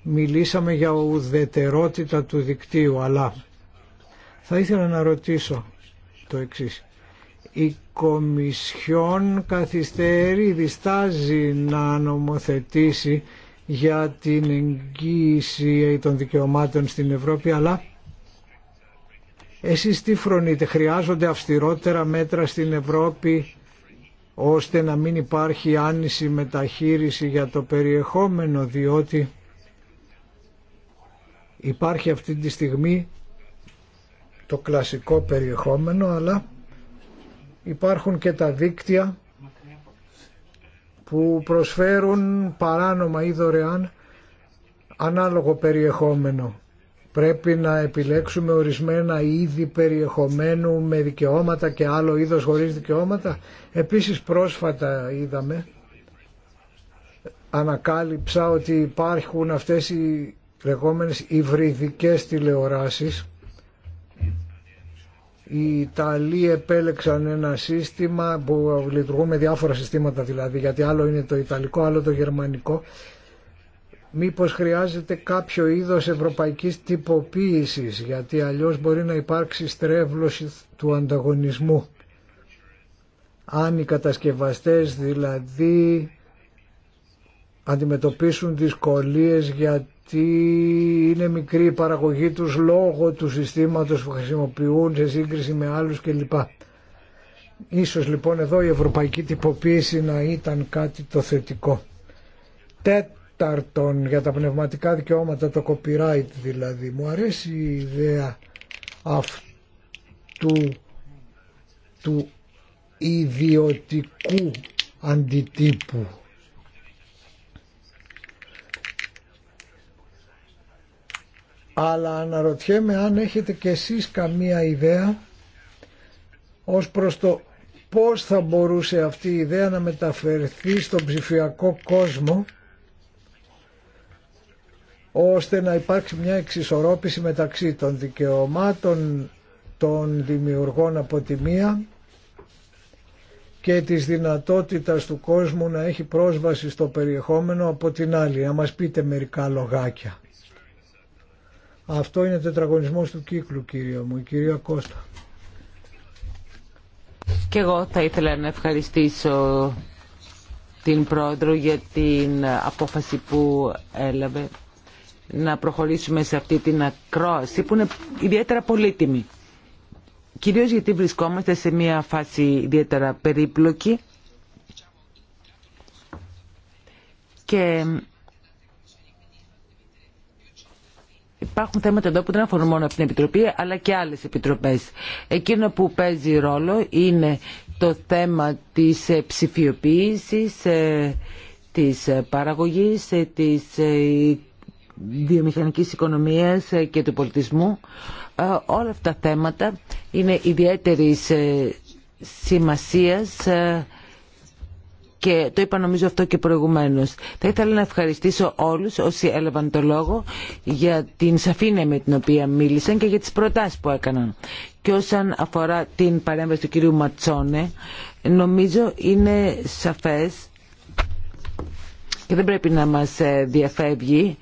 Μιλήσαμε για ουδετερότητα του δικτύου, αλλά θα ήθελα να ρωτήσω το εξής. Η Κομισιόν καθυστερεί, διστάζει να νομοθετήσει για την εγγύηση των δικαιωμάτων στην Ευρώπη, αλλά εσείς τι φρονείτε, χρειάζονται αυστηρότερα μέτρα στην Ευρώπη ώστε να μην υπάρχει άνηση μεταχείριση για το περιεχόμενο διότι υπάρχει αυτή τη στιγμή το κλασικό περιεχόμενο αλλά υπάρχουν και τα δίκτυα που προσφέρουν παράνομα ή δωρεάν ανάλογο περιεχόμενο πρέπει να επιλέξουμε ορισμένα είδη περιεχομένου με δικαιώματα και άλλο είδος χωρίς δικαιώματα. Επίσης πρόσφατα είδαμε, ανακάλυψα ότι υπάρχουν αυτές οι λεγόμενες υβριδικές τηλεοράσεις. Οι Ιταλοί επέλεξαν ένα σύστημα που λειτουργούν με διάφορα συστήματα δηλαδή, γιατί άλλο είναι το Ιταλικό, άλλο το Γερμανικό μήπως χρειάζεται κάποιο είδος ευρωπαϊκής τυποποίησης γιατί αλλιώς μπορεί να υπάρξει στρέβλωση του ανταγωνισμού αν οι κατασκευαστές δηλαδή αντιμετωπίσουν δυσκολίες γιατί είναι μικρή η παραγωγή τους λόγω του συστήματος που χρησιμοποιούν σε σύγκριση με άλλους κλπ. Ίσως λοιπόν εδώ η ευρωπαϊκή τυποποίηση να ήταν κάτι το θετικό τέταρτον για τα πνευματικά δικαιώματα, το copyright δηλαδή. Μου αρέσει η ιδέα αυτού του ιδιωτικού αντιτύπου. Αλλά αναρωτιέμαι αν έχετε και εσείς καμία ιδέα ως προς το πώς θα μπορούσε αυτή η ιδέα να μεταφερθεί στον ψηφιακό κόσμο ώστε να υπάρξει μια εξισορρόπηση μεταξύ των δικαιωμάτων των δημιουργών από τη μία και της δυνατότητας του κόσμου να έχει πρόσβαση στο περιεχόμενο από την άλλη. Να μας πείτε μερικά λογάκια. Αυτό είναι τετραγωνισμός του κύκλου κύριο μου, η κυρία Κώστα. Και εγώ θα ήθελα να ευχαριστήσω την Πρόεδρο για την απόφαση που έλαβε να προχωρήσουμε σε αυτή την ακρόαση που είναι ιδιαίτερα πολύτιμη. Κυρίως γιατί βρισκόμαστε σε μια φάση ιδιαίτερα περίπλοκη και υπάρχουν θέματα εδώ που δεν αφορούν μόνο από την Επιτροπή αλλά και άλλες επιτροπές. Εκείνο που παίζει ρόλο είναι το θέμα της ψηφιοποίησης, ε, της παραγωγής, ε, της ε, Βιομηχανική οικονομίας και του πολιτισμού. Ε, όλα αυτά τα θέματα είναι ιδιαίτερης ε, σημασίας ε, και το είπα νομίζω αυτό και προηγουμένως. Θα ήθελα να ευχαριστήσω όλους όσοι έλαβαν το λόγο για την σαφήνεια με την οποία μίλησαν και για τις προτάσεις που έκαναν. Και όσον αφορά την παρέμβαση του κυρίου Ματσόνε, νομίζω είναι σαφές και δεν πρέπει να μας διαφεύγει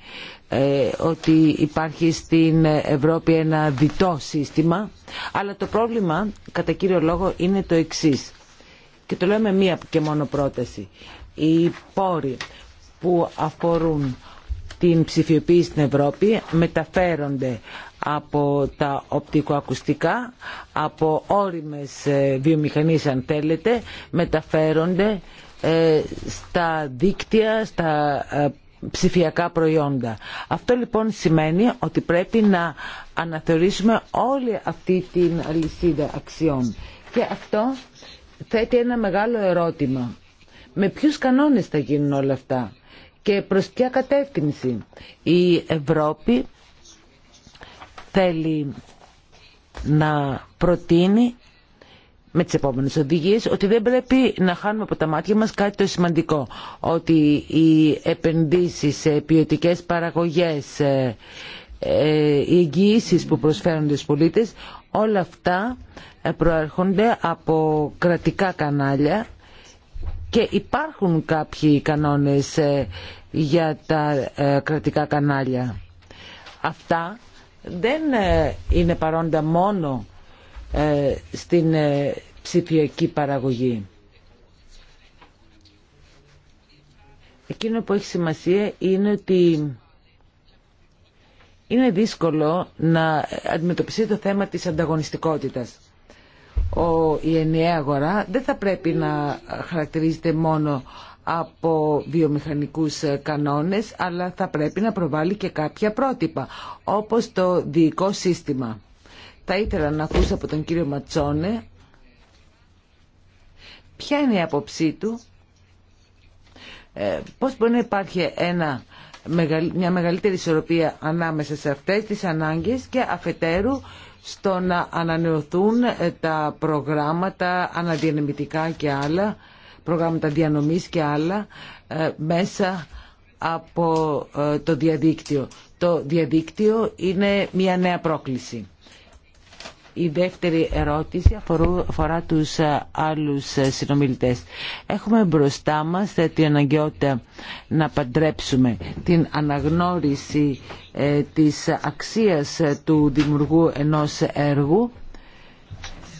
ε, ότι υπάρχει στην Ευρώπη ένα διτό σύστημα, αλλά το πρόβλημα κατά κύριο λόγο είναι το εξής. Και το λέω μία και μόνο πρόταση. Οι πόροι που αφορούν την ψηφιοποίηση στην Ευρώπη μεταφέρονται από τα οπτικοακουστικά, από όριμες ε, βιομηχανίες αν θέλετε, μεταφέρονται ε, στα δίκτυα, στα ψηφιακά προϊόντα. Αυτό λοιπόν σημαίνει ότι πρέπει να αναθεωρήσουμε όλη αυτή την αλυσίδα αξιών. Και αυτό θέτει ένα μεγάλο ερώτημα. Με ποιους κανόνες θα γίνουν όλα αυτά και προς ποια κατεύθυνση. Η Ευρώπη θέλει να προτείνει με τις επόμενες οδηγίες ότι δεν πρέπει να χάνουμε από τα μάτια μας κάτι το σημαντικό. Ότι οι επενδύσεις σε ποιοτικέ παραγωγές, ε, ε, οι εγγυήσεις που προσφέρονται στους πολίτες, όλα αυτά ε, προέρχονται από κρατικά κανάλια και υπάρχουν κάποιοι κανόνες για τα κρατικά κανάλια. Αυτά δεν είναι παρόντα μόνο στην ψηφιακή παραγωγή. Εκείνο που έχει σημασία είναι ότι είναι δύσκολο να αντιμετωπιστεί το θέμα της ανταγωνιστικότητας. Ο, η ενιαία αγορά δεν θα πρέπει να χαρακτηρίζεται μόνο από βιομηχανικούς κανόνες, αλλά θα πρέπει να προβάλλει και κάποια πρότυπα, όπως το διοικό σύστημα. Θα ήθελα να ακούσω από τον κύριο Ματσόνε ποια είναι η άποψή του, ε, πώς μπορεί να υπάρχει ένα, μια μεγαλύτερη ισορροπία ανάμεσα σε αυτές τις ανάγκες και αφετέρου στο να ανανεωθούν ε, τα προγράμματα αναδιανεμητικά και άλλα, προγράμματα διανομής και άλλα, ε, μέσα από το διαδίκτυο. Το διαδίκτυο είναι μια νέα πρόκληση. Η δεύτερη ερώτηση αφορά τους ε, άλλους ε, συνομιλητές. Έχουμε μπροστά μας ε, την αναγκαιότητα να παντρέψουμε την αναγνώριση της αξίας του δημιουργού ενός έργου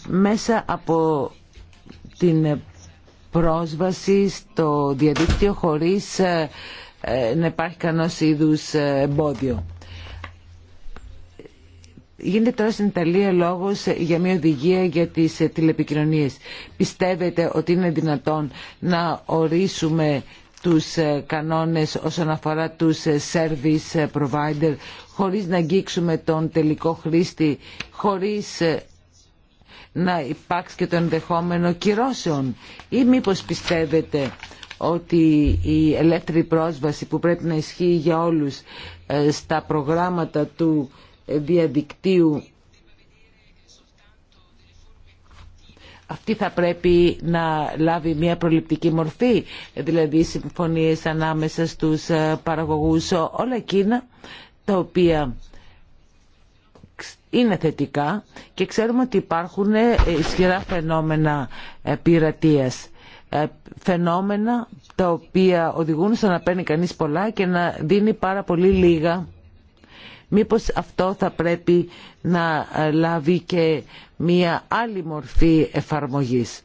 μέσα από την πρόσβαση στο διαδίκτυο χωρίς να υπάρχει κανένας είδους εμπόδιο. Γίνεται τώρα στην Ιταλία λόγος για μια οδηγία για τις τηλεπικοινωνίες. Πιστεύετε ότι είναι δυνατόν να ορίσουμε τους κανόνες όσον αφορά τους service provider χωρίς να αγγίξουμε τον τελικό χρήστη, χωρίς να υπάρξει και το ενδεχόμενο κυρώσεων ή μήπως πιστεύετε ότι η ελεύθερη πρόσβαση που πρέπει να ισχύει για όλους ε, στα προγράμματα του διαδικτύου αυτή θα πρέπει να λάβει μια προληπτική μορφή, δηλαδή συμφωνίες ανάμεσα στους ε, παραγωγούς, όλα εκείνα τα οποία είναι θετικά και ξέρουμε ότι υπάρχουν ε, ισχυρά φαινόμενα ε, πειρατείας. Φαινόμενα τα οποία οδηγούν στο να παίρνει κανείς πολλά και να δίνει πάρα πολύ λίγα Μήπως αυτό θα πρέπει να λάβει και μία άλλη μορφή εφαρμογής.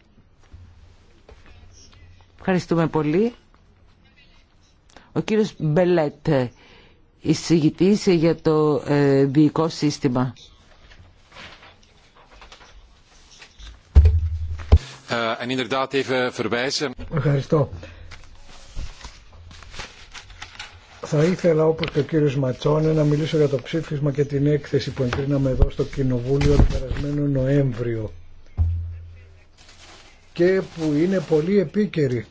Ευχαριστούμε πολύ. Ο κύριος Μπελέτ, εισηγητής για το ε, διοικό σύστημα. Ε, Ευχαριστώ. Θα ήθελα όπως και ο κύριος Ματσόνε να μιλήσω για το ψήφισμα και την έκθεση που εγκρίναμε εδώ στο Κοινοβούλιο το περασμένο Νοέμβριο και που είναι πολύ επίκαιρη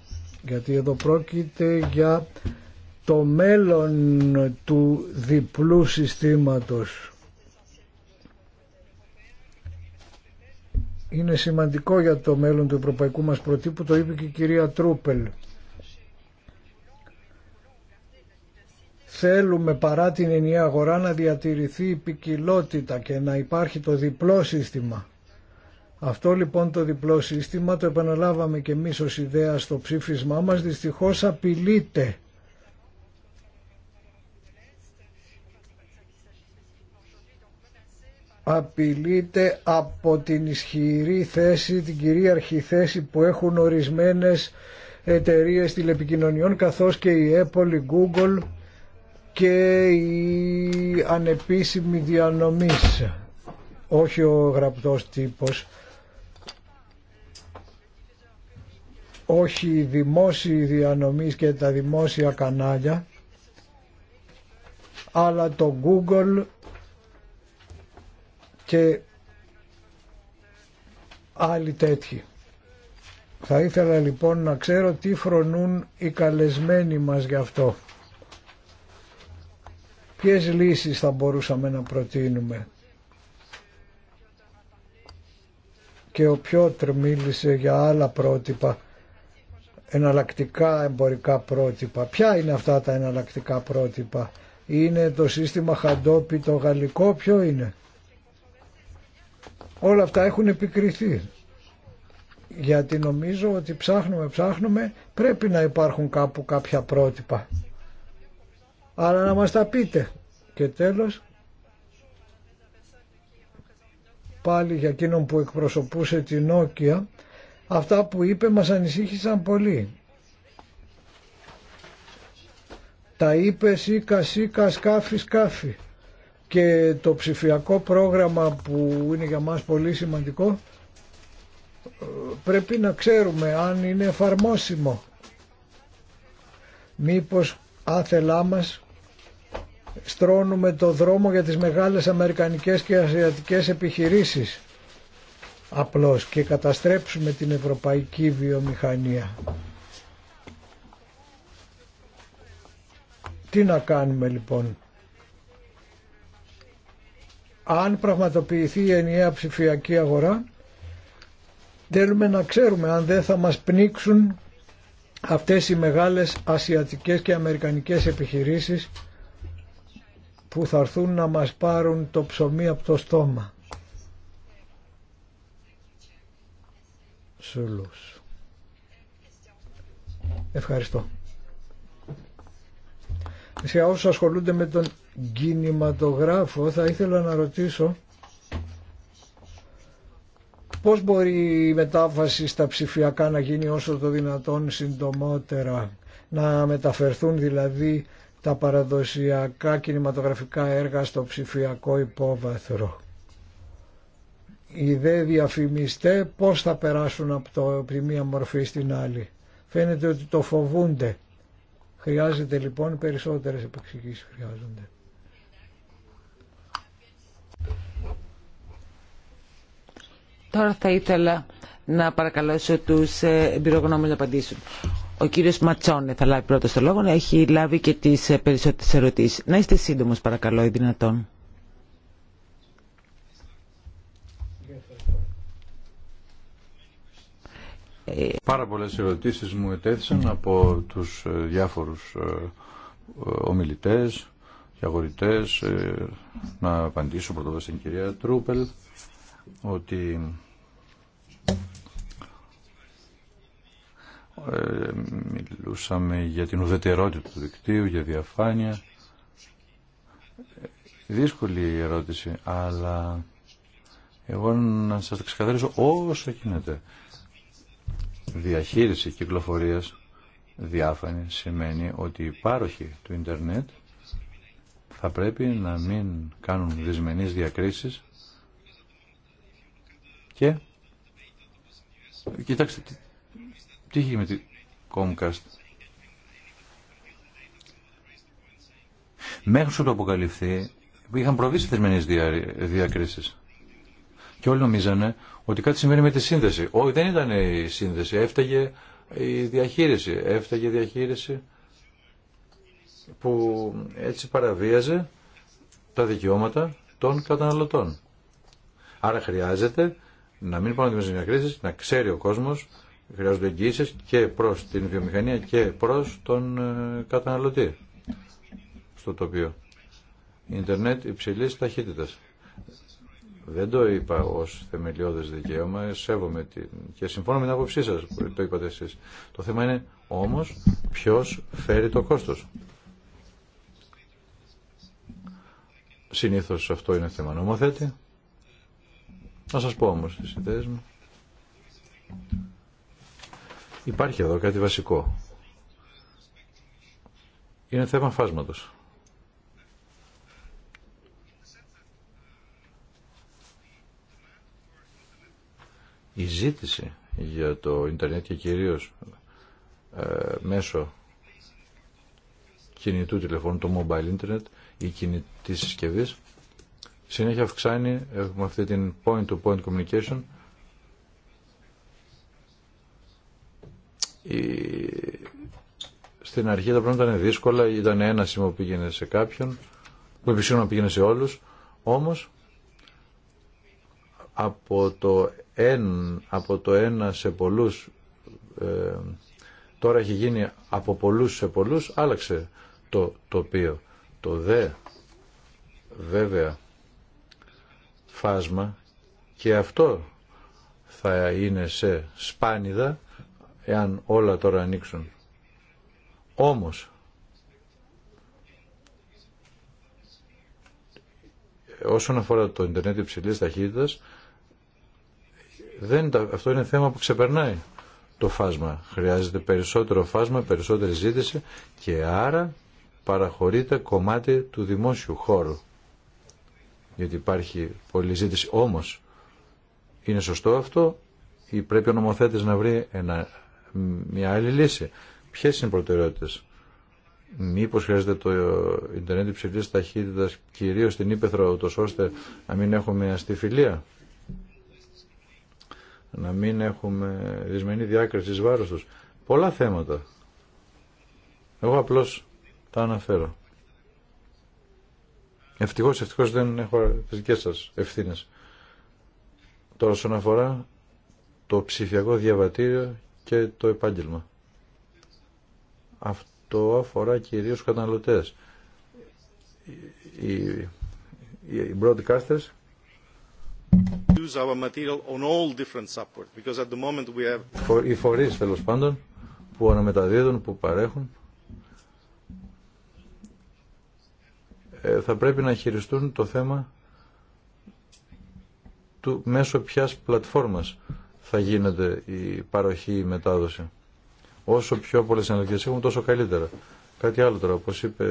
γιατί εδώ πρόκειται για το μέλλον του διπλού συστήματος. Είναι σημαντικό για το μέλλον του ευρωπαϊκού μας προτύπου, το είπε και η κυρία Τρούπελ. θέλουμε παρά την ενιαία αγορά να διατηρηθεί η ποικιλότητα και να υπάρχει το διπλό σύστημα. Αυτό λοιπόν το διπλό σύστημα το επαναλάβαμε και εμείς ως ιδέα στο ψήφισμά μας δυστυχώς απειλείται. απειλείται από την ισχυρή θέση, την κυρίαρχη θέση που έχουν ορισμένες εταιρείες τηλεπικοινωνιών καθώς και η Apple, η Google και η ανεπίσημη διανομής, όχι ο γραπτός τύπος, όχι η δημόσια διανομή και τα δημόσια κανάλια, αλλά το Google και άλλοι τέτοιοι. Θα ήθελα λοιπόν να ξέρω τι φρονούν οι καλεσμένοι μας γι' αυτό. Ποιες λύσεις θα μπορούσαμε να προτείνουμε. Και ο Πιότρ μίλησε για άλλα πρότυπα, εναλλακτικά εμπορικά πρότυπα. Ποια είναι αυτά τα εναλλακτικά πρότυπα. Είναι το σύστημα χαντόπι το γαλλικό, ποιο είναι. Όλα αυτά έχουν επικριθεί. Γιατί νομίζω ότι ψάχνουμε, ψάχνουμε, πρέπει να υπάρχουν κάπου κάποια πρότυπα αλλά να μας τα πείτε. Και τέλος, πάλι για εκείνον που εκπροσωπούσε την Νόκια, αυτά που είπε μας ανησύχησαν πολύ. Τα είπε σίκα σίκα σκάφη σκάφη και το ψηφιακό πρόγραμμα που είναι για μας πολύ σημαντικό πρέπει να ξέρουμε αν είναι εφαρμόσιμο. Μήπως άθελά μας στρώνουμε το δρόμο για τις μεγάλες αμερικανικές και ασιατικές επιχειρήσεις απλώς και καταστρέψουμε την ευρωπαϊκή βιομηχανία. Τι να κάνουμε λοιπόν. Αν πραγματοποιηθεί η ενιαία ψηφιακή αγορά θέλουμε να ξέρουμε αν δεν θα μας πνίξουν αυτές οι μεγάλες ασιατικές και αμερικανικές επιχειρήσεις που θα έρθουν να μας πάρουν το ψωμί από το στόμα. Σουλούς. Ευχαριστώ. Σε όσους ασχολούνται με τον κινηματογράφο θα ήθελα να ρωτήσω πώς μπορεί η μετάφαση... στα ψηφιακά να γίνει όσο το δυνατόν συντομότερα να μεταφερθούν δηλαδή τα παραδοσιακά κινηματογραφικά έργα στο ψηφιακό υπόβαθρο. Οι δε διαφημιστέ πώς θα περάσουν από, το, από τη μία μορφή στην άλλη. Φαίνεται ότι το φοβούνται. Χρειάζεται λοιπόν περισσότερες επεξηγήσεις χρειάζονται. Τώρα θα ήθελα να παρακαλώσω τους ε, εμπειρογνώμους να απαντήσουν. Ο κύριος Ματσόνε θα λάβει πρώτος το λόγο, έχει λάβει και τις ε, περισσότερες ερωτήσεις. Να είστε σύντομος παρακαλώ, ή δυνατόν. Πάρα πολλές ερωτήσεις μου ετέθησαν ναι. από τους ε, διάφορους ε, ομιλητές και αγορητές. Να απαντήσω πρώτα στην κυρία Τρούπελ ότι Ε, μιλούσαμε για την ουδετερότητα του δικτύου, για διαφάνεια. Δύσκολη η ερώτηση, αλλά εγώ να σας ξεκαθαρίσω όσο γίνεται. Διαχείριση κυκλοφορίας διάφανη σημαίνει ότι οι πάροχοι του ίντερνετ θα πρέπει να μην κάνουν δυσμενείς διακρίσεις και κοιτάξτε τι είχε με την Comcast. Μέχρι το αποκαλυφθεί, είχαν προβεί σε θερμενεί διακρίσεις. Και όλοι νομίζανε ότι κάτι συμβαίνει με τη σύνδεση. Όχι, δεν ήταν η σύνδεση. Έφταγε η διαχείριση. Έφταγε η διαχείριση που έτσι παραβίαζε τα δικαιώματα των καταναλωτών. Άρα χρειάζεται να μην πάνε μια κρίση, να ξέρει ο κόσμος Χρειάζονται εγγύησεις και προς την βιομηχανία και προς τον ε, καταναλωτή στο τοπίο. Ιντερνετ υψηλής ταχύτητας. Δεν το είπα ως θεμελιώδες δικαίωμα, σέβομαι την... και συμφώνω με την άποψή σας που το είπατε εσείς. Το θέμα είναι όμως ποιος φέρει το κόστος. Συνήθως αυτό είναι θέμα νομοθέτη. Να σας πω όμως τις ιδέες μου. Υπάρχει εδώ κάτι βασικό. Είναι θέμα φάσματος. Η ζήτηση για το ίντερνετ και κυρίως ε, μέσω κινητού τηλεφώνου, το mobile internet ή κινητή συσκευής συνέχεια αυξάνει, έχουμε αυτή την point to -point communication στην αρχή τα πράγματα ήταν δύσκολα, ήταν ένα σήμα που πήγαινε σε κάποιον, που επισήμωνα πήγαινε σε όλους, όμως από το, εν, από το ένα σε πολλούς, ε, τώρα έχει γίνει από πολλούς σε πολλούς, άλλαξε το τοπίο. Το δε, βέβαια, φάσμα και αυτό θα είναι σε σπάνιδα εάν όλα τώρα ανοίξουν. Όμως, όσον αφορά το Ιντερνετ υψηλής ταχύτητας, δεν, αυτό είναι θέμα που ξεπερνάει το φάσμα. Χρειάζεται περισσότερο φάσμα, περισσότερη ζήτηση και άρα παραχωρείται κομμάτι του δημόσιου χώρου. Γιατί υπάρχει πολλή ζήτηση. Όμως, είναι σωστό αυτό ή πρέπει ο νομοθέτης να βρει ένα μια άλλη λύση. Ποιε είναι οι προτεραιότητες. Μήπως χρειάζεται το Ιντερνετ υψηλής ταχύτητα κυρίως στην Ήπεθρο ώστε να μην έχουμε αστιφιλία. Να μην έχουμε δυσμενή διάκριση βάρο του. Πολλά θέματα. Εγώ απλώς τα αναφέρω. Ευτυχώ, ευτυχώ δεν έχω τι δικέ σα ευθύνε. Τώρα όσον το ψηφιακό διαβατήριο και το επάγγελμα. Αυτό αφορά κυρίως καταναλωτές. Οι, οι, οι broadcasters οι φορείς τέλο πάντων που αναμεταδίδουν, που παρέχουν ε, θα πρέπει να χειριστούν το θέμα του μέσω ποιας πλατφόρμας θα γίνεται η παροχή, η μετάδοση. Όσο πιο πολλέ ενεργέ έχουμε, τόσο καλύτερα. Κάτι άλλο τώρα, όπω είπε,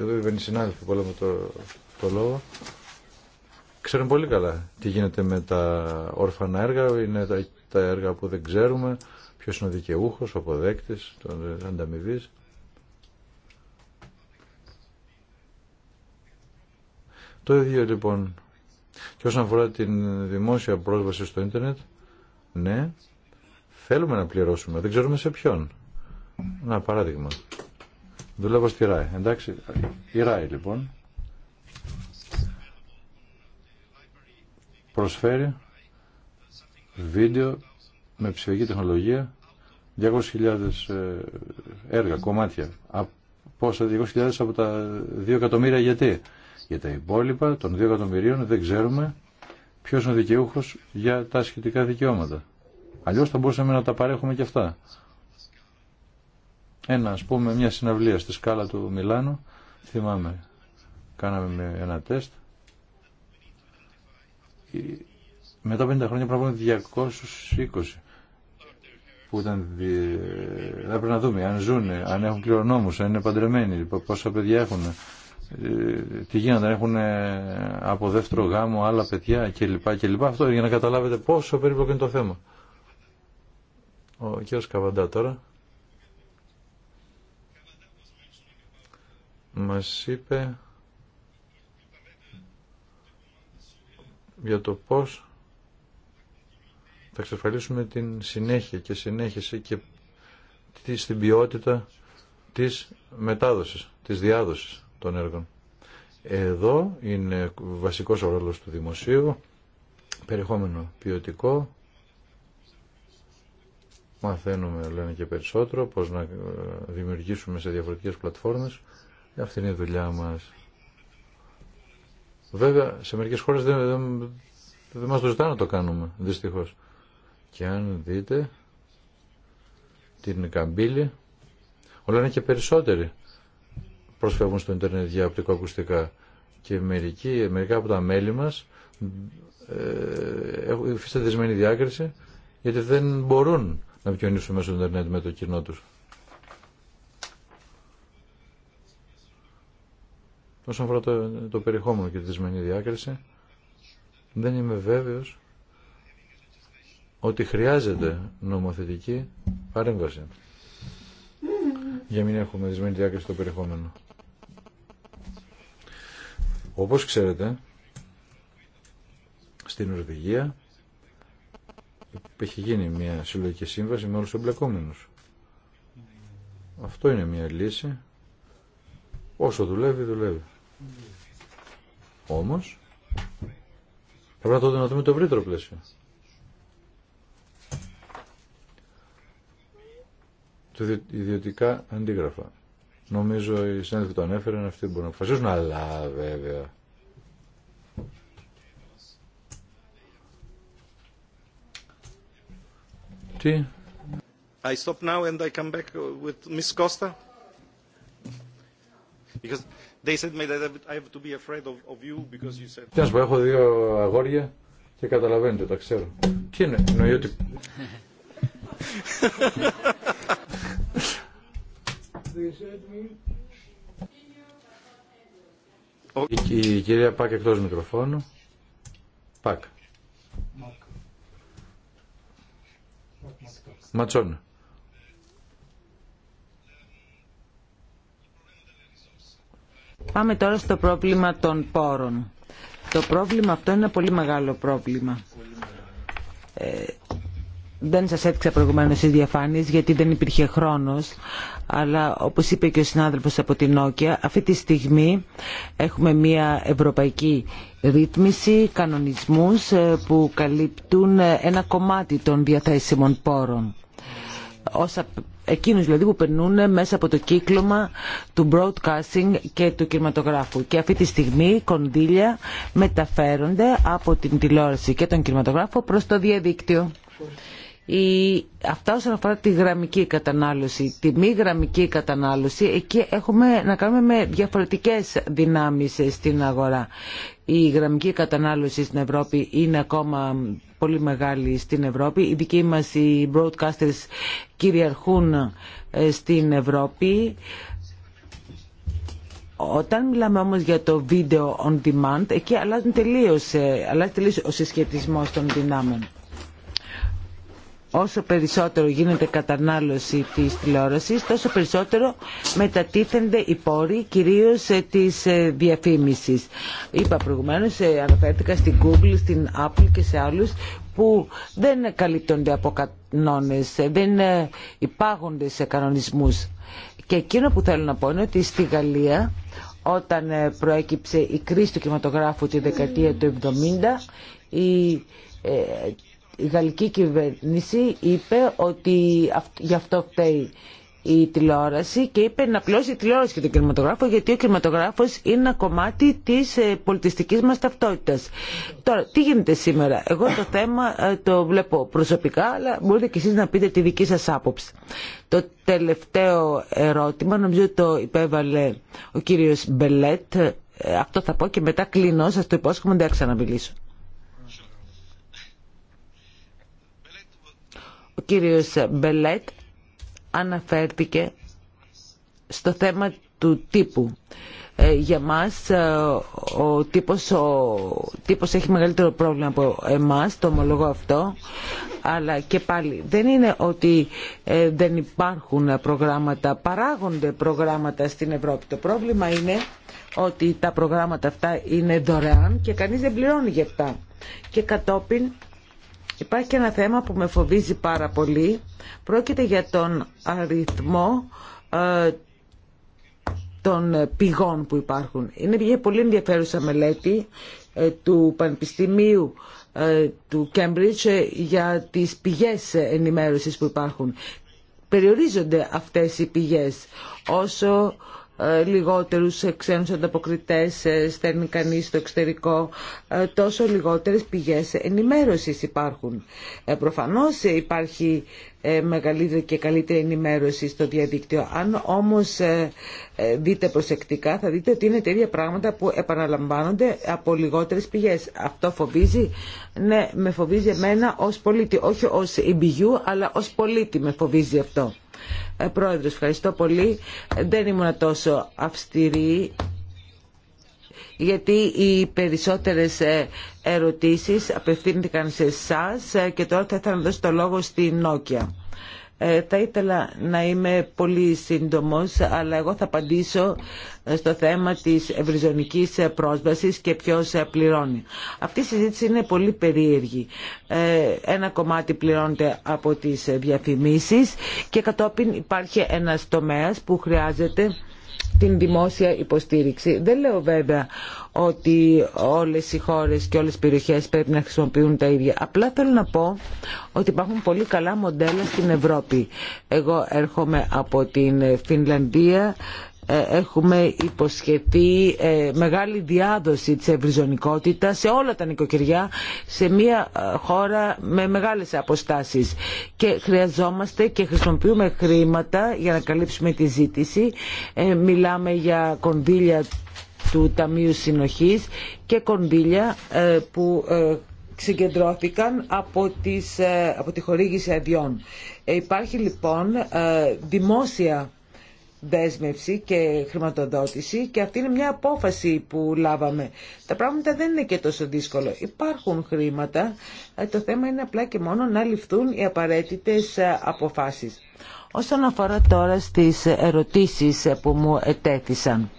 εδώ είναι η συνάδελφοι που λέμε το, το λόγο, ξέρουν πολύ καλά τι γίνεται με τα όρφανα έργα, είναι τα, τα έργα που δεν ξέρουμε, Ποιο είναι ο δικαιούχο, ο αποδέκτης, τον ανταμοιβή. Το ίδιο λοιπόν και όσον αφορά την δημόσια πρόσβαση στο ίντερνετ, ναι, θέλουμε να πληρώσουμε, δεν ξέρουμε σε ποιον. Να, παράδειγμα. Δουλεύω στη ΡΑΕ, εντάξει. Η ΡΑΕ, λοιπόν, προσφέρει βίντεο με ψηφιακή τεχνολογία 200.000 ε, έργα, κομμάτια. Πόσα 200.000 από τα 2 εκατομμύρια γιατί. Για τα υπόλοιπα των 2 εκατομμυρίων δεν ξέρουμε ποιος είναι ο δικαιούχος για τα σχετικά δικαιώματα. Αλλιώς θα μπορούσαμε να τα παρέχουμε και αυτά. Ένα, ας πούμε, μια συναυλία στη σκάλα του Μιλάνου, θυμάμαι, κάναμε ένα τεστ. Μετά 50 χρόνια πρέπει 220 που ήταν, έπρεπε να δούμε αν ζουν, αν έχουν κληρονόμους, αν είναι παντρεμένοι, πόσα παιδιά έχουν, ε, τι γίνεται, έχουν από δεύτερο γάμο άλλα παιδιά κλπ. κλπ. Αυτό για να καταλάβετε πόσο περίπλοκο είναι το θέμα. Ο κ. Καβαντά τώρα μας είπε για το πώς θα εξασφαλίσουμε την συνέχεια και συνέχιση και στην ποιότητα της μετάδοσης, της διάδοσης των έργων. Εδώ είναι βασικός ο ρόλος του δημοσίου, περιεχόμενο ποιοτικό, μαθαίνουμε λένε και περισσότερο πώς να ε, δημιουργήσουμε σε διαφορετικές πλατφόρμες αυτή είναι η δουλειά μας βέβαια σε μερικές χώρες δεν, δεν, δεν μας το ζητάνε να το κάνουμε δυστυχώς και αν δείτε την καμπύλη όλα είναι και περισσότεροι προσφεύγουν στο ίντερνετ για οπτικοακουστικά. Και μερικοί, μερικά από τα μέλη μας ε, έχουν υφίσταται δεσμένη διάκριση γιατί δεν μπορούν να επικοινωνήσουν μέσω στο ίντερνετ με το κοινό του. Όσον αφορά το, το περιεχόμενο και τη δεσμενή διάκριση, δεν είμαι βέβαιος ότι χρειάζεται νομοθετική παρέμβαση για μην έχουμε δυσμένη διάκριση στο περιεχόμενο. Όπως ξέρετε, στην Ορβηγία έχει γίνει μια συλλογική σύμβαση με όλους τους εμπλεκόμενους. Αυτό είναι μια λύση. Όσο δουλεύει, δουλεύει. Όμως, θα πρέπει τότε να δούμε το ευρύτερο πλαίσιο. Το ιδιωτικά αντίγραφα. Νομίζω οι συνάδελφοι το ανέφεραν, αυτοί μπορούν να αποφασίσουν, αλλά βέβαια. Τι. I stop now and I come back with Miss Costa. Because they said me that I have to be afraid of, of you because you said... Τι να σου πω, έχω δύο αγόρια και καταλαβαίνετε, τα ξέρω. Τι είναι, εννοεί ότι... Η κυρία Πάκ εκτός μικροφώνου. Πάκ. Ματσόν. Πάμε τώρα στο πρόβλημα των πόρων. Το πρόβλημα αυτό είναι ένα πολύ μεγάλο πρόβλημα. Ε, δεν σας έδειξα προηγουμένως τις διαφάνειες γιατί δεν υπήρχε χρόνος, αλλά όπως είπε και ο συνάδελφος από την Νόκια, αυτή τη στιγμή έχουμε μια ευρωπαϊκή ρύθμιση, κανονισμούς ε, που καλύπτουν ε, ένα κομμάτι των διαθέσιμων πόρων. Όσα εκείνους δηλαδή που περνούν ε, μέσα από το κύκλωμα του broadcasting και του κινηματογράφου. Και αυτή τη στιγμή κονδύλια μεταφέρονται από την τηλεόραση και τον κινηματογράφο προς το διαδίκτυο. Η, αυτά όσον αφορά τη γραμμική κατανάλωση, τη μη γραμμική κατανάλωση, εκεί έχουμε να κάνουμε με διαφορετικές δυνάμεις στην αγορά. Η γραμμική κατανάλωση στην Ευρώπη είναι ακόμα πολύ μεγάλη στην Ευρώπη. Οι δικοί μας οι broadcasters κυριαρχούν ε, στην Ευρώπη. Όταν μιλάμε όμως για το video on demand, εκεί ε, αλλάζει τελείως, ο συσχετισμός των δυνάμεων όσο περισσότερο γίνεται κατανάλωση της τηλεόρασης, τόσο περισσότερο μετατίθενται οι πόροι, κυρίως ε, της ε, διαφήμισης. Είπα προηγουμένως, ε, αναφέρθηκα στην Google, στην Apple και σε άλλους που δεν καλύπτονται από κανόνες, δεν υπάγονται σε κανονισμούς. Και εκείνο που θέλω να πω είναι ότι στη Γαλλία όταν προέκυψε η κρίση του κινηματογράφου τη δεκαετία του 70 η η γαλλική κυβέρνηση είπε ότι γι' αυτό φταίει η τηλεόραση και είπε να πλώσει η τηλεόραση και τον κινηματογράφο γιατί ο κινηματογράφος είναι ένα κομμάτι της ε, πολιτιστικής μας ταυτότητας. Τώρα, τι γίνεται σήμερα. Εγώ το θέμα ε, το βλέπω προσωπικά αλλά μπορείτε κι εσείς να πείτε τη δική σας άποψη. Το τελευταίο ερώτημα νομίζω το υπέβαλε ο κύριος Μπελέτ. Ε, αυτό θα πω και μετά κλείνω, σας το υπόσχομαι δεν ξαναμιλήσω. Ο κύριος Μπελέτ αναφέρθηκε στο θέμα του τύπου. Ε, για μας ε, ο τύπος, ο τύπος έχει μεγαλύτερο πρόβλημα από εμάς, το ομολογώ αυτό, αλλά και πάλι δεν είναι ότι ε, δεν υπάρχουν προγράμματα, παράγονται προγράμματα στην Ευρώπη. Το πρόβλημα είναι ότι τα προγράμματα αυτά είναι δωρεάν και κανείς δεν πληρώνει για αυτά. Και κατόπιν Υπάρχει και ένα θέμα που με φοβίζει πάρα πολύ. Πρόκειται για τον αριθμό ε, των πηγών που υπάρχουν. Είναι μια πολύ ενδιαφέρουσα μελέτη ε, του Πανεπιστημίου ε, του Κέμπριτζ για τις πηγές ενημέρωσης που υπάρχουν. Περιορίζονται αυτές οι πηγές όσο ε, λιγότερους ξένους ανταποκριτές ε, στέλνει κανείς στο εξωτερικό, ε, τόσο λιγότερες πηγές ενημέρωσης υπάρχουν. Προφανώς υπάρχει μεγαλύτερη και καλύτερη ενημέρωση στο διαδίκτυο. Αν όμως δείτε προσεκτικά θα δείτε ότι είναι τέτοια πράγματα που επαναλαμβάνονται από λιγότερες πηγές. Αυτό φοβίζει, ναι με φοβίζει εμένα ως πολίτη, όχι ως EBU αλλά ως πολίτη με φοβίζει αυτό. Ε, πρόεδρος, ευχαριστώ πολύ. Δεν ήμουν τόσο αυστηρή γιατί οι περισσότερες ε, ερωτήσεις απευθύνθηκαν σε εσά ε, και τώρα θα ήθελα να δώσω το λόγο στη Νόκια. Ε, θα ήθελα να είμαι πολύ σύντομος, αλλά εγώ θα απαντήσω ε, στο θέμα της ευρυζωνικής ε, πρόσβασης και ποιος ε, πληρώνει. Αυτή η συζήτηση είναι πολύ περίεργη. Ένα κομμάτι πληρώνεται από τις διαφημίσεις και κατόπιν υπάρχει ένας τομέας που χρειάζεται την δημόσια υποστήριξη. Δεν λέω βέβαια ότι όλες οι χώρες και όλες οι περιοχές πρέπει να χρησιμοποιούν τα ίδια. Απλά θέλω να πω ότι υπάρχουν πολύ καλά μοντέλα στην Ευρώπη. Εγώ έρχομαι από την Φινλανδία, ε, έχουμε υποσχεθεί ε, μεγάλη διάδοση της ευρυζωνικότητας σε όλα τα νοικοκυριά σε μια ε, χώρα με μεγάλες αποστάσεις και χρειαζόμαστε και χρησιμοποιούμε χρήματα για να καλύψουμε τη ζήτηση μιλάμε για κονδύλια του Ταμείου Συνοχής και κονδύλια που συγκεντρώθηκαν από, τις, από τη χορήγηση αδειών. Υπάρχει λοιπόν δημόσια δέσμευση και χρηματοδότηση και αυτή είναι μια απόφαση που λάβαμε. Τα πράγματα δεν είναι και τόσο δύσκολο. Υπάρχουν χρήματα, ε, το θέμα είναι απλά και μόνο να ληφθούν οι απαραίτητες ε, αποφάσεις. Όσον αφορά τώρα στις ερωτήσεις ε, που μου ετέθησαν,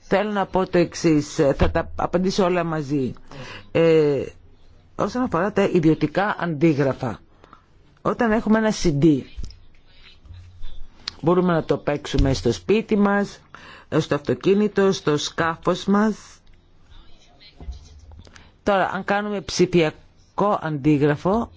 θέλω να πω το εξής, θα τα απαντήσω όλα μαζί. Ε, όσον αφορά τα ιδιωτικά αντίγραφα, όταν έχουμε ένα CD Μπορούμε να το παίξουμε στο σπίτι μας, στο αυτοκίνητο, στο σκάφος μας. Τώρα, αν κάνουμε ψηφιακό αντίγραφο,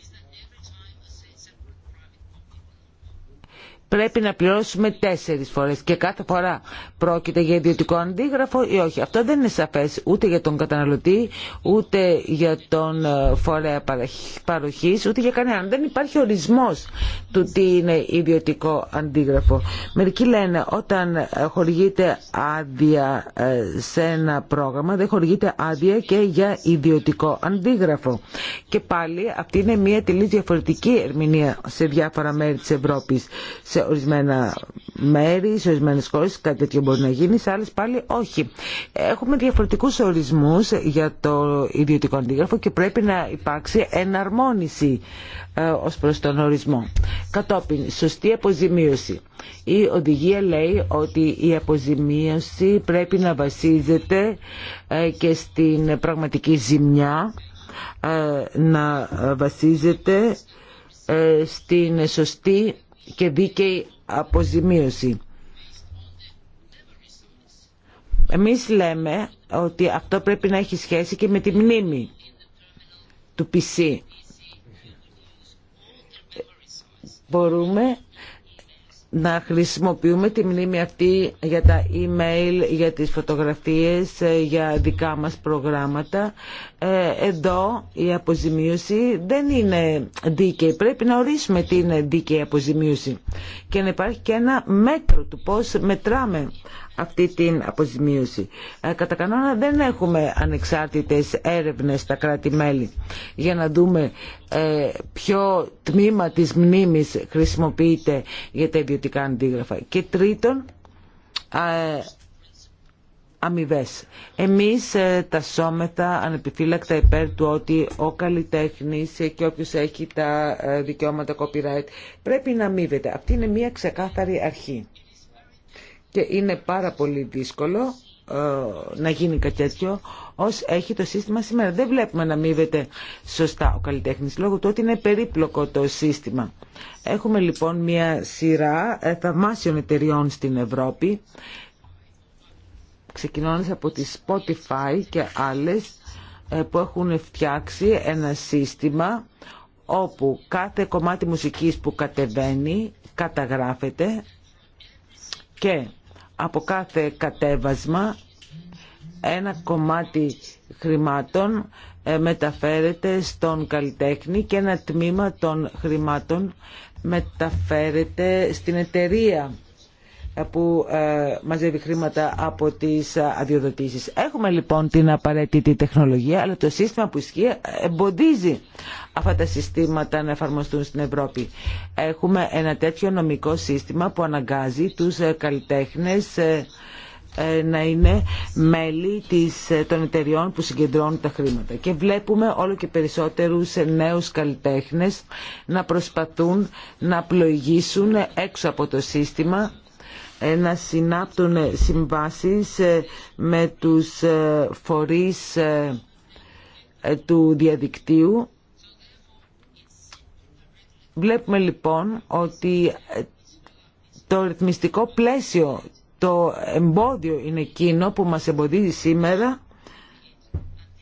πρέπει να πληρώσουμε τέσσερι φορές και κάθε φορά πρόκειται για ιδιωτικό αντίγραφο ή όχι. Αυτό δεν είναι σαφές ούτε για τον καταναλωτή, ούτε για τον ε, φορέα παροχή ούτε για κανέναν. Δεν υπάρχει ορισμός του τι είναι ιδιωτικό αντίγραφο. Μερικοί λένε όταν χορηγείται άδεια ε, σε ένα πρόγραμμα, δεν χορηγείται άδεια και για ιδιωτικό αντίγραφο. Και πάλι αυτή είναι μια τελείω διαφορετική ερμηνεία σε διάφορα μέρη τη Ευρώπη σε ορισμένα μέρη, σε ορισμένες χώρες κάτι τέτοιο μπορεί να γίνει, σε άλλες πάλι όχι. Έχουμε διαφορετικούς ορισμούς για το ιδιωτικό αντίγραφο και πρέπει να υπάρξει εναρμόνιση ε, ως προς τον ορισμό. Κατόπιν, σωστή αποζημίωση. Η οδηγία λέει ότι η αποζημίωση πρέπει να βασίζεται ε, και στην πραγματική ζημιά, ε, να βασίζεται στην σωστή και δίκαιη αποζημίωση. Εμείς λέμε ότι αυτό πρέπει να έχει σχέση και με τη μνήμη του PC. Μπορούμε να χρησιμοποιούμε τη μνήμη αυτή για τα email, για τις φωτογραφίες, για δικά μας προγράμματα. Ε, εδώ η αποζημίωση δεν είναι δίκαιη. Πρέπει να ορίσουμε τι είναι δίκαιη αποζημίωση και να υπάρχει και ένα μέτρο του πώς μετράμε αυτή την αποζημίωση. Ε, κατά κανόνα δεν έχουμε ανεξάρτητες έρευνες στα κράτη-μέλη για να δούμε ε, ποιο τμήμα της μνήμης χρησιμοποιείται για τα ιδιωτικά αντίγραφα. Και τρίτον, αμοιβέ. Εμείς ε, τα σώμεθα ανεπιφύλακτα υπέρ του ότι ο καλλιτέχνης και όποιο έχει τα ε, δικαιώματα copyright πρέπει να αμείβεται. Αυτή είναι μια ξεκάθαρη αρχή. Και είναι πάρα πολύ δύσκολο ε, να γίνει κάτι τέτοιο ως έχει το σύστημα σήμερα. Δεν βλέπουμε να αμείβεται σωστά ο καλλιτέχνης λόγω του ότι είναι περίπλοκο το σύστημα. Έχουμε λοιπόν μια σειρά θαυμάσιων εταιριών στην Ευρώπη ξεκινώντας από τη Spotify και άλλες ε, που έχουν φτιάξει ένα σύστημα όπου κάθε κομμάτι μουσικής που κατεβαίνει καταγράφεται και από κάθε κατέβασμα ένα κομμάτι χρημάτων ε, μεταφέρεται στον καλλιτέχνη και ένα τμήμα των χρημάτων μεταφέρεται στην εταιρεία που ε, μαζεύει χρήματα από τις ε, αδειοδοτήσεις. Έχουμε λοιπόν την απαραίτητη τεχνολογία, αλλά το σύστημα που ισχύει εμποδίζει αυτά τα συστήματα να εφαρμοστούν στην Ευρώπη. Έχουμε ένα τέτοιο νομικό σύστημα που αναγκάζει τους ε, καλλιτέχνες να είναι μέλη της, των εταιριών που συγκεντρώνουν τα χρήματα. Και βλέπουμε όλο και περισσότερους νέους καλλιτέχνες να προσπαθούν να πλοηγήσουν έξω από το σύστημα να συνάπτουν συμβάσεις ε, με τους ε, φορείς ε, του διαδικτύου. Βλέπουμε λοιπόν ότι το ρυθμιστικό πλαίσιο, το εμπόδιο είναι εκείνο που μας εμποδίζει σήμερα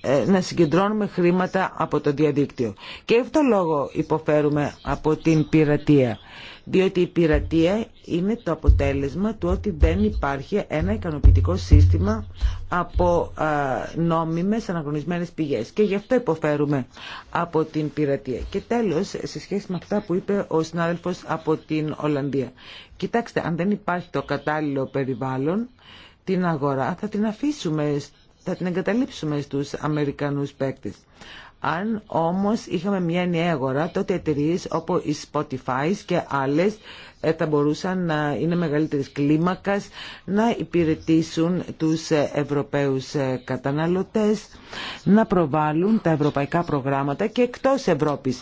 ε, να συγκεντρώνουμε χρήματα από το διαδίκτυο. Και αυτό λόγο υποφέρουμε από την πειρατεία. Διότι η πειρατεία είναι το αποτέλεσμα του ότι δεν υπάρχει ένα ικανοποιητικό σύστημα από νόμιμες αναγνωρισμένες πηγές. Και γι' αυτό υποφέρουμε από την πειρατεία. Και τέλος, σε σχέση με αυτά που είπε ο συνάδελφος από την Ολλανδία. Κοιτάξτε, αν δεν υπάρχει το κατάλληλο περιβάλλον, την αγορά θα την αφήσουμε θα την εγκαταλείψουμε στους Αμερικανούς παίκτες. Αν όμως είχαμε μια νέα αγορά, τότε εταιρείε όπως η Spotify και άλλες ε, θα μπορούσαν να είναι μεγαλύτερης κλίμακας, να υπηρετήσουν τους ε, Ευρωπαίους ε, καταναλωτές, να προβάλλουν τα ευρωπαϊκά προγράμματα και εκτός Ευρώπης.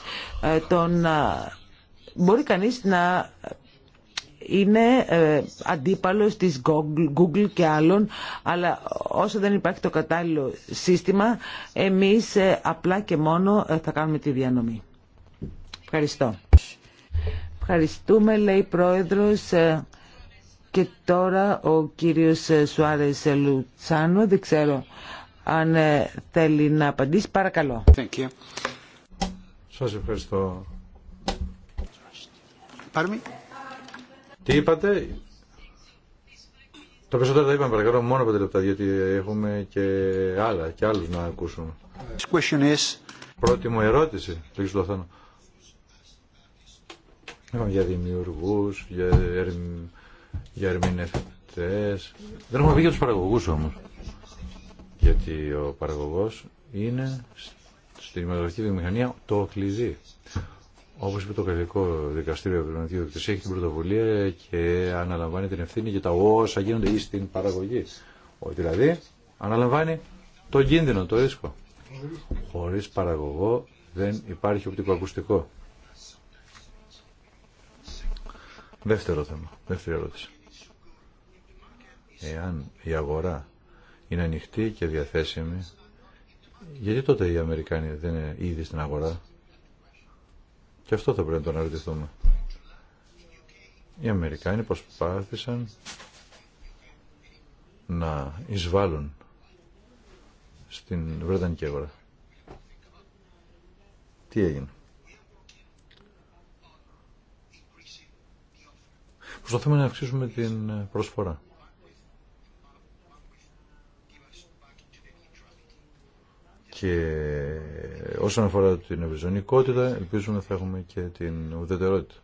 Μπορεί κανείς να είναι ε, αντίπαλος της Google και άλλων, αλλά όσο δεν υπάρχει το κατάλληλο σύστημα, εμείς ε, απλά και μόνο ε, θα κάνουμε τη διανομή. Ευχαριστώ. Ευχαριστούμε, λέει Πρόεδρος. Και τώρα ο κύριος Σουάρες Λουτσάνο, δεν ξέρω αν θέλει να απαντήσει. Παρακαλώ. Thank you. Σας ευχαριστώ. Pardon τι είπατε, Το περισσότερο τα είπαμε παρακαλώ μόνο πέντε λεπτά γιατί έχουμε και άλλα και άλλους να ακούσουμε. Is... Πρώτη μου ερώτηση, το Αθάνο. Είπαμε λοιπόν, για δημιουργούς, για, ερ... για ερμηνευτές. Δεν έχουμε πει για τους παραγωγούς όμως. Γιατί ο παραγωγός είναι στη δημιουργική βιομηχανία το κλειδί. Όπω είπε το κρατικό Δικαστήριο Ευρωπαϊκού Διοκτησία έχει την πρωτοβουλία και αναλαμβάνει την ευθύνη για τα όσα γίνονται ή στην παραγωγή. Δηλαδή αναλαμβάνει το κίνδυνο, το ρίσκο. Χωρίς παραγωγό δεν υπάρχει οπτικοακουστικό. Δεύτερο θέμα, δεύτερη ερώτηση. Εάν η αγορά είναι ανοιχτή και διαθέσιμη, γιατί τότε οι Αμερικάνοι δεν είναι ήδη στην παραγωγη δηλαδη αναλαμβανει το κινδυνο το ρισκο χωρι παραγωγο δεν υπαρχει οπτικοακουστικο δευτερο θεμα δευτερη ερωτηση εαν η αγορα ειναι ανοιχτη και διαθεσιμη γιατι τοτε οι αμερικανοι δεν ειναι ηδη στην αγορα και αυτό θα πρέπει να το αναρωτηθούμε. Οι Αμερικάνοι προσπάθησαν να εισβάλλουν στην Βρετανική αγορά. Τι έγινε. Προσπαθούμε να αυξήσουμε την προσφορά. Και όσον αφορά την ευρυζωνικότητα, ελπίζουμε θα έχουμε και την ουδετερότητα.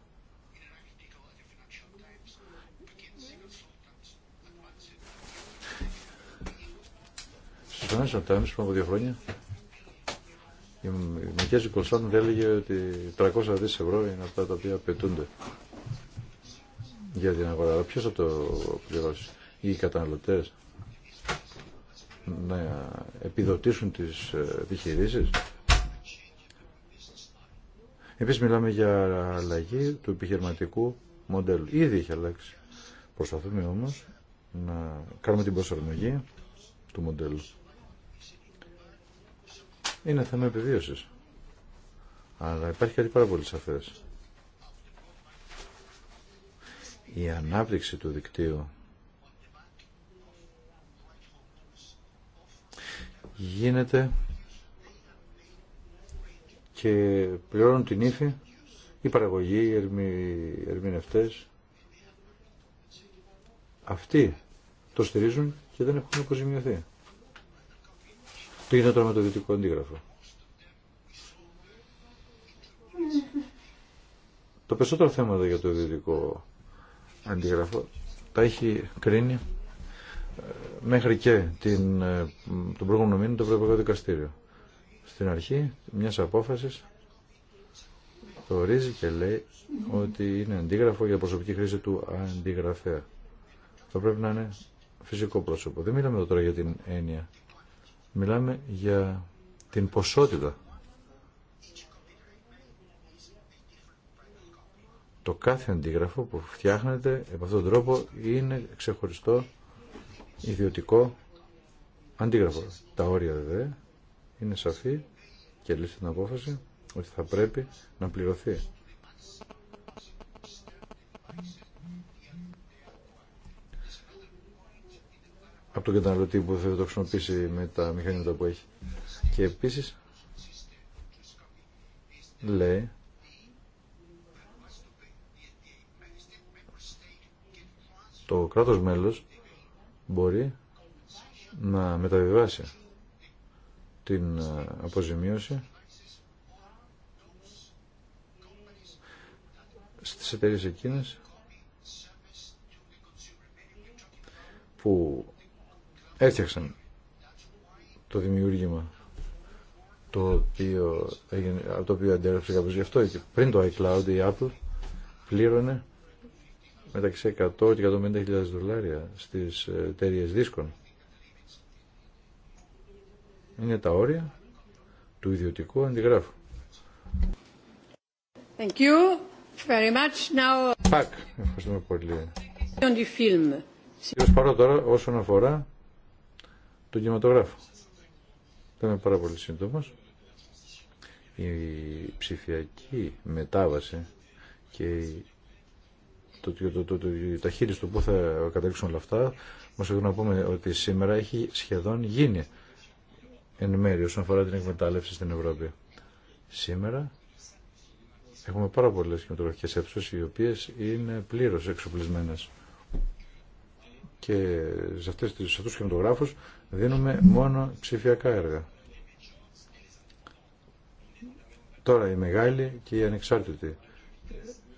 Στους Financial Times πριν από δύο χρόνια η Μακέζη Κολσάντ έλεγε ότι 300 δις ευρώ είναι αυτά τα οποία απαιτούνται για την αγορά. Αλλά ποιος θα το πληρώσει, οι καταναλωτές να επιδοτήσουν τις ε, επιχειρήσεις. Επίσης μιλάμε για αλλαγή του επιχειρηματικού μοντέλου. Ήδη έχει αλλάξει. Προσπαθούμε όμως να κάνουμε την προσαρμογή του μοντέλου. Είναι θέμα επιβίωσης. Αλλά υπάρχει κάτι πάρα πολύ σαφές. Η ανάπτυξη του δικτύου γίνεται και πληρώνουν την ύφη η παραγωγή, οι ερμηνευτές. Αυτοί το στηρίζουν και δεν έχουν αποζημιωθεί. Το γίνεται τώρα με το δυτικό αντίγραφο. Το περισσότερο θέμα για το δυτικό αντίγραφο τα έχει κρίνει ε, μέχρι και την, ε, τον προηγούμενο μήνα το Ευρωπαϊκό Δικαστήριο. Στην αρχή μια απόφαση το ορίζει και λέει ότι είναι αντίγραφο για προσωπική χρήση του αντιγραφέα. Θα πρέπει να είναι φυσικό πρόσωπο. Δεν μιλάμε εδώ τώρα για την έννοια. Μιλάμε για την ποσότητα. Το κάθε αντίγραφο που φτιάχνεται από αυτόν τον τρόπο είναι ξεχωριστό ιδιωτικό αντίγραφο. Τα όρια βέβαια είναι σαφή και λύσει την απόφαση ότι θα πρέπει να πληρωθεί. Από τον καταναλωτή που θα το χρησιμοποιήσει με τα μηχανήματα που έχει. Και επίσης λέει το κράτος μέλος μπορεί να μεταβιβάσει την ε, αποζημίωση στις εταιρείες εκείνες που έφτιαξαν το δημιούργημα το οποίο, το οποίο κάποιος γι' αυτό και πριν το iCloud η Apple πλήρωνε μεταξύ 100 και 150.000 δολάρια στις ε, εταιρείε δίσκων. Είναι τα όρια του ιδιωτικού αντιγράφου. Thank you very much. Now... Πακ, ευχαριστούμε πολύ. Κύριος Παρό τώρα όσον αφορά τον κινηματογράφο. Θα είμαι πάρα πολύ σύντομος. Η ψηφιακή μετάβαση και η το, το, το, το, του που θα καταλήξουν όλα αυτά μας έχουν να πούμε ότι σήμερα έχει σχεδόν γίνει εν μέρει όσον αφορά την εκμετάλλευση στην Ευρώπη. Σήμερα έχουμε πάρα πολλές κινηματογραφικές αίθουσες οι οποίες είναι πλήρως εξοπλισμένες και σε, αυτές, σε αυτούς τους κινηματογράφους δίνουμε μόνο ψηφιακά έργα. Τώρα οι μεγάλη και οι ανεξάρτητοι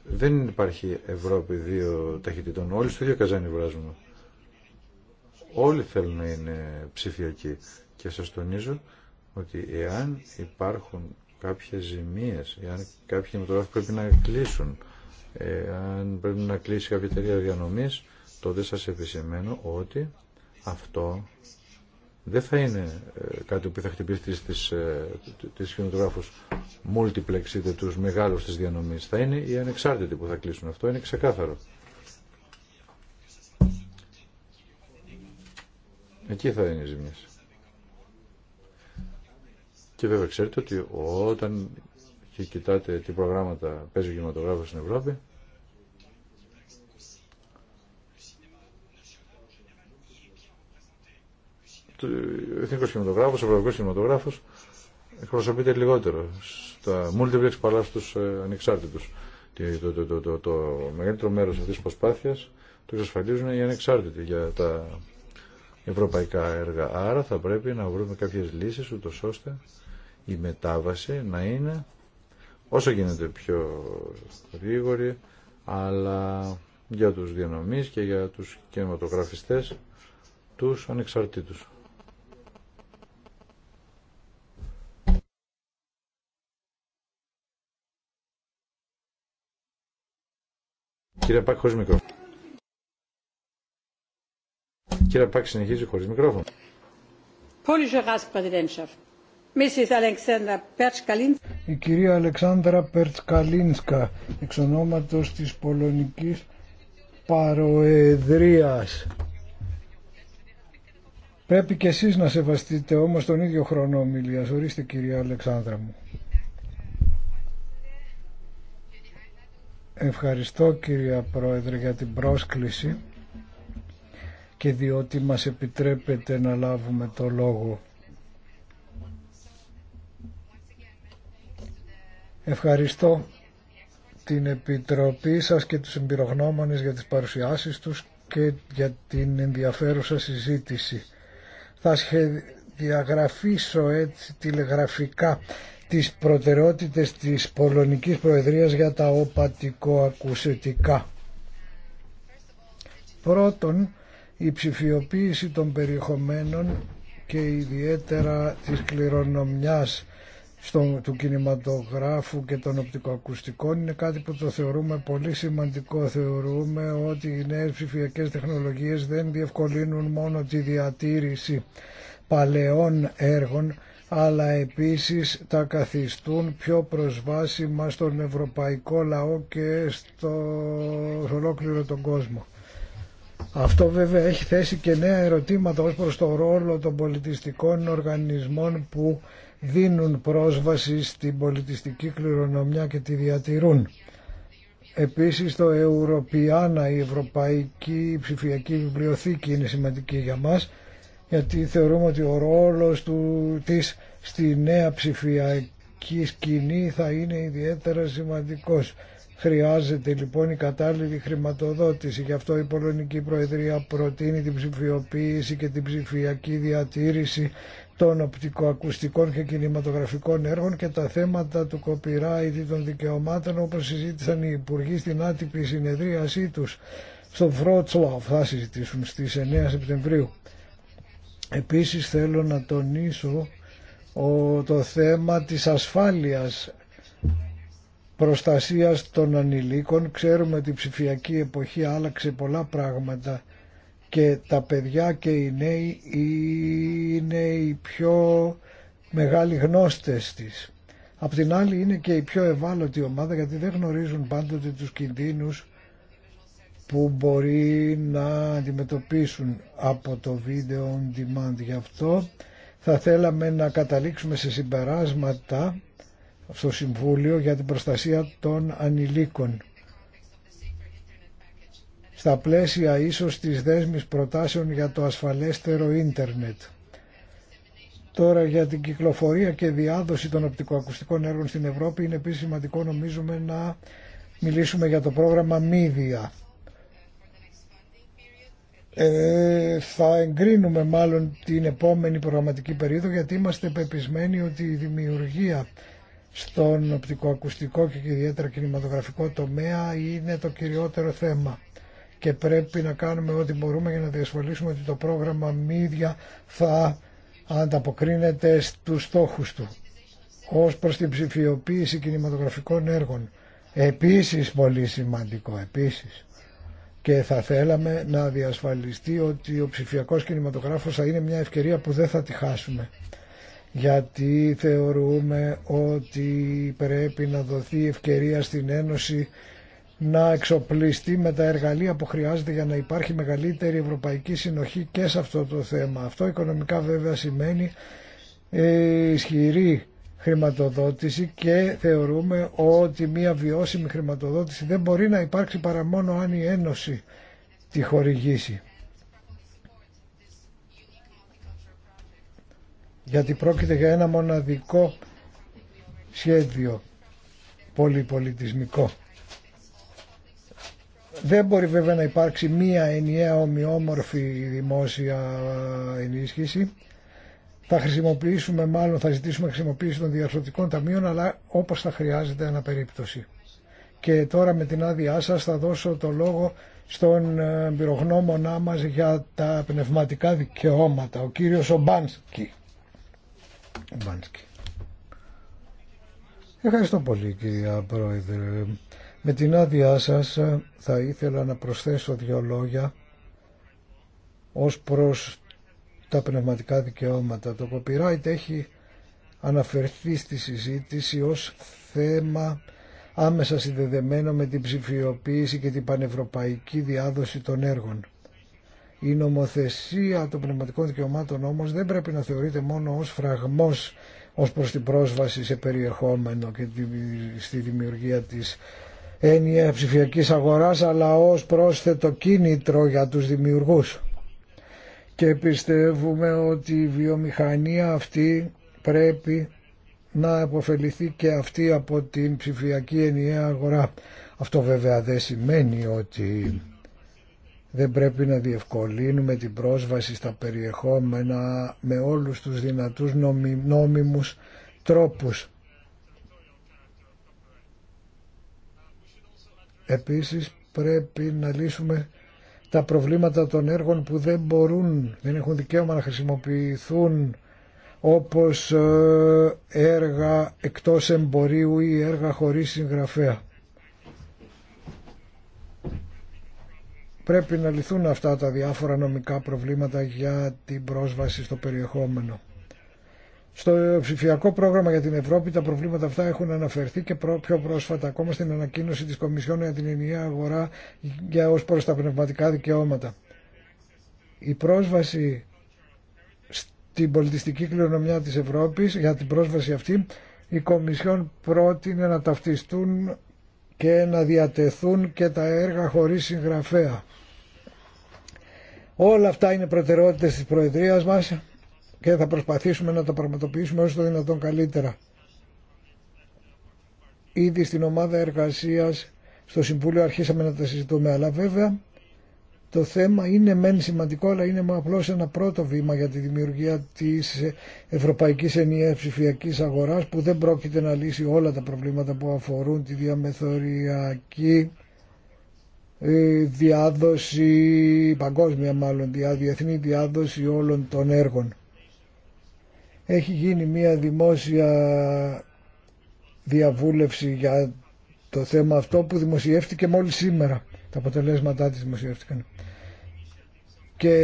δεν υπάρχει Ευρώπη δύο ταχυτητών. Όλοι στο ίδιο καζάνι βράζουν. Όλοι θέλουν να είναι ψηφιακοί. Και σας τονίζω ότι εάν υπάρχουν κάποιες ζημίες, εάν κάποιοι μετογράφοι πρέπει να κλείσουν, εάν πρέπει να κλείσει κάποια εταιρεία διανομής, τότε σας επισημαίνω ότι αυτό δεν θα είναι ε, κάτι που θα χτυπήσει τις, ε, τις κινηματογράφους multiplex είτε τους μεγάλους της διανομής. Θα είναι οι ανεξάρτητοι που θα κλείσουν. Αυτό είναι ξεκάθαρο. Εκεί θα είναι οι ζημίες. Και βέβαια ξέρετε ότι όταν κοιτάτε τι προγράμματα παίζει ο κινηματογράφος στην Ευρώπη, εθνικός κινηματογράφος, ο ευρωπαϊκός κινηματογράφος εκπροσωπείται λιγότερο στα multiplex παρά στους ε, ανεξάρτητους. Το, το, το, το, το, μεγαλύτερο μέρος αυτής της προσπάθειας το εξασφαλίζουν οι ανεξάρτητοι για τα ευρωπαϊκά έργα. Άρα θα πρέπει να βρούμε κάποιες λύσεις ούτως ώστε η μετάβαση να είναι όσο γίνεται πιο γρήγορη αλλά για τους διανομείς και για τους κινηματογραφιστές τους ανεξαρτήτους. Κύριε Πάκ, χωρίς μικρόφωνο. Κύριε Πάκ, συνεχίζει χωρίς μικρόφωνο. Η κυρία Αλεξάνδρα Περτσκαλίνσκα, εξ ονόματος της Πολωνικής Παροεδρίας. Πρέπει και εσείς να σεβαστείτε όμως τον ίδιο χρόνο ομιλίας. Ορίστε κυρία Αλεξάνδρα μου. Ευχαριστώ κύριε Πρόεδρε για την πρόσκληση και διότι μας επιτρέπεται να λάβουμε το λόγο. Ευχαριστώ την Επιτροπή σας και τους εμπειρογνώμονες για τις παρουσιάσεις τους και για την ενδιαφέρουσα συζήτηση. Θα σχεδιαγραφήσω έτσι τηλεγραφικά τις προτεραιότητες της Πολωνικής Προεδρίας για τα οπατικοακουσιτικά. Πρώτον, η ψηφιοποίηση των περιεχομένων και ιδιαίτερα της κληρονομιάς στο, του κινηματογράφου και των οπτικοακουστικών είναι κάτι που το θεωρούμε πολύ σημαντικό. Θεωρούμε ότι οι νέες ψηφιακές τεχνολογίες δεν διευκολύνουν μόνο τη διατήρηση παλαιών έργων αλλά επίσης τα καθιστούν πιο προσβάσιμα στον ευρωπαϊκό λαό και στο ολόκληρο τον κόσμο. Αυτό βέβαια έχει θέσει και νέα ερωτήματα ως προς το ρόλο των πολιτιστικών οργανισμών που δίνουν πρόσβαση στην πολιτιστική κληρονομιά και τη διατηρούν. Επίσης το Ευρωπιάνα, η Ευρωπαϊκή Ψηφιακή Βιβλιοθήκη είναι σημαντική για μας γιατί θεωρούμε ότι ο ρόλος του, της στη νέα ψηφιακή σκηνή θα είναι ιδιαίτερα σημαντικός. Χρειάζεται λοιπόν η κατάλληλη χρηματοδότηση. Γι' αυτό η Πολωνική Προεδρία προτείνει την ψηφιοποίηση και την ψηφιακή διατήρηση των οπτικοακουστικών και κινηματογραφικών έργων και τα θέματα του copyright ή των δικαιωμάτων όπως συζήτησαν οι υπουργοί στην άτυπη συνεδρίασή τους στο Βρότσλαφ θα συζητήσουν στις 9 Σεπτεμβρίου. Επίσης θέλω να τονίσω το θέμα της ασφάλειας προστασίας των ανηλίκων. Ξέρουμε ότι η ψηφιακή εποχή άλλαξε πολλά πράγματα και τα παιδιά και οι νέοι είναι οι πιο μεγάλοι γνώστες της. Απ' την άλλη είναι και η πιο ευάλωτη ομάδα γιατί δεν γνωρίζουν πάντοτε τους κινδύνους που μπορεί να αντιμετωπίσουν από το video on demand. Γι' αυτό θα θέλαμε να καταλήξουμε σε συμπεράσματα στο Συμβούλιο για την προστασία των ανηλίκων. Στα πλαίσια ίσως της δέσμης προτάσεων για το ασφαλέστερο ίντερνετ. Τώρα για την κυκλοφορία και διάδοση των οπτικοακουστικών έργων στην Ευρώπη είναι επίσης σημαντικό νομίζουμε να μιλήσουμε για το πρόγραμμα Media ε, θα εγκρίνουμε μάλλον την επόμενη προγραμματική περίοδο γιατί είμαστε πεπισμένοι ότι η δημιουργία στον οπτικοακουστικό και ιδιαίτερα κινηματογραφικό τομέα είναι το κυριότερο θέμα και πρέπει να κάνουμε ό,τι μπορούμε για να διασφαλίσουμε ότι το πρόγραμμα Μίδια θα ανταποκρίνεται στους στόχους του ως προς την ψηφιοποίηση κινηματογραφικών έργων. Επίσης πολύ σημαντικό, επίσης και θα θέλαμε να διασφαλιστεί ότι ο ψηφιακός κινηματογράφος θα είναι μια ευκαιρία που δεν θα τη χάσουμε γιατί θεωρούμε ότι πρέπει να δοθεί ευκαιρία στην Ένωση να εξοπλιστεί με τα εργαλεία που χρειάζεται για να υπάρχει μεγαλύτερη ευρωπαϊκή συνοχή και σε αυτό το θέμα. Αυτό οικονομικά βέβαια σημαίνει ε, ισχυρή χρηματοδότηση και θεωρούμε ότι μια βιώσιμη χρηματοδότηση δεν μπορεί να υπάρξει παρά μόνο αν η Ένωση τη χορηγήσει. Γιατί πρόκειται για ένα μοναδικό σχέδιο πολυπολιτισμικό. Δεν μπορεί βέβαια να υπάρξει μία ενιαία ομοιόμορφη δημόσια ενίσχυση θα χρησιμοποιήσουμε μάλλον, θα ζητήσουμε χρησιμοποίηση των διαρθρωτικών ταμείων, αλλά όπως θα χρειάζεται αναπερίπτωση. Και τώρα με την άδειά σας θα δώσω το λόγο στον ε, πυρογνώμονά μας για τα πνευματικά δικαιώματα, ο κύριος Ομπάνσκι. Ομπάνσκι. Ευχαριστώ πολύ κυρία Πρόεδρε. Με την άδειά σας ε, θα ήθελα να προσθέσω δύο λόγια ως προς τα πνευματικά δικαιώματα. Το copyright έχει αναφερθεί στη συζήτηση ως θέμα άμεσα συνδεδεμένο με την ψηφιοποίηση και την πανευρωπαϊκή διάδοση των έργων. Η νομοθεσία των πνευματικών δικαιωμάτων όμως δεν πρέπει να θεωρείται μόνο ως φραγμός ως προς την πρόσβαση σε περιεχόμενο και στη δημιουργία της έννοια ψηφιακής αγοράς αλλά ως πρόσθετο κίνητρο για τους δημιουργούς και πιστεύουμε ότι η βιομηχανία αυτή πρέπει να επωφεληθεί και αυτή από την ψηφιακή ενιαία αγορά. Αυτό βέβαια δεν σημαίνει ότι δεν πρέπει να διευκολύνουμε την πρόσβαση στα περιεχόμενα με όλους τους δυνατούς νόμι, νόμιμους τρόπους. Επίσης πρέπει να λύσουμε τα προβλήματα των έργων που δεν μπορούν, δεν έχουν δικαίωμα να χρησιμοποιηθούν όπως ε, έργα εκτός εμπορίου ή έργα χωρίς συγγραφέα. Πρέπει να λυθούν αυτά τα διάφορα νομικά προβλήματα για την πρόσβαση στο περιεχόμενο. Στο ψηφιακό πρόγραμμα για την Ευρώπη τα προβλήματα αυτά έχουν αναφερθεί και πιο πρόσφατα ακόμα στην ανακοίνωση της Κομισιόν για την ενιαία αγορά για ως προς τα πνευματικά δικαιώματα. Η πρόσβαση στην πολιτιστική κληρονομιά της Ευρώπης για την πρόσβαση αυτή η Κομισιόν πρότεινε να ταυτιστούν και να διατεθούν και τα έργα χωρίς συγγραφέα. Όλα αυτά είναι προτεραιότητες της Προεδρίας μας και θα προσπαθήσουμε να τα πραγματοποιήσουμε όσο το δυνατόν καλύτερα. Ήδη στην ομάδα εργασίας στο Συμβούλιο αρχίσαμε να τα συζητούμε, αλλά βέβαια το θέμα είναι μεν σημαντικό, αλλά είναι απλώ ένα πρώτο βήμα για τη δημιουργία τη Ευρωπαϊκή Ενιαία Ψηφιακή Αγορά που δεν πρόκειται να λύσει όλα τα προβλήματα που αφορούν τη διαμεθοριακή ε, διάδοση, παγκόσμια μάλλον, διεθνή διάδοση όλων των έργων. Έχει γίνει μια δημόσια διαβούλευση για το θέμα αυτό που δημοσιεύτηκε μόλις σήμερα. Τα αποτελέσματά της δημοσιεύτηκαν. Και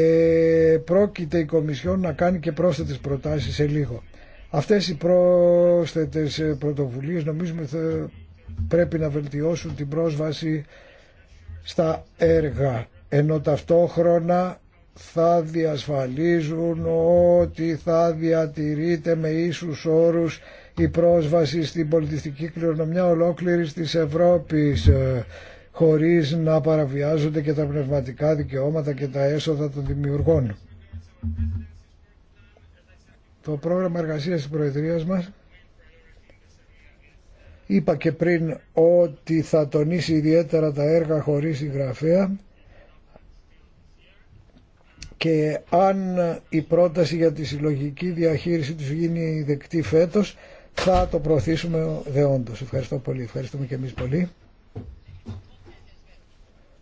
πρόκειται η Κομισιόν να κάνει και πρόσθετες προτάσεις σε λίγο. Αυτές οι πρόσθετες πρωτοβουλίες νομίζουμε θα πρέπει να βελτιώσουν την πρόσβαση στα έργα ενώ ταυτόχρονα θα διασφαλίζουν ότι θα διατηρείται με ίσους όρους η πρόσβαση στην πολιτιστική κληρονομιά ολόκληρης της Ευρώπης ε, χωρίς να παραβιάζονται και τα πνευματικά δικαιώματα και τα έσοδα των δημιουργών. Το πρόγραμμα εργασίας της Προεδρίας μας είπα και πριν ότι θα τονίσει ιδιαίτερα τα έργα χωρίς συγγραφέα και αν η πρόταση για τη συλλογική διαχείριση τους γίνει δεκτή φέτος θα το προωθήσουμε δεόντως. Ευχαριστώ πολύ. Ευχαριστούμε και εμείς πολύ.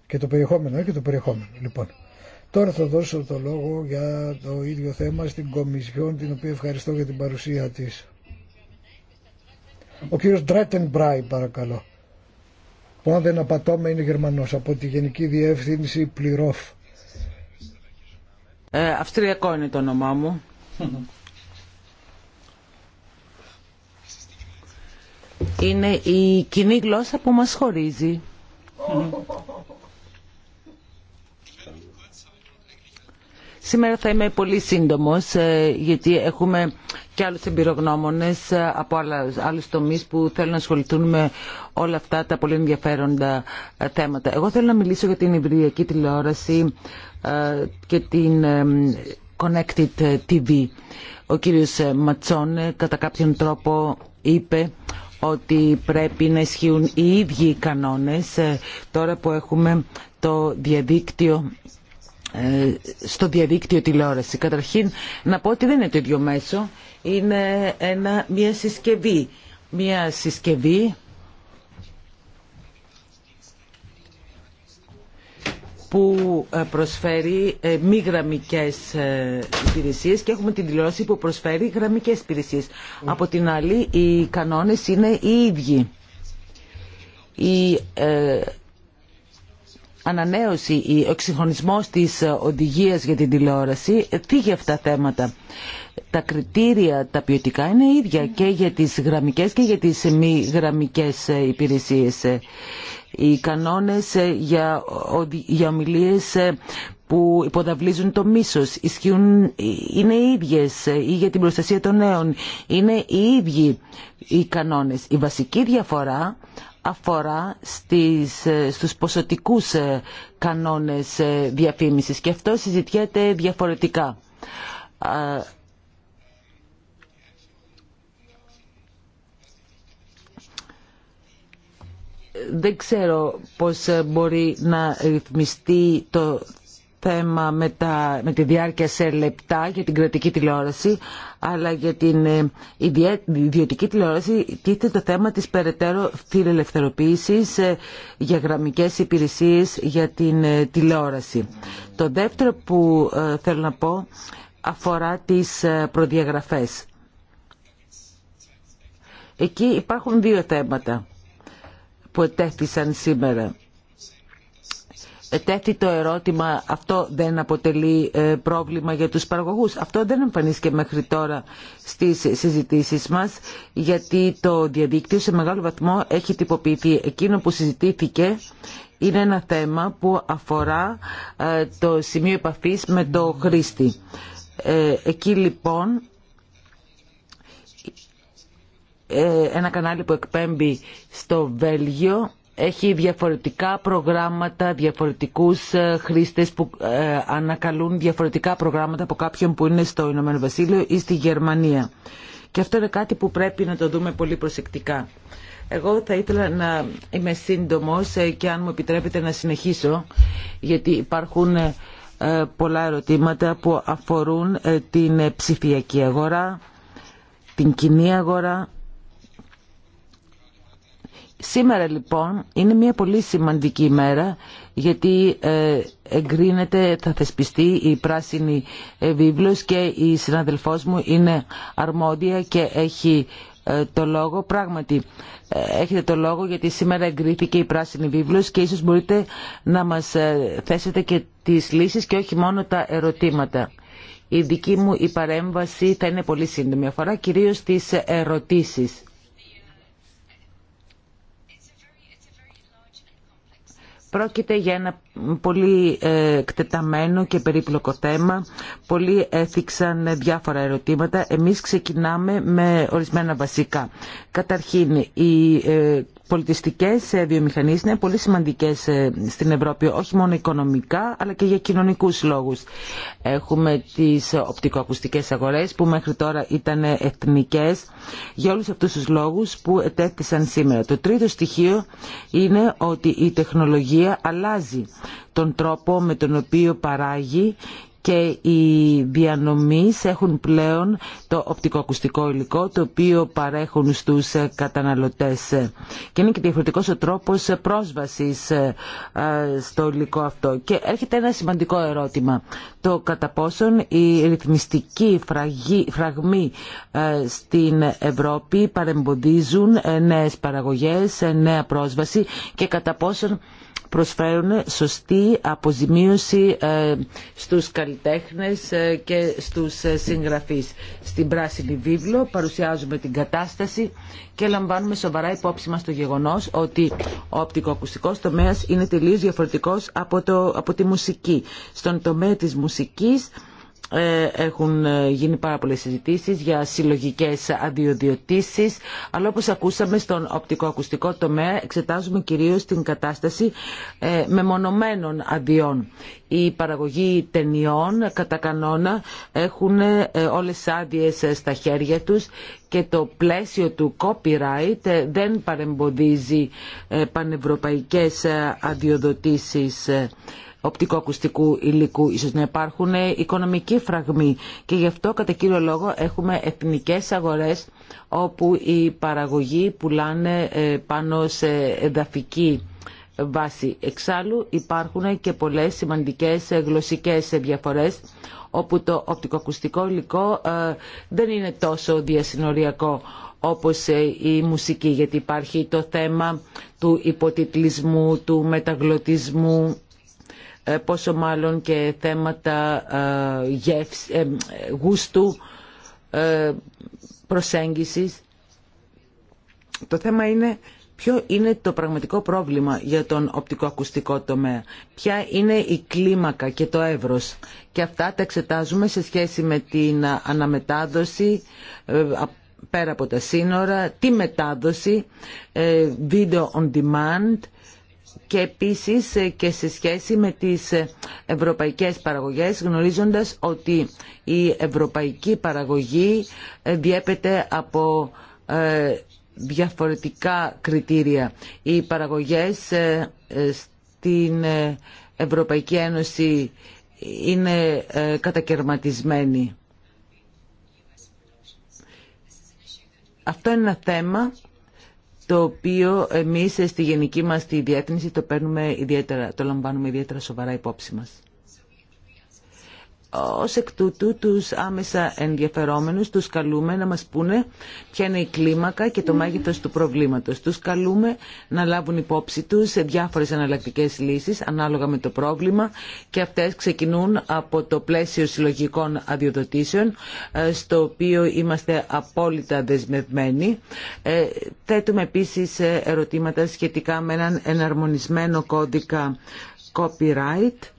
Και το περιεχόμενο, ε, και το περιεχόμενο. Λοιπόν, τώρα θα δώσω το λόγο για το ίδιο θέμα στην Κομισιόν, την οποία ευχαριστώ για την παρουσία της. Ο κύριος Ντρέτεν Μπράι, παρακαλώ. Που αν δεν απατώμε είναι Γερμανός, από τη Γενική Διεύθυνση Πληρόφ. Ε, Αυστριακό είναι το όνομά μου. Είναι η κοινή γλώσσα που μας χωρίζει. Σήμερα θα είμαι πολύ σύντομος ε, γιατί έχουμε και άλλους εμπειρογνώμονες ε, από άλλους τομείς που θέλουν να ασχοληθούν με όλα αυτά τα πολύ ενδιαφέροντα ε, θέματα. Εγώ θέλω να μιλήσω για την ευριακή τηλεόραση και την Connected TV. Ο κύριος Ματσόν κατά κάποιον τρόπο είπε ότι πρέπει να ισχύουν οι ίδιοι κανόνες τώρα που έχουμε το διαδίκτυο ε, στο διαδίκτυο τηλεόραση. Καταρχήν να πω ότι δεν είναι το ίδιο μέσο, είναι ένα, μια συσκευή. Μια συσκευή που ε, προσφέρει ε, μη γραμμικές υπηρεσίε και έχουμε την τηλεόραση που προσφέρει γραμμικές υπηρεσίες. Από την άλλη, οι κανόνες είναι οι ίδιοι. Οι ανανέωση ή ο της ε, οδηγίας για την τηλεόραση θίγει αυτά τα θέματα. Τα κριτήρια τα ποιοτικά είναι ίδια και για τις γραμμικές και για τις μη γραμμικές ε, υπηρεσίες. Ε. Οι κανόνες για, για ομιλίες που υποδαβλίζουν το μίσος είναι οι ίδιες ή για την προστασία των νέων. Είναι οι ίδιοι οι κανόνες. Η βασική διαφορά αφορά στις, ε, στους ποσοτικούς ε, κανόνες ε, διαφήμισης και αυτό συζητιέται διαφορετικά. Δεν ξέρω πώς μπορεί να ρυθμιστεί το θέμα με, τα, με τη διάρκεια σε λεπτά για την κρατική τηλεόραση, αλλά για την ε, ιδιωτική τηλεόραση τίθεται το θέμα της περαιτέρω φιλελευθεροποίησης ε, για γραμμικές υπηρεσίες για την ε, τηλεόραση. Το δεύτερο που θέλω να πω αφορά τις προδιαγραφές. Εκεί υπάρχουν δύο θέματα που ετέθησαν σήμερα τέθη το ερώτημα αυτό δεν αποτελεί ε, πρόβλημα για τους παραγωγούς. Αυτό δεν εμφανίστηκε μέχρι τώρα στις συζητήσεις μας γιατί το διαδίκτυο σε μεγάλο βαθμό έχει τυποποιηθεί. Εκείνο που συζητήθηκε είναι ένα θέμα που αφορά ε, το σημείο επαφής με το χρήστη. Ε, εκεί λοιπόν ένα κανάλι που εκπέμπει στο Βέλγιο έχει διαφορετικά προγράμματα, διαφορετικούς ε, χρήστες που ε, ανακαλούν διαφορετικά προγράμματα από κάποιον που είναι στο Ηνωμένο Βασίλειο ή στη Γερμανία. Και αυτό είναι κάτι που πρέπει να το δούμε πολύ προσεκτικά. Εγώ θα ήθελα να είμαι σύντομος ε, και αν μου επιτρέπετε να συνεχίσω, γιατί υπάρχουν πολλά ερωτήματα που αφορούν την ψηφιακή αγορά, την κοινή αγορά Σήμερα λοιπόν είναι μια πολύ σημαντική ημέρα γιατί ε, εγκρίνεται, θα θεσπιστεί η πράσινη ε, βίβλος και η συναδελφός μου είναι αρμόδια και έχει ε, το λόγο. Πράγματι, έχετε το λόγο γιατί σήμερα εγκρίθηκε η πράσινη βίβλος και ίσως μπορείτε να μας θέσετε και τις λύσεις και όχι μόνο τα ερωτήματα. Η δική μου η παρέμβαση θα είναι πολύ σύντομη αφορά κυρίως τις ερωτήσεις. Πρόκειται για ένα πολύ ε, εκτεταμένο και περίπλοκο θέμα. Πολλοί έθιξαν διάφορα ερωτήματα. Εμείς ξεκινάμε με ορισμένα βασικά. Καταρχήν, η ε, πολιτιστικές ε, βιομηχανίες είναι πολύ σημαντικές ε, στην Ευρώπη, όχι μόνο οικονομικά αλλά και για κοινωνικούς λόγους. Έχουμε τις οπτικοακουστικές αγορές που μέχρι τώρα ήταν εθνικές για όλους αυτούς τους λόγους που ετέθησαν σήμερα. Το τρίτο στοιχείο είναι ότι η τεχνολογία αλλάζει τον τρόπο με τον οποίο παράγει και οι διανομείς έχουν πλέον το οπτικοακουστικό υλικό το οποίο παρέχουν στους καταναλωτές και είναι και διαφορετικός ο τρόπος πρόσβασης ε, στο υλικό αυτό και έρχεται ένα σημαντικό ερώτημα το κατά πόσον οι ρυθμιστικοί φραγμή ε, στην Ευρώπη παρεμποδίζουν ε, νέες παραγωγές, νέα πρόσβαση και κατά πόσον προσφέρουν σωστή αποζημίωση ε, στους καλλιτέχνες ε, και στους ε, συγγραφείς. Στην Πράσινη Βίβλο παρουσιάζουμε την κατάσταση και λαμβάνουμε σοβαρά υπόψη μας το γεγονός ότι ο οπτικοακουστικός τομέας είναι τελείως διαφορετικός από, το, από τη μουσική. Στον τομέα της μουσικής ε, έχουν ε, γίνει πάρα πολλές συζητήσεις για συλλογικές αδειοδιοτήσεις αλλά όπως ακούσαμε στον οπτικοακουστικό τομέα εξετάζουμε κυρίως την κατάσταση ε, μεμονωμένων αδειών. Οι παραγωγή ταινιών κατά κανόνα έχουν όλες τις στα χέρια τους και το πλαίσιο του copyright δεν παρεμποδίζει πανευρωπαϊκές αδειοδοτήσεις οπτικοακουστικού υλικού. Ίσως να υπάρχουν οικονομικοί φραγμοί και γι' αυτό κατά κύριο λόγο έχουμε εθνικές αγορές όπου οι παραγωγοί πουλάνε ε, πάνω σε εδαφική βάση. Εξάλλου υπάρχουν και πολλές σημαντικές ε, γλωσσικές διαφορές όπου το οπτικοακουστικό υλικό ε, δεν είναι τόσο διασυνοριακό όπως η μουσική γιατί υπάρχει το θέμα του υποτιτλισμού, του μεταγλωτισμού ε, πόσο μάλλον και θέματα ε, ε, γούστου προσέγγισης. Το θέμα είναι ποιο είναι το πραγματικό πρόβλημα για τον οπτικοακουστικό τομέα. Ποια είναι η κλίμακα και το εύρος. Και αυτά τα εξετάζουμε σε σχέση με την αναμετάδοση πέρα από τα σύνορα, τη μετάδοση, video on demand, και επίσης ε, και σε σχέση με τις ε, ευρωπαϊκές παραγωγές γνωρίζοντας ότι η ευρωπαϊκή παραγωγή ε, διέπεται από διαφορετικά κριτήρια. Οι παραγωγές στην Ευρωπαϊκή Ένωση είναι κατακαιρματισμένοι. Αυτό είναι ένα θέμα το οποίο εμείς στη γενική μας τη διεύθυνση το, παίρνουμε ιδιαίτερα, το λαμβάνουμε ιδιαίτερα σοβαρά υπόψη μας. Ως εκ τούτου τους άμεσα ενδιαφερόμενους τους καλούμε να μας πούνε ποια είναι η κλίμακα και το μέγεθος του προβλήματος. Τους καλούμε να λάβουν υπόψη τους σε διάφορες αναλλακτικές λύσεις ανάλογα με το πρόβλημα και αυτές ξεκινούν από το πλαίσιο συλλογικών αδειοδοτήσεων ε, στο οποίο είμαστε απόλυτα δεσμευμένοι. Ε, θέτουμε επίσης ε, ερωτήματα σχετικά με έναν εναρμονισμένο κώδικα copyright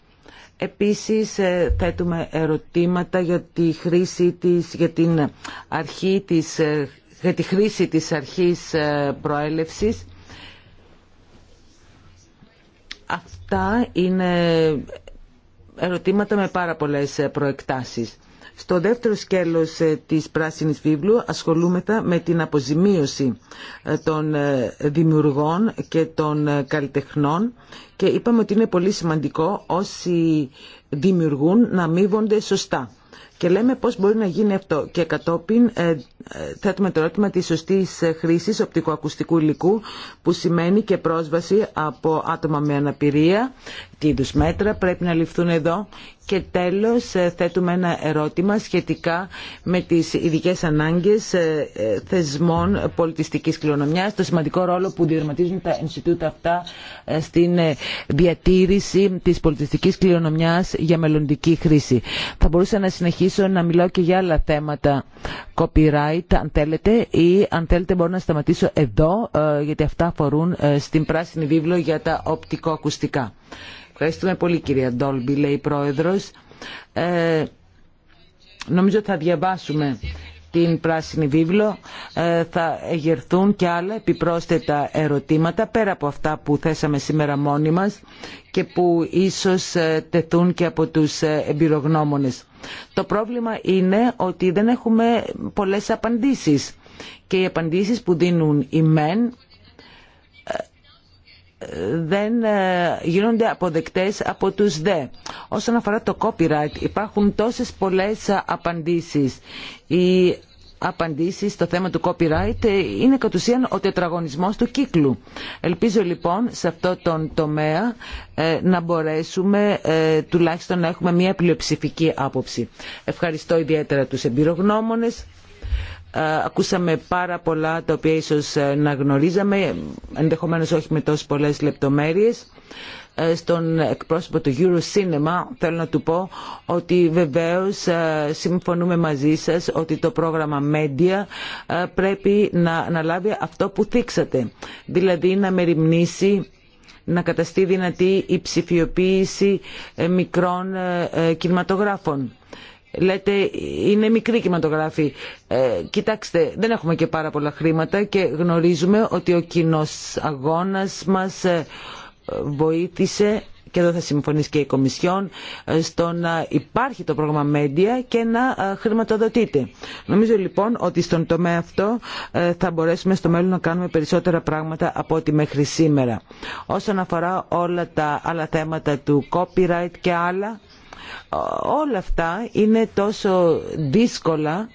Επίσης ε, θέτουμε ερωτήματα για τη χρήση της, για την αρχή της, ε, για τη χρήση της αρχής ε, προέλευσης. Αυτά είναι ερωτήματα με πάρα πολλές προεκτάσεις. Στο δεύτερο σκέλος ε, της Πράσινης Βίβλου ασχολούμεθα με την αποζημίωση ε, των ε, δημιουργών και των καλλιτεχνών και είπαμε ότι είναι πολύ σημαντικό όσοι δημιουργούν να αμείβονται σωστά. Και λέμε πώς μπορεί να γίνει αυτό. Και κατόπιν ε, θέτουμε το ερώτημα της σωστής χρήσης οπτικοακουστικού υλικού που σημαίνει και πρόσβαση από άτομα με αναπηρία. Τι μέτρα πρέπει να ληφθούν εδώ και τέλος ε, θέτουμε ένα ερώτημα σχετικά με τις ειδικέ ανάγκες ε, ε, θεσμών πολιτιστικής κληρονομιάς, το σημαντικό ρόλο που διαδραματίζουν τα Ινστιτούτα αυτά στην διατήρηση της πολιτιστικής κληρονομιάς για μελλοντική χρήση. Θα μπορούσα να συνεχίσω να μιλάω και για άλλα θέματα copyright αν θέλετε ή αν θέλετε μπορώ να σταματήσω εδώ γιατί αυτά αφορούν στην πράσινη βίβλο για τα οπτικοακουστικά. Ευχαριστούμε πολύ κυρία Ντόλμπι, λέει η Πρόεδρος. Ε, νομίζω θα διαβάσουμε την πράσινη βίβλο ε, θα εγερθούν και άλλα επιπρόσθετα ερωτήματα πέρα από αυτά που θέσαμε σήμερα μόνοι μας και που ίσως ε, τεθούν και από τους ε, εμπειρογνώμονες. Το πρόβλημα είναι ότι δεν έχουμε πολλές απαντήσεις και οι απαντήσεις που δίνουν οι μεν δεν ε, γίνονται αποδεκτές από τους δε. Όσον αφορά το copyright υπάρχουν τόσες πολλές απαντήσεις. Οι απαντήσεις στο θέμα του copyright είναι κατ' ουσίαν ο τετραγωνισμός του κύκλου. Ελπίζω λοιπόν σε αυτό τον τομέα ε, να μπορέσουμε ε, τουλάχιστον να έχουμε μια πλειοψηφική άποψη. Ευχαριστώ ιδιαίτερα τους εμπειρογνώμονες ακούσαμε πάρα πολλά τα οποία ίσως ε, να γνωρίζαμε, ενδεχομένως όχι με τόσες πολλές λεπτομέρειες. Ε, στον εκπρόσωπο του Eurocinema θέλω να του πω ότι βεβαίως ε, συμφωνούμε μαζί σας ότι το πρόγραμμα Media πρέπει να αναλάβει αυτό που θίξατε, δηλαδή να μεριμνήσει να καταστεί δυνατή η ψηφιοποίηση μικρών κινηματογράφων. Λέτε είναι μικρή κινηματογράφη. Ε, κοιτάξτε, δεν έχουμε και πάρα πολλά χρήματα και γνωρίζουμε ότι ο κοινό αγώνας μας ε, βοήθησε και εδώ θα συμφωνήσει και η Κομισιόν, ε, στο να υπάρχει το πρόγραμμα Μέντια και να ε, χρηματοδοτείται. Νομίζω λοιπόν ότι στον τομέα αυτό θα μπορέσουμε στο μέλλον να κάνουμε περισσότερα πράγματα από ό,τι μέχρι σήμερα. Όσον αφορά όλα τα άλλα θέματα του copyright και άλλα, Όλα αυτά είναι τόσο δύσκολα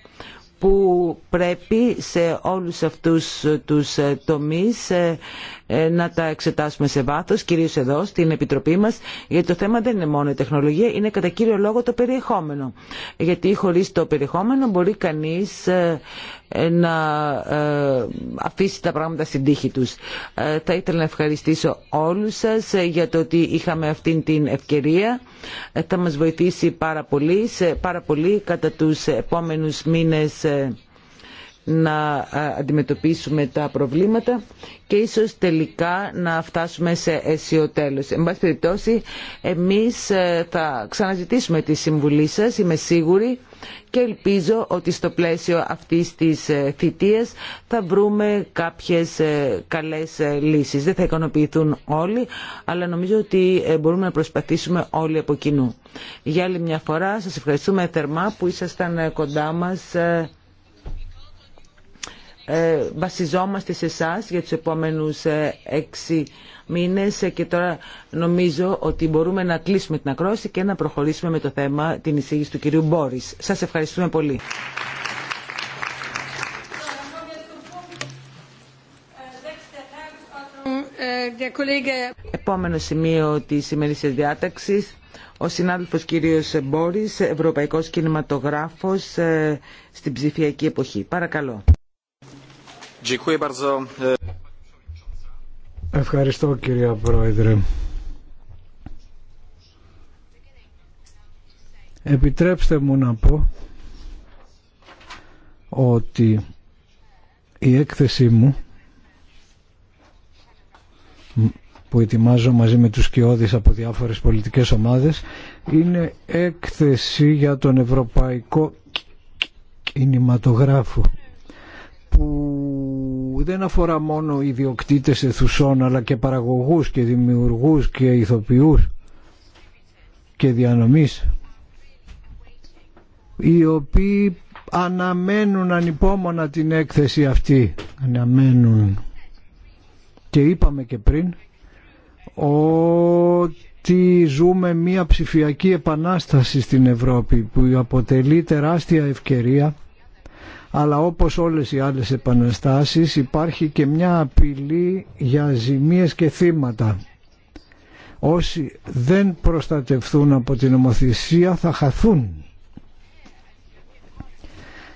που πρέπει σε όλους αυτούς τους τομείς ε, ε, να τα εξετάσουμε σε βάθος, κυρίως εδώ στην Επιτροπή μας, γιατί το θέμα δεν είναι μόνο η τεχνολογία, είναι κατά κύριο λόγο το περιεχόμενο. Γιατί χωρίς το περιεχόμενο μπορεί κανείς ε, ε, να αφήσει τα πράγματα στην τύχη τους. Θα ήθελα να ευχαριστήσω όλους σας για το ότι είχαμε αυτή την ευκαιρία. Θα μας βοηθήσει πάρα πολύ, κατά τους επόμενους μήνες να αντιμετωπίσουμε τα προβλήματα και ίσως τελικά να φτάσουμε σε αίσιο Εν πάση περιπτώσει, εμείς ε, θα ξαναζητήσουμε τη συμβουλή σας, είμαι σίγουρη και ελπίζω ότι στο πλαίσιο αυτής της ε, θητείας θα βρούμε κάποιες ε, καλές λύσεις. Δεν θα ικανοποιηθούν όλοι, αλλά νομίζω ότι μπορούμε να προσπαθήσουμε όλοι από κοινού. Για άλλη μια φορά σας ευχαριστούμε θερμά που ήσασταν κοντά μας ε, βασιζόμαστε σε εσά για τους επόμενους ε, έξι μήνες ε, και τώρα νομίζω ότι μπορούμε να κλείσουμε την ακρόση και να προχωρήσουμε με το θέμα την εισήγηση του κυρίου Μπόρις. Σας ευχαριστούμε πολύ. Επόμενο σημείο της σημερινής διάταξης ο συνάδελφος κύριος Μπόρις, Ευρωπαϊκός Κινηματογράφος ε, στην ψηφιακή εποχή. Παρακαλώ. Ευχαριστώ κυρία Πρόεδρε. Επιτρέψτε μου να πω ότι η έκθεσή μου που ετοιμάζω μαζί με τους κοιόδης από διάφορες πολιτικές ομάδες είναι έκθεση για τον Ευρωπαϊκό Κινηματογράφο που δεν αφορά μόνο ιδιοκτήτες αιθουσών αλλά και παραγωγούς και δημιουργούς και ηθοποιούς και διανομής οι οποίοι αναμένουν ανυπόμονα την έκθεση αυτή αναμένουν και είπαμε και πριν ότι ζούμε μία ψηφιακή επανάσταση στην Ευρώπη που αποτελεί τεράστια ευκαιρία αλλά όπως όλες οι άλλες επαναστάσεις υπάρχει και μια απειλή για ζημίες και θύματα. Όσοι δεν προστατευθούν από την νομοθεσία θα χαθούν.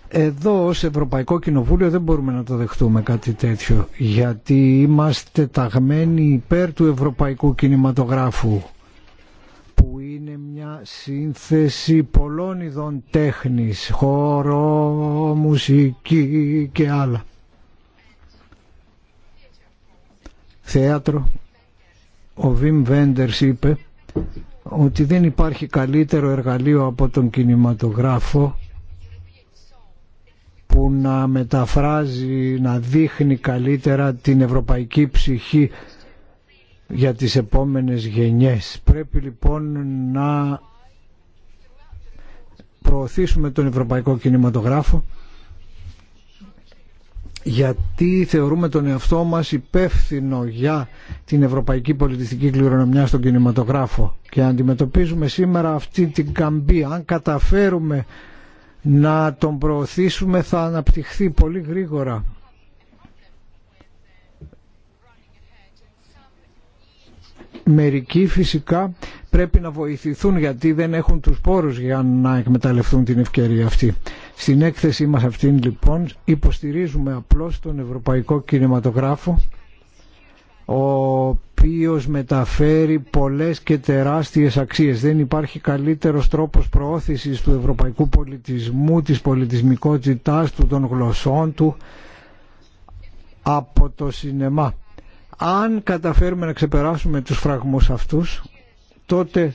Εδώ ως Ευρωπαϊκό Κοινοβούλιο δεν μπορούμε να το δεχτούμε κάτι τέτοιο γιατί είμαστε ταγμένοι υπέρ του Ευρωπαϊκού Κινηματογράφου σύνθεση πολλών ειδών τέχνης, χώρο, μουσική και άλλα. Θέατρο. Ο Βιμ Βέντερς είπε ότι δεν υπάρχει καλύτερο εργαλείο από τον κινηματογράφο που να μεταφράζει, να δείχνει καλύτερα την ευρωπαϊκή ψυχή για τις επόμενες γενιές. Πρέπει λοιπόν να προωθήσουμε τον ευρωπαϊκό κινηματογράφο γιατί θεωρούμε τον εαυτό μας υπεύθυνο για την ευρωπαϊκή πολιτιστική κληρονομιά στον κινηματογράφο και αντιμετωπίζουμε σήμερα αυτή την καμπή. Αν καταφέρουμε να τον προωθήσουμε θα αναπτυχθεί πολύ γρήγορα Μερικοί φυσικά πρέπει να βοηθηθούν γιατί δεν έχουν τους πόρους για να εκμεταλλευτούν την ευκαιρία αυτή. Στην έκθεσή μας αυτήν λοιπόν υποστηρίζουμε απλώς τον Ευρωπαϊκό Κινηματογράφο ο οποίος μεταφέρει πολλές και τεράστιες αξίες. Δεν υπάρχει καλύτερος τρόπος προώθησης του ευρωπαϊκού πολιτισμού, της πολιτισμικότητάς του, των γλωσσών του από το σινεμά. Αν καταφέρουμε να ξεπεράσουμε τους φραγμούς αυτούς, τότε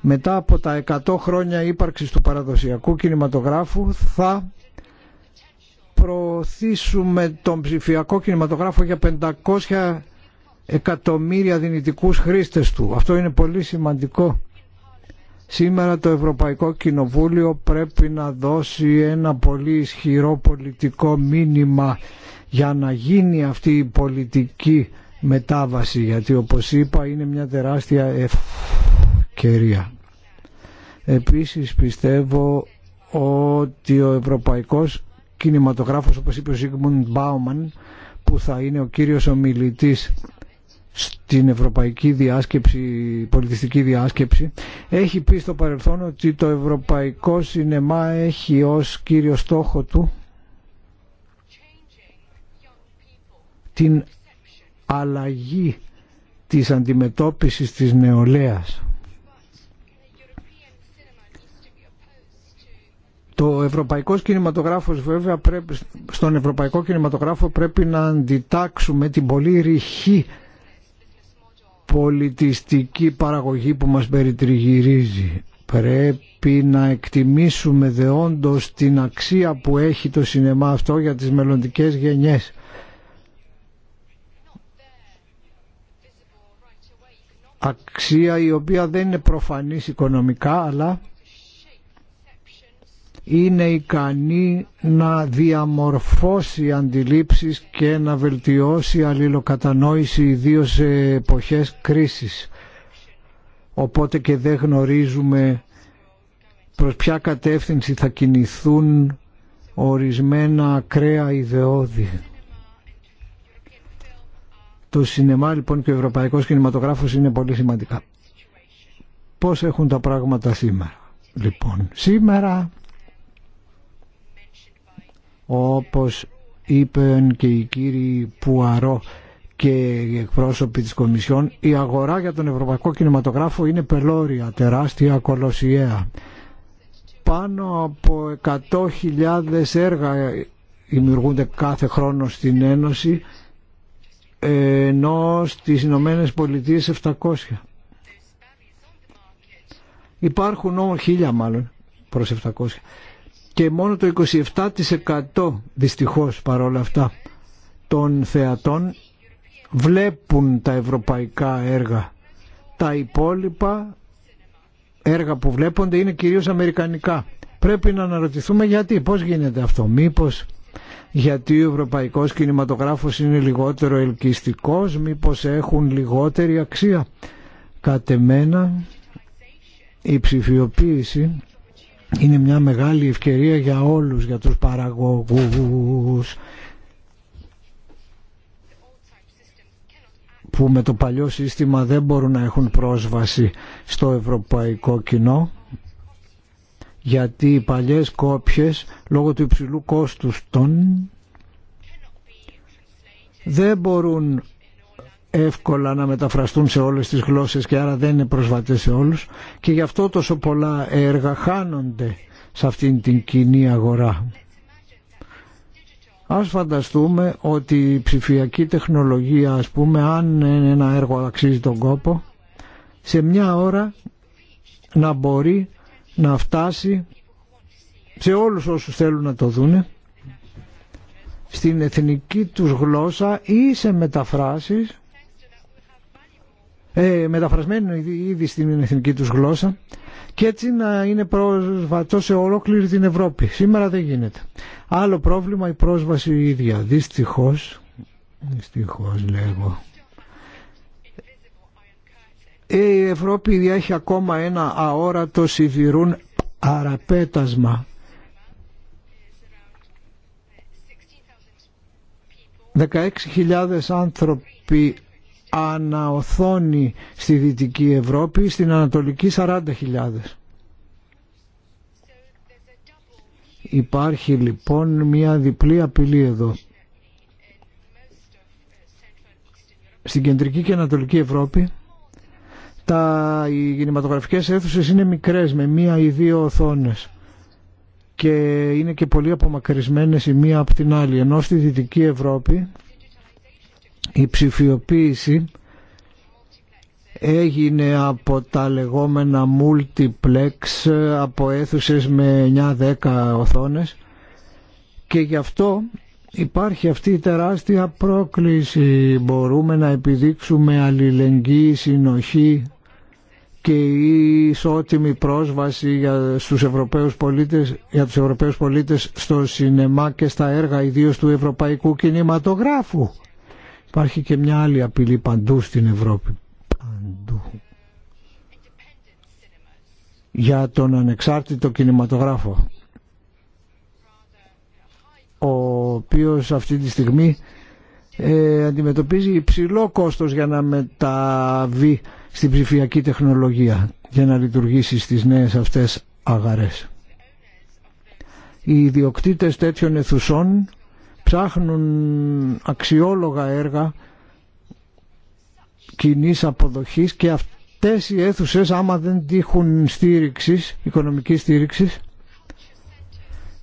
μετά από τα 100 χρόνια ύπαρξης του παραδοσιακού κινηματογράφου θα προωθήσουμε τον ψηφιακό κινηματογράφο για 500 εκατομμύρια δυνητικούς χρήστες του. Αυτό είναι πολύ σημαντικό. Σήμερα το Ευρωπαϊκό Κοινοβούλιο πρέπει να δώσει ένα πολύ ισχυρό πολιτικό μήνυμα για να γίνει αυτή η πολιτική μετάβαση γιατί όπως είπα είναι μια τεράστια ευκαιρία. Επίσης πιστεύω ότι ο ευρωπαϊκός κινηματογράφος όπως είπε ο Σίγμουντ Μπάουμαν που θα είναι ο κύριος ομιλητής στην ευρωπαϊκή διάσκεψη, πολιτιστική διάσκεψη έχει πει στο παρελθόν ότι το ευρωπαϊκό σινεμά έχει ως κύριο στόχο του την αλλαγή της αντιμετώπισης της νεολαίας. Το ευρωπαϊκό Κινηματογράφο, βέβαια πρέπει, στον ευρωπαϊκό κινηματογράφο πρέπει να αντιτάξουμε την πολύ ρηχή πολιτιστική παραγωγή που μας περιτριγυρίζει. Πρέπει να εκτιμήσουμε δεόντως την αξία που έχει το σινεμά αυτό για τις μελλοντικές γενιές. αξία η οποία δεν είναι προφανής οικονομικά αλλά είναι ικανή να διαμορφώσει αντιλήψεις και να βελτιώσει αλληλοκατανόηση ιδίω σε εποχές κρίσης. Οπότε και δεν γνωρίζουμε προς ποια κατεύθυνση θα κινηθούν ορισμένα ακραία ιδεώδη. Το σινεμά λοιπόν και ο ευρωπαϊκός κινηματογράφος είναι πολύ σημαντικά. Πώς έχουν τα πράγματα σήμερα λοιπόν. Σήμερα όπως είπαν και οι κύριοι Πουαρό και οι εκπρόσωποι της Κομισιόν η αγορά για τον ευρωπαϊκό κινηματογράφο είναι πελώρια, τεράστια, κολοσιαία. Πάνω από 100.000 έργα ε, δημιουργούνται κάθε χρόνο στην Ένωση ενώ στις Ηνωμένε Πολιτείες 700. Υπάρχουν όμως χίλια μάλλον προς 700 και μόνο το 27% δυστυχώς παρόλα αυτά των θεατών βλέπουν τα ευρωπαϊκά έργα. Τα υπόλοιπα έργα που βλέπονται είναι κυρίως αμερικανικά. Πρέπει να αναρωτηθούμε γιατί, πώς γίνεται αυτό, μήπως γιατί ο ευρωπαϊκός κινηματογράφος είναι λιγότερο ελκυστικός, μήπως έχουν λιγότερη αξία. Κατ' εμένα η ψηφιοποίηση είναι μια μεγάλη ευκαιρία για όλους, για τους παραγωγούς που με το παλιό σύστημα δεν μπορούν να έχουν πρόσβαση στο ευρωπαϊκό κοινό γιατί οι παλιές κόπιες λόγω του υψηλού κόστους των δεν μπορούν εύκολα να μεταφραστούν σε όλες τις γλώσσες και άρα δεν είναι προσβατές σε όλους και γι' αυτό τόσο πολλά έργα χάνονται σε αυτήν την κοινή αγορά. Ας φανταστούμε ότι η ψηφιακή τεχνολογία, ας πούμε, αν ένα έργο αξίζει τον κόπο, σε μια ώρα να μπορεί να φτάσει σε όλους όσους θέλουν να το δούνε στην εθνική τους γλώσσα ή σε μεταφράσεις ε, μεταφρασμένη ήδη στην εθνική τους γλώσσα και έτσι να είναι πρόσβατο σε ολόκληρη την Ευρώπη. Σήμερα δεν γίνεται. Άλλο πρόβλημα η σε μεταφρασεις ε ηδη στην εθνικη τους γλωσσα και ετσι να ειναι προσβατο σε ολοκληρη την ευρωπη σημερα δεν γινεται αλλο προβλημα η προσβαση Δυστυχώς, δυστυχώς λέγω, η Ευρώπη έχει ακόμα ένα αόρατο σιδηρούν αραπέτασμα. 16.000 άνθρωποι αναοθώνει στη Δυτική Ευρώπη, στην Ανατολική 40.000. Υπάρχει λοιπόν μια διπλή απειλή εδώ. Στην Κεντρική και Ανατολική Ευρώπη τα, οι κινηματογραφικές αίθουσες είναι μικρές με μία ή δύο οθόνες και είναι και πολύ απομακρυσμένες η μία από την άλλη ενώ στη Δυτική Ευρώπη η ψηφιοποίηση έγινε από τα λεγόμενα multiplex από αίθουσες με 9-10 οθόνες και γι' αυτό υπάρχει αυτή η τεράστια πρόκληση μπορούμε να επιδείξουμε αλληλεγγύη, συνοχή και η ισότιμη πρόσβαση για, στους Ευρωπαίους πολίτες, για τους Ευρωπαίους πολίτες στο σινεμά και στα έργα ιδίως του Ευρωπαϊκού Κινηματογράφου. Υπάρχει και μια άλλη απειλή παντού στην Ευρώπη. Για τον ανεξάρτητο κινηματογράφο ο οποίος αυτή τη στιγμή ε, αντιμετωπίζει υψηλό κόστος για να μεταβεί στην ψηφιακή τεχνολογία για να λειτουργήσει στις νέες αυτές αγαρές. Οι ιδιοκτήτες τέτοιων αιθουσών ψάχνουν αξιόλογα έργα κοινή αποδοχής και αυτές οι αίθουσες άμα δεν τύχουν στήριξης, οικονομικής στήριξης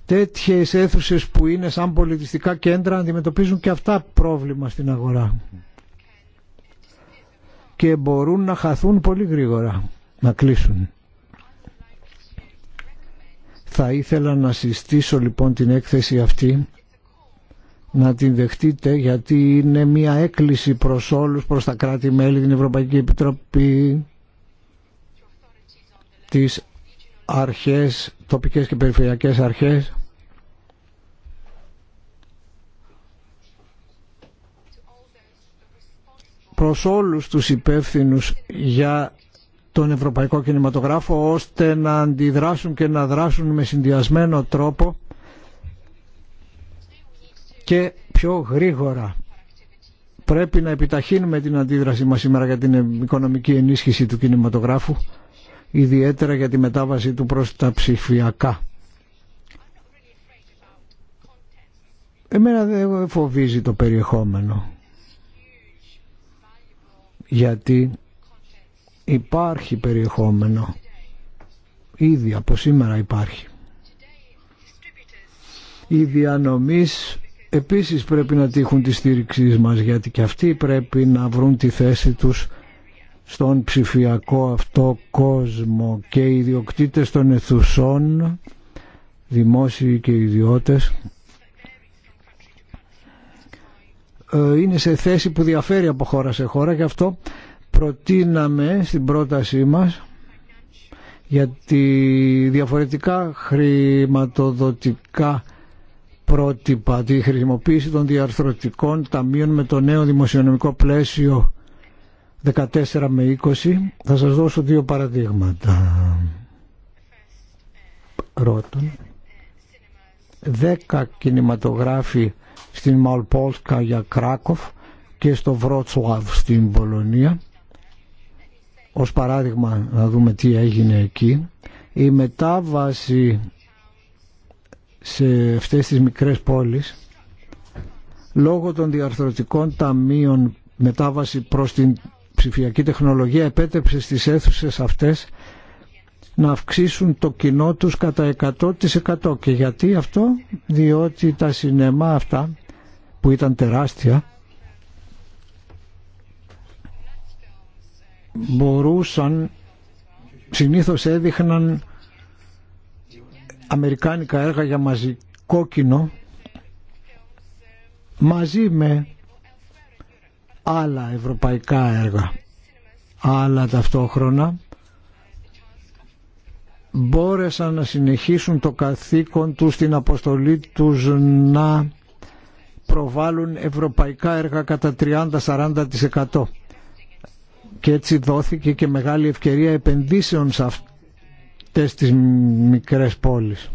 τέτοιες αίθουσες που είναι σαν πολιτιστικά κέντρα αντιμετωπίζουν και αυτά πρόβλημα στην αγορά και μπορούν να χαθούν πολύ γρήγορα, να κλείσουν. Θα ήθελα να συστήσω λοιπόν την έκθεση αυτή να την δεχτείτε γιατί είναι μια έκκληση προς όλους, προς τα κράτη-μέλη, την Ευρωπαϊκή Επιτροπή, τις αρχές, τοπικές και περιφερειακές αρχές προς όλους τους υπεύθυνους για τον Ευρωπαϊκό Κινηματογράφο ώστε να αντιδράσουν και να δράσουν με συνδυασμένο τρόπο και πιο γρήγορα. Πρέπει να επιταχύνουμε την αντίδραση μας σήμερα για την οικονομική ενίσχυση του κινηματογράφου, ιδιαίτερα για τη μετάβαση του προς τα ψηφιακά. Εμένα δεν φοβίζει το περιεχόμενο γιατί υπάρχει περιεχόμενο ήδη από σήμερα υπάρχει οι διανομής επίσης πρέπει να τύχουν τη στήριξή μας γιατί και αυτοί πρέπει να βρουν τη θέση τους στον ψηφιακό αυτό κόσμο και οι ιδιοκτήτες των αιθουσών δημόσιοι και ιδιώτες Ε, είναι σε θέση που διαφέρει από χώρα σε χώρα και αυτό προτείναμε στην πρότασή μας γιατί διαφορετικά χρηματοδοτικά πρότυπα τη χρησιμοποίηση των διαρθρωτικών ταμείων με το νέο δημοσιονομικό πλαίσιο 14 με 20 θα σας δώσω δύο παραδείγματα πρώτον 10 κινηματογράφοι στην Μαλπόλσκα για Κράκοφ και στο Βρότσουαβ στην Πολωνία ως παράδειγμα να δούμε τι έγινε εκεί η μετάβαση σε αυτές τις μικρές πόλεις λόγω των διαρθρωτικών ταμείων μετάβαση προς την ψηφιακή τεχνολογία επέτρεψε στις αίθουσες αυτές να αυξήσουν το κοινό τους κατά 100% και γιατί αυτό διότι τα σινεμά αυτά που ήταν τεράστια μπορούσαν συνήθως έδειχναν αμερικάνικα έργα για μαζικό κοινό μαζί με άλλα ευρωπαϊκά έργα αλλά ταυτόχρονα μπόρεσαν να συνεχίσουν το καθήκον τους στην αποστολή τους να προβάλλουν ευρωπαϊκά έργα κατά 30-40% και έτσι δόθηκε και μεγάλη ευκαιρία επενδύσεων σε αυτές τις μικρές πόλεις.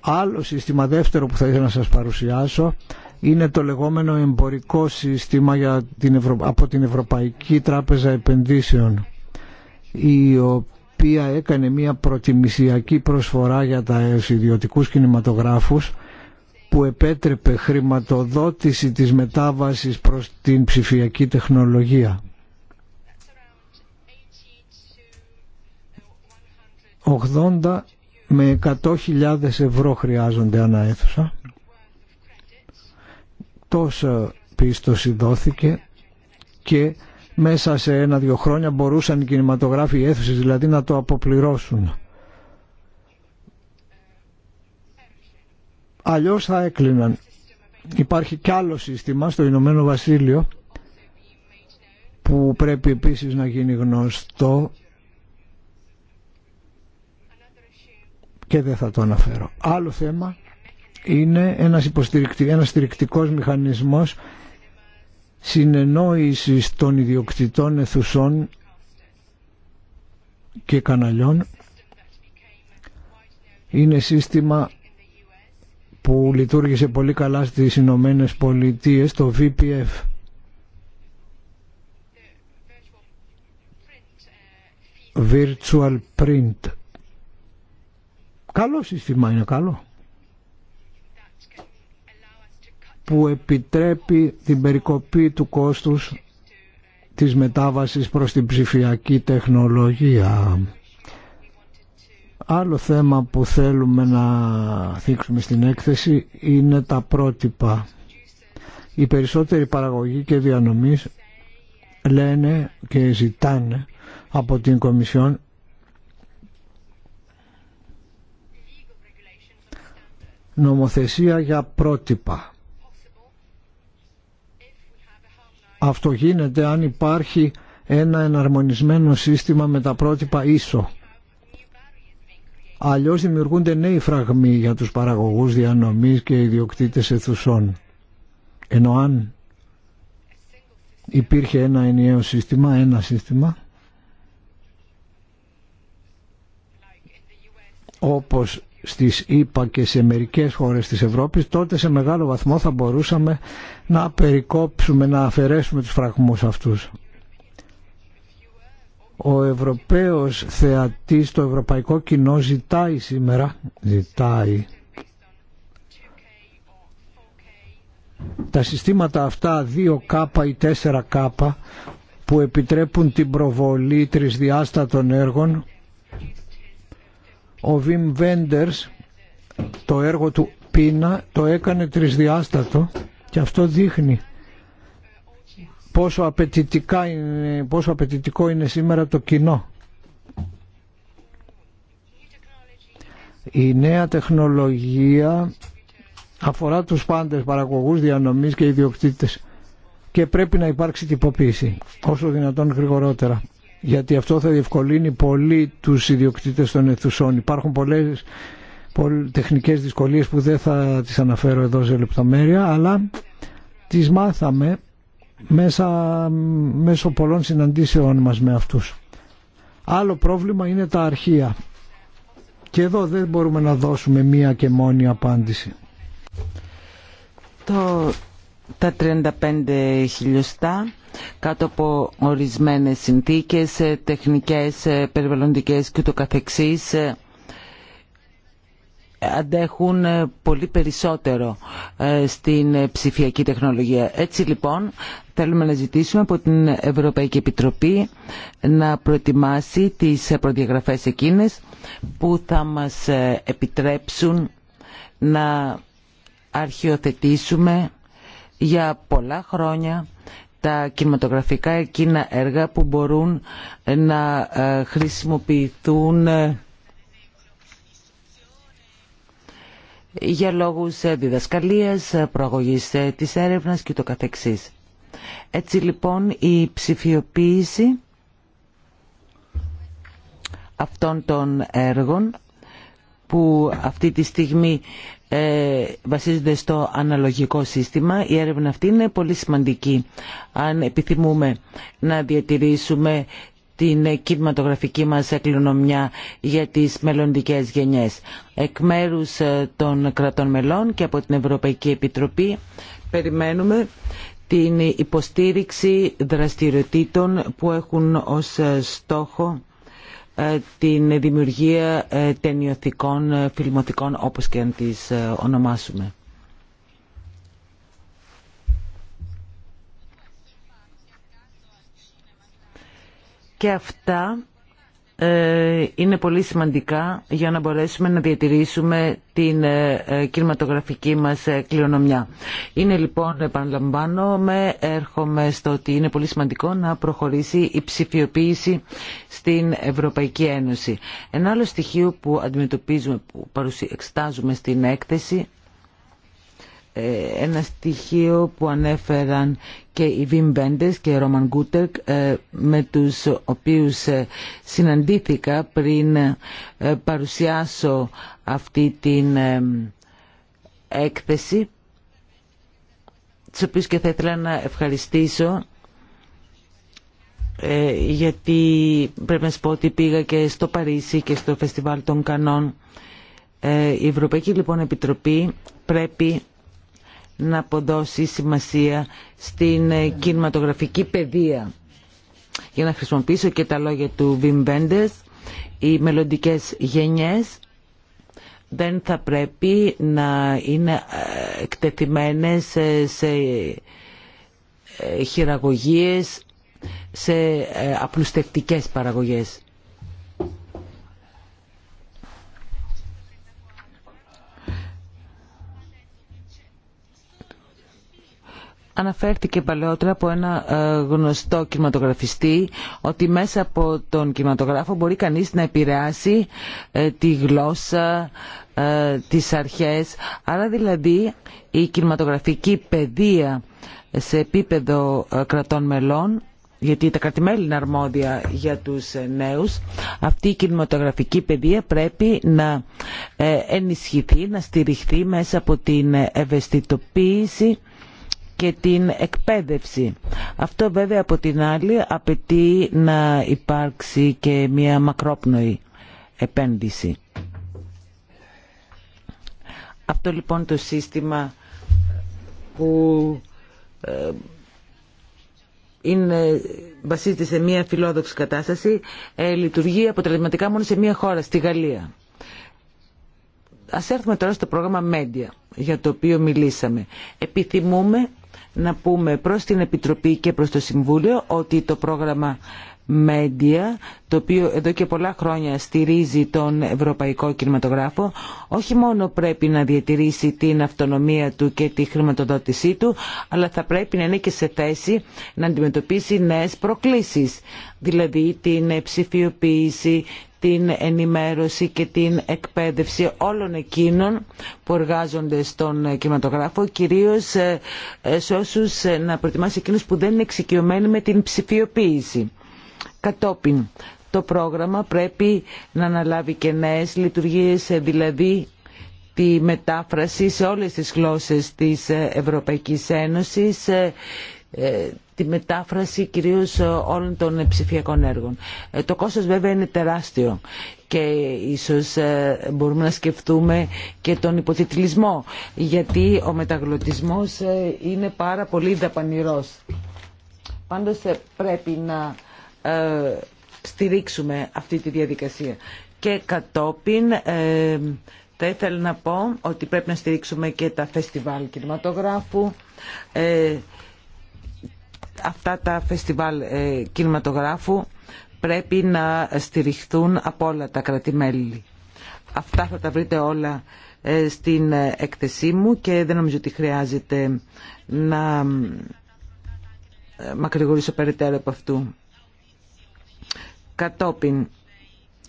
Άλλο σύστημα δεύτερο που θα ήθελα να σας παρουσιάσω είναι το λεγόμενο εμπορικό σύστημα για την από την Ευρωπαϊκή Τράπεζα Επενδύσεων η οποία έκανε μια προτιμησιακή προσφορά για τα ιδιωτικούς κινηματογράφους που επέτρεπε χρηματοδότηση της μετάβασης προς την ψηφιακή τεχνολογία. 80 με 100.000 ευρώ χρειάζονται ανά αίθουσα. Τόσα πίστοση δόθηκε και μέσα σε ένα-δύο χρόνια μπορούσαν οι κινηματογράφοι αίθουσες δηλαδή να το αποπληρώσουν. Αλλιώς θα έκλειναν. Υπάρχει κι άλλο σύστημα στο Ηνωμένο Βασίλειο που πρέπει επίσης να γίνει γνωστό και δεν θα το αναφέρω. Άλλο θέμα είναι ένας, υποστηρικτικ... ένας στηρικτικός μηχανισμός συνεννόησης των ιδιοκτητών αιθουσών και καναλιών είναι σύστημα που λειτουργήσε πολύ καλά στις Ηνωμένε Πολιτείε, το VPF. Virtual Print. Καλό σύστημα είναι, καλό. Που επιτρέπει την περικοπή του κόστους της μετάβασης προς την ψηφιακή τεχνολογία. Άλλο θέμα που θέλουμε να θίξουμε στην έκθεση είναι τα πρότυπα. Οι περισσότεροι παραγωγοί και διανομής λένε και ζητάνε από την Κομισιόν νομοθεσία για πρότυπα. Αυτό γίνεται αν υπάρχει ένα εναρμονισμένο σύστημα με τα πρότυπα ίσο. Αλλιώς δημιουργούνται νέοι φραγμοί για τους παραγωγούς διανομής και ιδιοκτήτες αιθουσών. Ενώ αν υπήρχε ένα ενιαίο σύστημα, ένα σύστημα, όπως στις ΗΠΑ και σε μερικές χώρες της Ευρώπης, τότε σε μεγάλο βαθμό θα μπορούσαμε να περικόψουμε, να αφαιρέσουμε τους φραγμούς αυτούς. Ο Ευρωπαίος θεατής το ευρωπαϊκό κοινό ζητάει σήμερα, ζητάει τα συστήματα αυτά 2K ή 4K που επιτρέπουν την προβολή τρισδιάστατων έργων ο Βιμ Βέντερς το έργο του Πίνα το έκανε τρισδιάστατο και αυτό δείχνει πόσο, απαιτητικά είναι, πόσο απαιτητικό είναι σήμερα το κοινό. Η νέα τεχνολογία αφορά τους πάντες παραγωγούς, διανομής και ιδιοκτήτες και πρέπει να υπάρξει τυποποίηση όσο δυνατόν γρηγορότερα γιατί αυτό θα διευκολύνει πολύ τους ιδιοκτήτες των αιθουσών. Υπάρχουν πολλές τεχνικές δυσκολίες που δεν θα τις αναφέρω εδώ σε λεπτομέρεια αλλά τις μάθαμε μέσα, μέσω πολλών συναντήσεών μας με αυτούς. Άλλο πρόβλημα είναι τα αρχεία. Και εδώ δεν μπορούμε να δώσουμε μία και μόνη απάντηση. Το, τα 35 χιλιοστά κάτω από ορισμένες συνθήκες, τεχνικές, περιβαλλοντικές και το καθεξής αντέχουν ε, πολύ περισσότερο ε, στην ε, ψηφιακή τεχνολογία. Έτσι λοιπόν θέλουμε να ζητήσουμε από την Ευρωπαϊκή Επιτροπή να προετοιμάσει τις προδιαγραφές εκείνες που θα μας επιτρέψουν να αρχιοθετήσουμε για πολλά χρόνια τα κινηματογραφικά εκείνα έργα που μπορούν να χρησιμοποιηθούν για λόγους ε, διδασκαλίας, ε, προαγωγής ε, της έρευνας και το καθεξής. Έτσι λοιπόν η ψηφιοποίηση αυτών των έργων που αυτή τη στιγμή ε, βασίζονται στο αναλογικό σύστημα. Η έρευνα αυτή είναι πολύ σημαντική αν επιθυμούμε να διατηρήσουμε την κινηματογραφική μας εκλονομιά για τις μελλοντικές γενιές. Εκ μέρους ε, των κρατών μελών και από την Ευρωπαϊκή Επιτροπή περιμένουμε την υποστήριξη δραστηριοτήτων που έχουν ως ε, στόχο ε, την δημιουργία ταινιωθικών, φιλμωθικών όπως και αν τις ονομάσουμε. Και αυτά ε, είναι πολύ σημαντικά για να μπορέσουμε να διατηρήσουμε την ε, ε, κινηματογραφική μας κληρονομιά. Είναι λοιπόν, επαναλαμβάνομαι, έρχομαι στο ότι είναι πολύ σημαντικό να προχωρήσει η ψηφιοποίηση στην Ευρωπαϊκή Ένωση. Ένα άλλο στοιχείο που αντιμετωπίζουμε, που εξετάζουμε στην έκθεση ε, ένα στοιχείο που ανέφεραν και οι Βιμ Μπέντες και οι Ρόμαν Γκούτερκ με τους οποίους ε, συναντήθηκα πριν ε, παρουσιάσω αυτή την έκθεση τους οποίους και θα ήθελα να ευχαριστήσω γιατί πρέπει να σας πω ότι πήγα και στο Παρίσι και στο Φεστιβάλ των Κανών. Η Ευρωπαϊκή λοιπόν Επιτροπή πρέπει να αποδώσει σημασία στην ε, κινηματογραφική παιδεία. Για να χρησιμοποιήσω και τα λόγια του Βιμ Βέντες, οι μελλοντικέ γενιές δεν θα πρέπει να είναι ε, εκτεθειμένες ε, σε χειραγωγίες, σε απλουστευτικές παραγωγές. Αναφέρθηκε παλαιότερα από ένα ε, γνωστό κινηματογραφιστή ότι μέσα από τον κινηματογράφο μπορεί κανείς να επηρεάσει ε, τη γλώσσα, ε, τις αρχές. Άρα δηλαδή η κινηματογραφική παιδεία σε επίπεδο κρατών μελών γιατί τα κρατημέλη είναι αρμόδια για τους νέους, αυτή η κινηματογραφική παιδεία πρέπει να ενισχυθεί, να στηριχθεί μέσα από την ευαισθητοποίηση και την εκπαίδευση. Αυτό βέβαια από την άλλη απαιτεί να υπάρξει και μια μακρόπνοη επένδυση. Αυτό λοιπόν το σύστημα που ε, είναι, βασίζεται σε μια φιλόδοξη κατάσταση ε, λειτουργεί αποτελεσματικά μόνο σε μια χώρα, στη Γαλλία. Ας έρθουμε τώρα στο πρόγραμμα Media για το οποίο μιλήσαμε. Επιθυμούμε να πούμε προς την Επιτροπή και προς το Συμβούλιο ότι το πρόγραμμα Media, το οποίο εδώ και πολλά χρόνια στηρίζει τον ευρωπαϊκό κινηματογράφο, όχι μόνο πρέπει να διατηρήσει την αυτονομία του και τη χρηματοδότησή του, αλλά θα πρέπει να είναι και σε θέση να αντιμετωπίσει νέες προκλήσεις, δηλαδή την ψηφιοποίηση, την ενημέρωση και την εκπαίδευση όλων εκείνων που εργάζονται στον κινηματογράφο, κυρίως ε, ε, σε όσους ε, να προετοιμάσει εκείνους που δεν είναι εξοικειωμένοι με την ψηφιοποίηση. Κατόπιν, το πρόγραμμα πρέπει να αναλάβει και νέες λειτουργίες, δηλαδή τη μετάφραση σε όλες τις γλώσσες της Ευρωπαϊκής Ένωσης, τη μετάφραση κυρίως ε, όλων των ψηφιακών έργων. Ε, το κόστος βέβαια είναι τεράστιο και ίσως ε, μπορούμε να σκεφτούμε και τον υποτιτλισμό γιατί ο μεταγλωτισμός είναι πάρα πολύ δαπανηρός. Πάντως πρέπει να στηρίξουμε αυτή τη διαδικασία. Και κατόπιν θα ήθελα να πω ότι πρέπει να στηρίξουμε και τα φεστιβάλ κινηματογράφου αυτά τα φεστιβάλ ε, κινηματογράφου πρέπει να στηριχθούν από όλα τα κρατημέλη. Αυτά θα τα βρείτε όλα ε, στην ε, έκθεσή μου και δεν νομίζω ότι χρειάζεται να μακρηγορήσω περιττέρω από αυτού. Κατόπιν,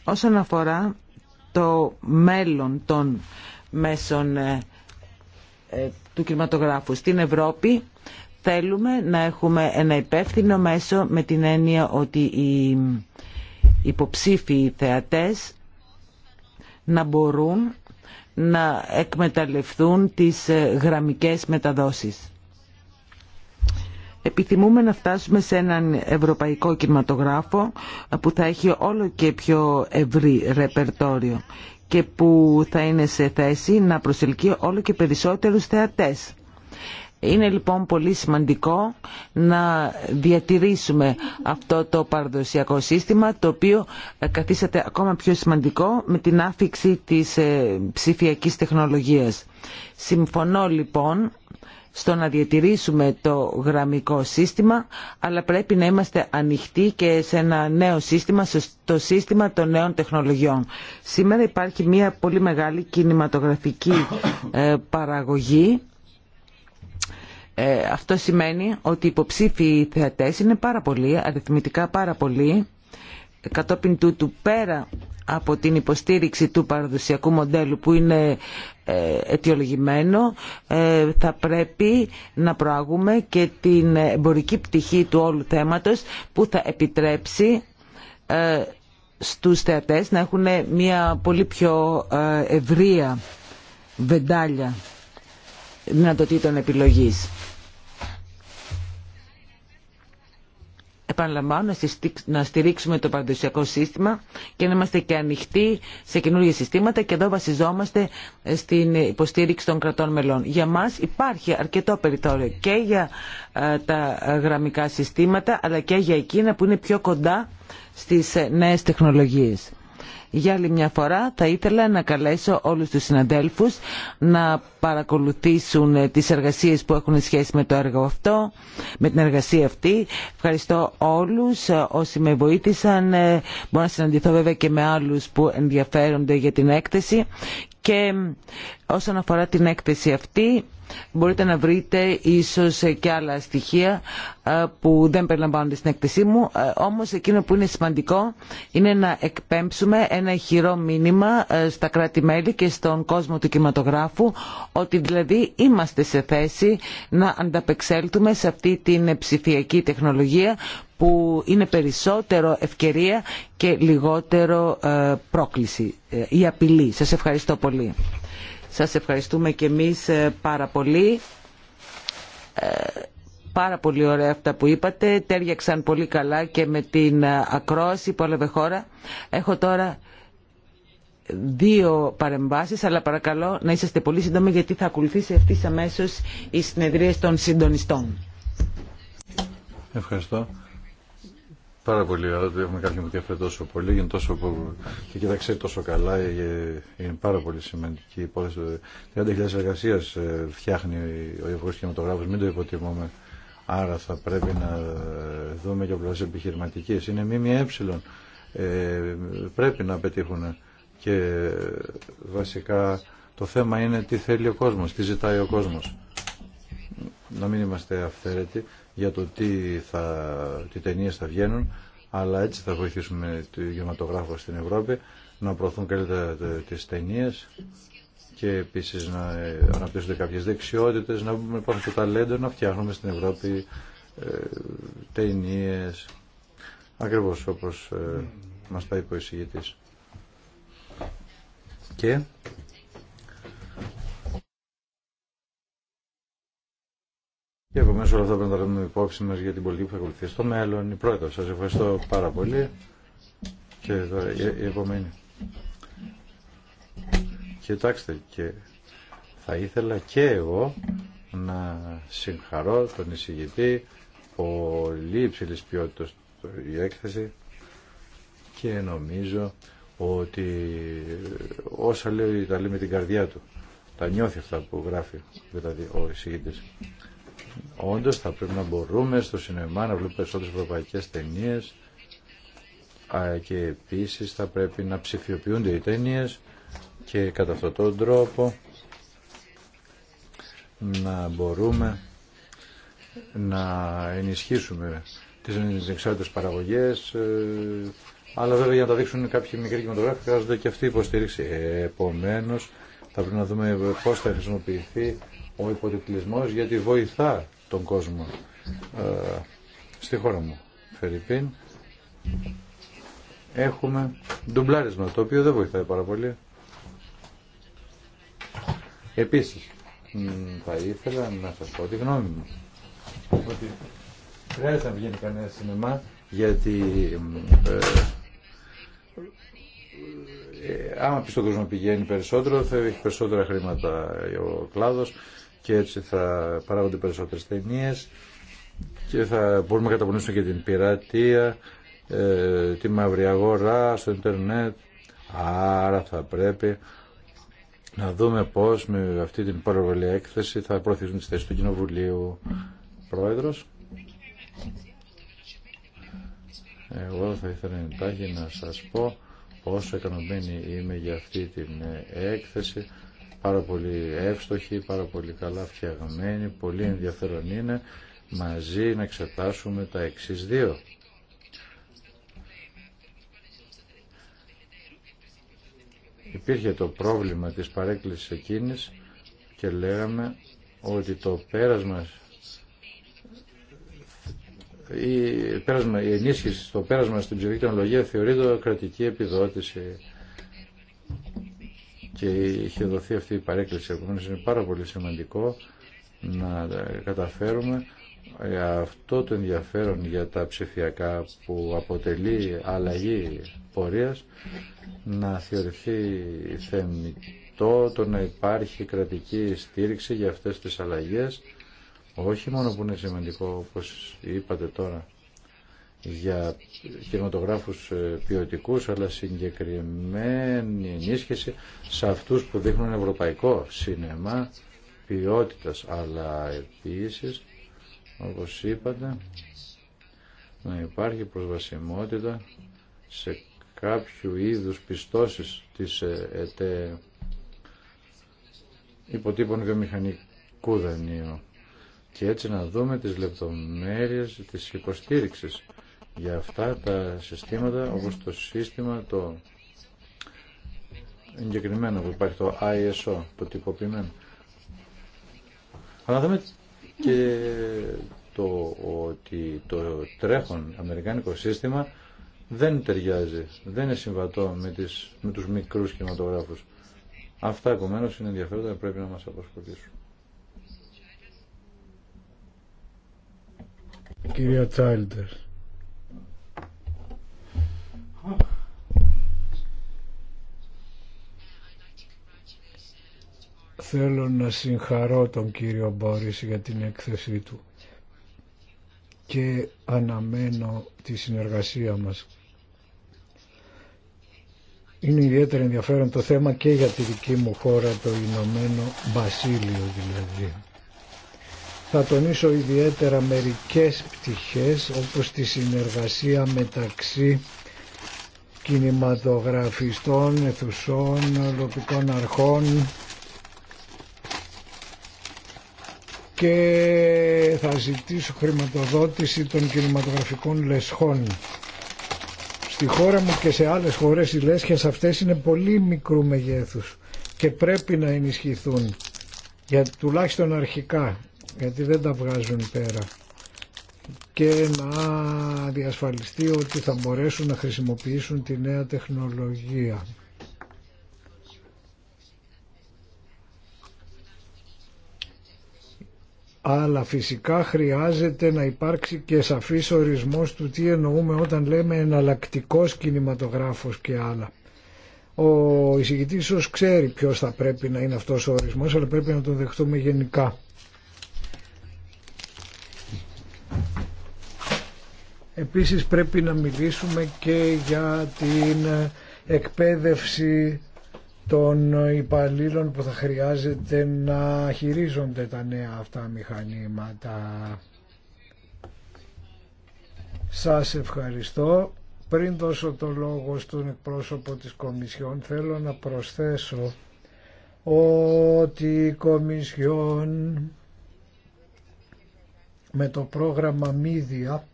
όσον αφορά το μέλλον των μέσων του κινηματογράφου στην Ευρώπη, Θέλουμε να έχουμε ένα υπεύθυνο μέσο με την έννοια ότι οι υποψήφιοι θεατές να μπορούν να εκμεταλλευτούν τις ε, γραμμικές μεταδόσεις. Επιθυμούμε να φτάσουμε σε έναν ευρωπαϊκό κινηματογράφο ε, που θα έχει όλο και πιο ευρύ ρεπερτόριο και που θα είναι σε θέση να προσελκύει όλο και περισσότερους θεατές. Είναι λοιπόν πολύ σημαντικό να διατηρήσουμε αυτό το παραδοσιακό σύστημα το οποίο ε, καθίσατε ακόμα πιο σημαντικό με την άφηξη της ε, ψηφιακής τεχνολογίας. Συμφωνώ λοιπόν στο να διατηρήσουμε το γραμμικό σύστημα, αλλά πρέπει να είμαστε ανοιχτοί και σε ένα νέο σύστημα, στο σύστημα των νέων τεχνολογιών. Σήμερα υπάρχει μια πολύ μεγάλη κινηματογραφική ε, παραγωγή ε, αυτό σημαίνει ότι οι υποψήφοι θεατές είναι πάρα πολλοί, αριθμητικά πάρα πολλοί, κατόπιν τούτου πέρα από την υποστήριξη του παραδοσιακού μοντέλου που είναι ε, αιτιολογημένο ε, θα πρέπει να προάγουμε και την εμπορική πτυχή του όλου θέματος που θα επιτρέψει στους θεατές να έχουν μια πολύ πιο ευρεία βεντάλια δυνατοτήτων επιλογής. Επαναλαμβάνω να στηρίξουμε το παραδοσιακό σύστημα και να είμαστε και ανοιχτοί σε καινούργια συστήματα και εδώ βασιζόμαστε στην υποστήριξη των κρατών μελών. Για μας υπάρχει αρκετό περιθώριο και για ε, τα γραμμικά συστήματα αλλά και για εκείνα που είναι πιο κοντά στις ε, νέες τεχνολογίες. Για άλλη μια φορά θα ήθελα να καλέσω όλους τους συναδέλφους να παρακολουθήσουν ε, τις εργασίες που έχουν σχέση με το έργο αυτό, με την εργασία αυτή. Ευχαριστώ όλους ε, όσοι με βοήθησαν. Ε, μπορώ να συναντηθώ βέβαια και με άλλους που ενδιαφέρονται για την έκθεση. Και όσον αφορά την έκθεση αυτή, μπορείτε να βρείτε ίσως και άλλα στοιχεία ε, που δεν περιλαμβάνονται στην έκθεσή μου. Ε, όμως εκείνο που είναι σημαντικό είναι να εκπέμψουμε ένα χειρό μήνυμα ε, στα κράτη-μέλη και στον κόσμο του κινηματογράφου ότι δηλαδή είμαστε σε θέση να ανταπεξέλθουμε σε αυτή την ψηφιακή τεχνολογία που είναι περισσότερο ευκαιρία και λιγότερο πρόκληση ή απειλή. Σας ευχαριστώ πολύ. Σας ευχαριστούμε και εμείς ε, πάρα πολύ. Ε, πάρα πολύ ωραία αυτά που είπατε. Τέριαξαν πολύ καλά και με την ε, ακρόαση που έλαβε χώρα. Έχω τώρα δύο παρεμβάσεις, αλλά παρακαλώ να είσαστε πολύ σύντομοι γιατί θα ακολουθήσει αυτή αμέσως οι συνεδρίες των συντονιστών. Ευχαριστώ. Πάρα πολύ, αλλά έχουμε κάποιον που διαφέρει τόσο πολύ, είναι τόσο, και κοιτάξε τόσο καλά, ε, ε, είναι πάρα πολύ σημαντική η υπόθεση. 30.000 εργασία ε, φτιάχνει ο Ευρωπαϊκό Κινηματογράφο, μην το υποτιμούμε. Άρα θα πρέπει να δούμε και πλευρά επιχειρηματική. Είναι ΜΜΕ. Ε, πρέπει να πετύχουν και βασικά το θέμα είναι τι θέλει ο κόσμο, τι ζητάει ο κόσμο. Να μην είμαστε αυθαίρετοι, για το τι, θα, τι ταινίες θα βγαίνουν, αλλά έτσι θα βοηθήσουμε τη γεωματογράφο στην Ευρώπη να προωθούν καλύτερα τις ταινίε και επίσης να ε, αναπτύσσονται κάποιες δεξιότητες, να υπάρχουν το ταλέντο να φτιάχνουμε στην Ευρώπη ε, ταινίε. ακριβώς όπως ε, μας τα είπε ο εισηγητής. Και Και επομένω όλα αυτά πρέπει να τα έχουμε υπόψη μα για την πολιτική που θα ακολουθεί στο μέλλον. Η πρώτα, σα ευχαριστώ πάρα πολύ. Και τώρα η επόμενη. Κοιτάξτε, και θα ήθελα και εγώ να συγχαρώ τον εισηγητή πολύ υψηλής ποιότητας η έκθεση και νομίζω ότι όσα λέει τα λέει με την καρδιά του τα νιώθει αυτά που γράφει δηλαδή ο εισηγητής όντω θα πρέπει να μπορούμε στο σινεμά να βλέπουμε περισσότερε ευρωπαϊκέ ταινίε και επίση θα πρέπει να ψηφιοποιούνται οι ταινίε και κατά αυτόν τον τρόπο να μπορούμε να ενισχύσουμε τις εξάρτητες παραγωγές ε, αλλά βέβαια για να τα δείξουν κάποιοι μικροί κινηματογράφοι χρειάζονται και αυτή η υποστήριξη. Ε, επομένως θα πρέπει να δούμε πώς θα χρησιμοποιηθεί ο υποτιτλισμός γιατί βοηθά τον κόσμο ε, στη χώρα μου. Φερρυπίν έχουμε ντουμπλάρισμα το οποίο δεν βοηθάει πάρα πολύ. Επίσης θα ήθελα να σας πω τη γνώμη μου ότι χρειάζεται να βγαίνει κανένα σινεμά γιατί ε, ε, άμα κόσμο πηγαίνει περισσότερο θα έχει περισσότερα χρήματα ο κλάδος και έτσι θα παράγονται περισσότερε ταινίε και θα μπορούμε να καταπονήσουμε και την πειρατεία, ε, τη μαύρη αγορά στο ίντερνετ. Άρα θα πρέπει να δούμε πώ με αυτή την παροβολή έκθεση θα προωθήσουν τι θέση του Κοινοβουλίου. πρόεδρο. Εγώ θα ήθελα εντάχει να σας πω πόσο ικανομένη είμαι για αυτή την έκθεση πάρα πολύ εύστοχη, πάρα πολύ καλά φτιαγμένοι, πολύ ενδιαφέρον είναι μαζί να εξετάσουμε τα εξής δύο. Υπήρχε το πρόβλημα της παρέκκλησης εκείνης και λέγαμε ότι το πέρασμα η, πέρασμα, η ενίσχυση στο πέρασμα στην ψηφιακή τεχνολογία θεωρείται κρατική επιδότηση και είχε δοθεί αυτή η παρέκκληση. Επομένω είναι πάρα πολύ σημαντικό να καταφέρουμε ε, αυτό το ενδιαφέρον για τα ψηφιακά που αποτελεί αλλαγή πορείας να θεωρηθεί θεμητό το να υπάρχει κρατική στήριξη για αυτές τις αλλαγές όχι μόνο που είναι σημαντικό όπως είπατε τώρα για κινηματογράφους ε, ποιοτικού, αλλά συγκεκριμένη ενίσχυση σε αυτούς που δείχνουν ευρωπαϊκό σινεμά ποιότητας, αλλά επίσης, όπως είπατε, να υπάρχει προσβασιμότητα σε κάποιου είδους πιστώσεις της ε, ΕΤΕ υποτύπων βιομηχανικού δανείου και έτσι να δούμε τις λεπτομέρειες της υποστήριξης για αυτά τα συστήματα όπως το σύστημα το εγκεκριμένο που υπάρχει το ISO, το τυποποιημένο. Αλλά δούμε και το ότι το τρέχον αμερικάνικο σύστημα δεν ταιριάζει, δεν είναι συμβατό με, τις, με τους μικρούς κινηματογράφους. Αυτά επομένω είναι ενδιαφέροντα και πρέπει να μας αποσκοπήσουν Κυρία Τσάιλτερ. Θέλω να συγχαρώ τον κύριο Μπόρις για την έκθεσή του και αναμένω τη συνεργασία μας. Είναι ιδιαίτερα ενδιαφέρον το θέμα και για τη δική μου χώρα, το Ηνωμένο Βασίλειο δηλαδή. Θα τονίσω ιδιαίτερα μερικές πτυχές όπως τη συνεργασία μεταξύ κινηματογραφιστών, αιθουσών, ολοπικών αρχών και θα ζητήσω χρηματοδότηση των κινηματογραφικών λεσχών. Στη χώρα μου και σε άλλες χώρες οι λέσχες αυτές είναι πολύ μικρού μεγέθους και πρέπει να ενισχυθούν για, τουλάχιστον αρχικά γιατί δεν τα βγάζουν πέρα και να διασφαλιστεί ότι θα μπορέσουν να χρησιμοποιήσουν τη νέα τεχνολογία. αλλά φυσικά χρειάζεται να υπάρξει και σαφής ορισμός του τι εννοούμε όταν λέμε εναλλακτικό κινηματογράφος και άλλα. Ο εισηγητής ίσως ξέρει ποιος θα πρέπει να είναι αυτός ο ορισμός, αλλά πρέπει να τον δεχτούμε γενικά. Επίσης πρέπει να μιλήσουμε και για την εκπαίδευση των υπαλλήλων που θα χρειάζεται να χειρίζονται τα νέα αυτά μηχανήματα. Σας ευχαριστώ. Πριν δώσω το λόγο στον εκπρόσωπο της Κομισιόν θέλω να προσθέσω ότι η Κομισιόν με το πρόγραμμα ΜΥΔΙΑ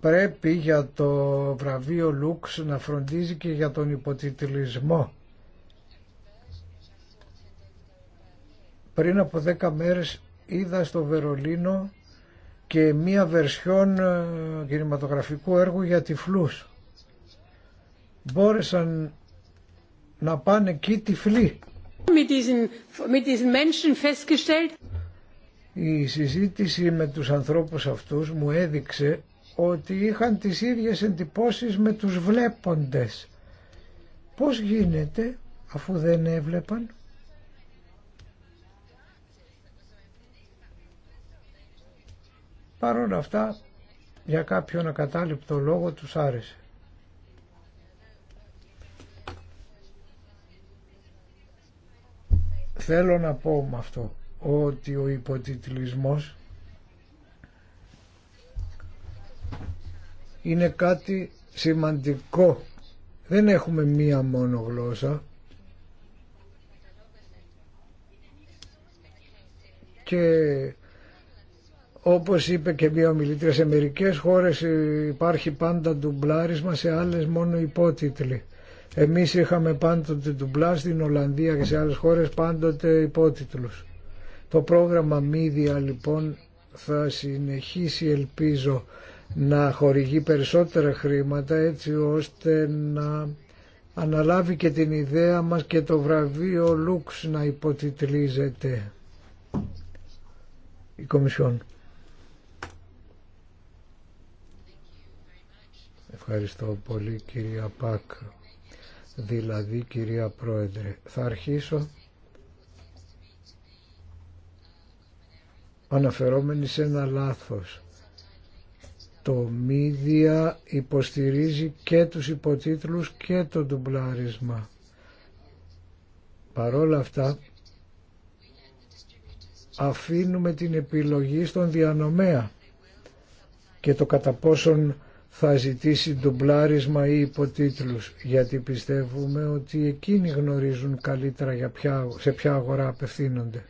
πρέπει για το βραβείο Λουξ να φροντίζει και για τον υποτιτλισμό. Πριν από δέκα μέρες είδα στο Βερολίνο και μία βερσιόν ε, κινηματογραφικού έργου για τυφλούς. Μπόρεσαν να πάνε εκεί τυφλοί. Η συζήτηση με τους ανθρώπους αυτούς μου έδειξε ότι είχαν τις ίδιες εντυπώσεις με τους βλέποντες. Πώς γίνεται αφού δεν έβλεπαν. Παρ' όλα αυτά για κάποιον ακατάληπτο λόγο τους άρεσε. Θέλω να πω με αυτό ότι ο υποτιτλισμός είναι κάτι σημαντικό. Δεν έχουμε μία μόνο γλώσσα και όπως είπε και μία ομιλήτρια σε μερικές χώρες υπάρχει πάντα ντουμπλάρισμα σε άλλες μόνο υπότιτλοι. Εμείς είχαμε πάντοτε ντουμπλά στην Ολλανδία και σε άλλες χώρες πάντοτε υπότιτλους. Το πρόγραμμα Media λοιπόν θα συνεχίσει ελπίζω να χορηγεί περισσότερα χρήματα έτσι ώστε να αναλάβει και την ιδέα μας και το βραβείο Λούξ να υποτιτλίζεται η Κομισιόν. Ευχαριστώ πολύ κυρία Πάκ, δηλαδή κυρία Πρόεδρε. Θα αρχίσω αναφερόμενη σε ένα λάθος το μίδια υποστηρίζει και τους υποτίτλους και το ντουμπλάρισμα. Παρόλα αυτά αφήνουμε την επιλογή στον διανομέα και το κατά πόσον θα ζητήσει ντουμπλάρισμα ή υποτίτλους γιατί πιστεύουμε ότι εκείνοι γνωρίζουν καλύτερα για σε ποια αγορά απευθύνονται.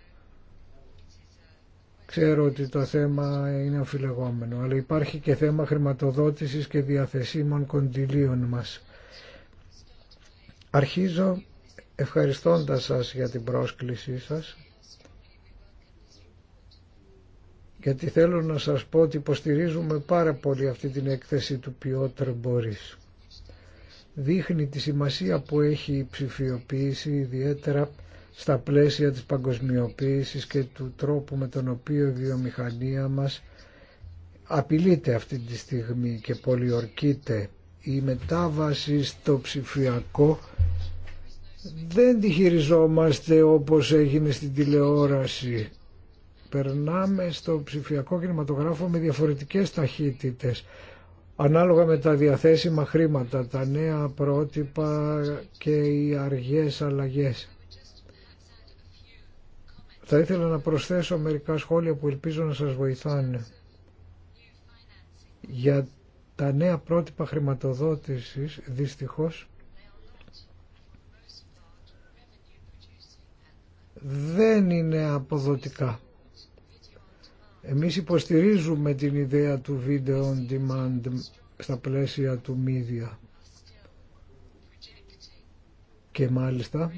Ξέρω ότι το θέμα είναι αμφιλεγόμενο, αλλά υπάρχει και θέμα χρηματοδότησης και διαθεσίμων κοντιλίων μας. Αρχίζω ευχαριστώντας σας για την πρόσκλησή σας, γιατί θέλω να σας πω ότι υποστηρίζουμε πάρα πολύ αυτή την έκθεση του Πιότρ Μπορίς. Δείχνει τη σημασία που έχει η ψηφιοποίηση ιδιαίτερα στα πλαίσια της παγκοσμιοποίησης και του τρόπου με τον οποίο η βιομηχανία μας απειλείται αυτή τη στιγμή και πολιορκείται. Η μετάβαση στο ψηφιακό δεν τη χειριζόμαστε όπως έγινε στην τηλεόραση. Περνάμε στο ψηφιακό κινηματογράφο με διαφορετικές ταχύτητες ανάλογα με τα διαθέσιμα χρήματα, τα νέα πρότυπα και οι αργές αλλαγές. Θα ήθελα να προσθέσω μερικά σχόλια που ελπίζω να σας βοηθάνε. Για τα νέα πρότυπα χρηματοδότησης, δυστυχώς, δεν είναι αποδοτικά. Εμείς υποστηρίζουμε την ιδέα του video on demand στα πλαίσια του media. Και μάλιστα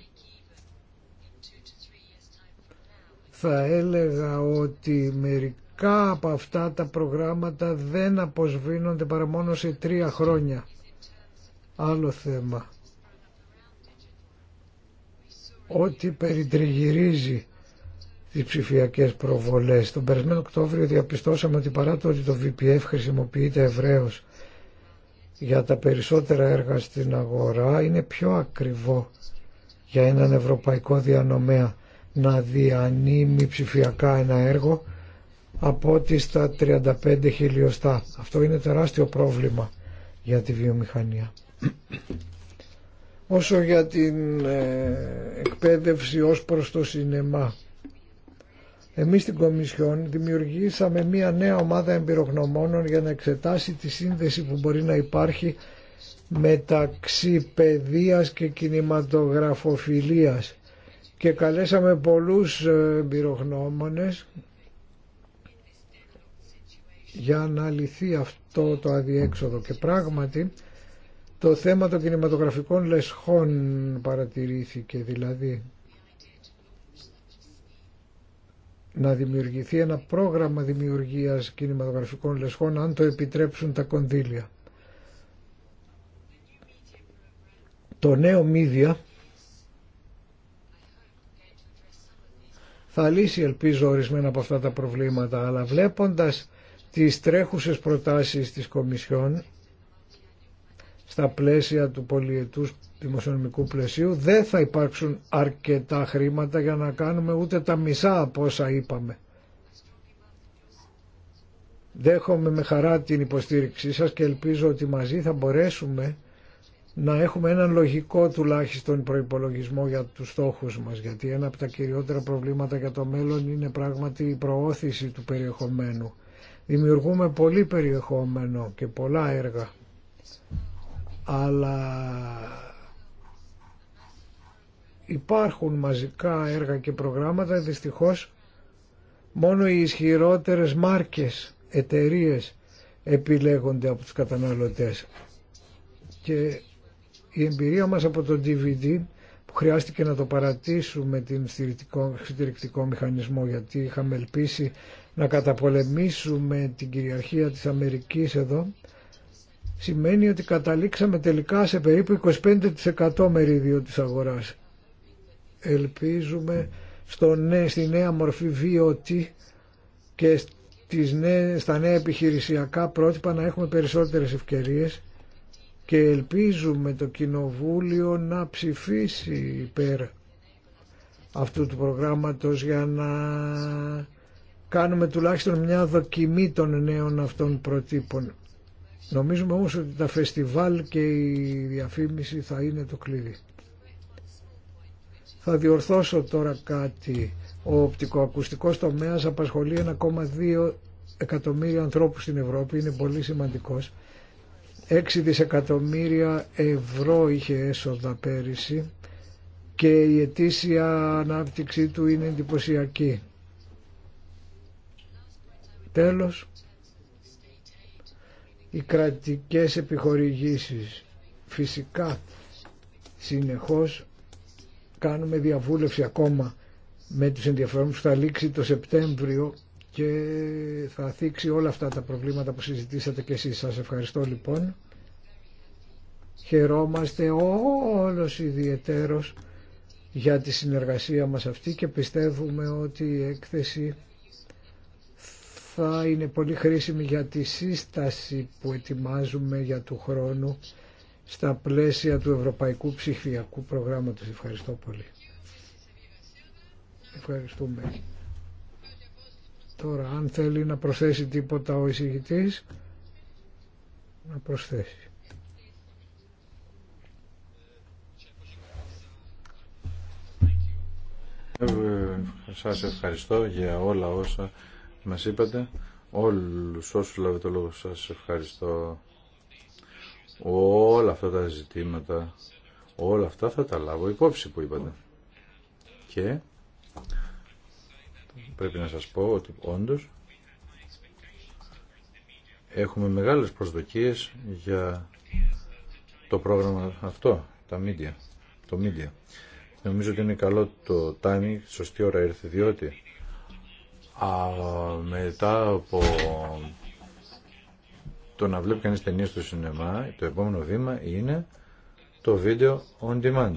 Θα έλεγα ότι μερικά από αυτά τα προγράμματα δεν αποσβήνονται παρά μόνο σε τρία χρόνια. Άλλο θέμα. Ό,τι περιτριγυρίζει τις ψηφιακές προβολές. Τον περασμένο Οκτώβριο διαπιστώσαμε ότι παρά το ότι το VPF χρησιμοποιείται ευρέως για τα περισσότερα έργα στην αγορά είναι πιο ακριβό για έναν ευρωπαϊκό διανομέα να διανύμει ψηφιακά ένα έργο από ότι στα 35 χιλιοστά. Αυτό είναι τεράστιο πρόβλημα για τη βιομηχανία. Όσο για την ε, εκπαίδευση ως προς το σινεμά. Εμείς στην Κομισιόν δημιουργήσαμε μια νέα ομάδα εμπειρογνωμόνων για να εξετάσει τη σύνδεση που μπορεί να υπάρχει μεταξύ παιδείας και κινηματογραφοφιλίας και καλέσαμε πολλούς ε, εμπειρογνώμονες για να λυθεί αυτό το αδιέξοδο και πράγματι το θέμα των κινηματογραφικών λεσχών παρατηρήθηκε δηλαδή να δημιουργηθεί ένα πρόγραμμα δημιουργίας κινηματογραφικών λεσχών αν το επιτρέψουν τα κονδύλια. Το νέο μίδια θα λύσει ελπίζω ορισμένα από αυτά τα προβλήματα αλλά βλέποντας τις τρέχουσες προτάσεις της Κομισιόν στα πλαίσια του πολιετούς δημοσιονομικού πλαισίου δεν θα υπάρξουν αρκετά χρήματα για να κάνουμε ούτε τα μισά από όσα είπαμε. Δέχομαι με χαρά την υποστήριξή σας και ελπίζω ότι μαζί θα μπορέσουμε να έχουμε έναν λογικό τουλάχιστον προϋπολογισμό για τους στόχους μας γιατί ένα από τα κυριότερα προβλήματα για το μέλλον είναι πράγματι η προώθηση του περιεχομένου. Δημιουργούμε πολύ περιεχόμενο και πολλά έργα αλλά υπάρχουν μαζικά έργα και προγράμματα δυστυχώς μόνο οι ισχυρότερες μάρκες, εταιρείες επιλέγονται από τους καταναλωτές και η εμπειρία μας από το DVD που χρειάστηκε να το παρατήσουμε την στηρικτικό μηχανισμό γιατί είχαμε ελπίσει να καταπολεμήσουμε την κυριαρχία της Αμερικής εδώ σημαίνει ότι καταλήξαμε τελικά σε περίπου 25% μερίδιο της αγοράς. Ελπίζουμε στο νέ, στη νέα μορφή VOT και στις νέ, στα νέα επιχειρησιακά πρότυπα να έχουμε περισσότερες ευκαιρίες και ελπίζουμε το Κοινοβούλιο να ψηφίσει υπέρ αυτού του προγράμματος για να κάνουμε τουλάχιστον μια δοκιμή των νέων αυτών προτύπων. Νομίζουμε όμως ότι τα φεστιβάλ και η διαφήμιση θα είναι το κλειδί. Θα διορθώσω τώρα κάτι. Ο οπτικοακουστικός τομέας απασχολεί 1,2 εκατομμύρια ανθρώπους στην Ευρώπη, είναι πολύ σημαντικός 6 δισεκατομμύρια ευρώ είχε έσοδα πέρυσι και η ετήσια ανάπτυξή του είναι εντυπωσιακή. Τέλος, οι κρατικές επιχορηγήσεις. Φυσικά, συνεχώς κάνουμε διαβούλευση ακόμα με τους ενδιαφέροντες που θα λήξει το Σεπτέμβριο και θα θίξει όλα αυτά τα προβλήματα που συζητήσατε και εσείς. Σας ευχαριστώ λοιπόν. Χαιρόμαστε όλος ιδιαιτέρως για τη συνεργασία μας αυτή και πιστεύουμε ότι η έκθεση θα είναι πολύ χρήσιμη για τη σύσταση που ετοιμάζουμε για του χρόνου στα πλαίσια του Ευρωπαϊκού Ψηφιακού Προγράμματος. Ευχαριστώ πολύ. Ευχαριστούμε. Τώρα, αν θέλει να προσθέσει τίποτα ο εισηγητής, να προσθέσει. Σας ευχαριστώ για όλα όσα μας είπατε. Όλους όσους λάβετε το λόγο σας ευχαριστώ. Όλα αυτά τα ζητήματα, όλα αυτά θα τα λάβω υπόψη που είπατε. Και πρέπει να σας πω ότι όντως έχουμε μεγάλες προσδοκίες για το πρόγραμμα αυτό, τα media, το media. Νομίζω ότι είναι καλό το timing, σωστή ώρα ήρθε, διότι α, μετά από το να βλέπει κανείς ταινίες στο σινεμά, το επόμενο βήμα είναι το βίντεο on demand.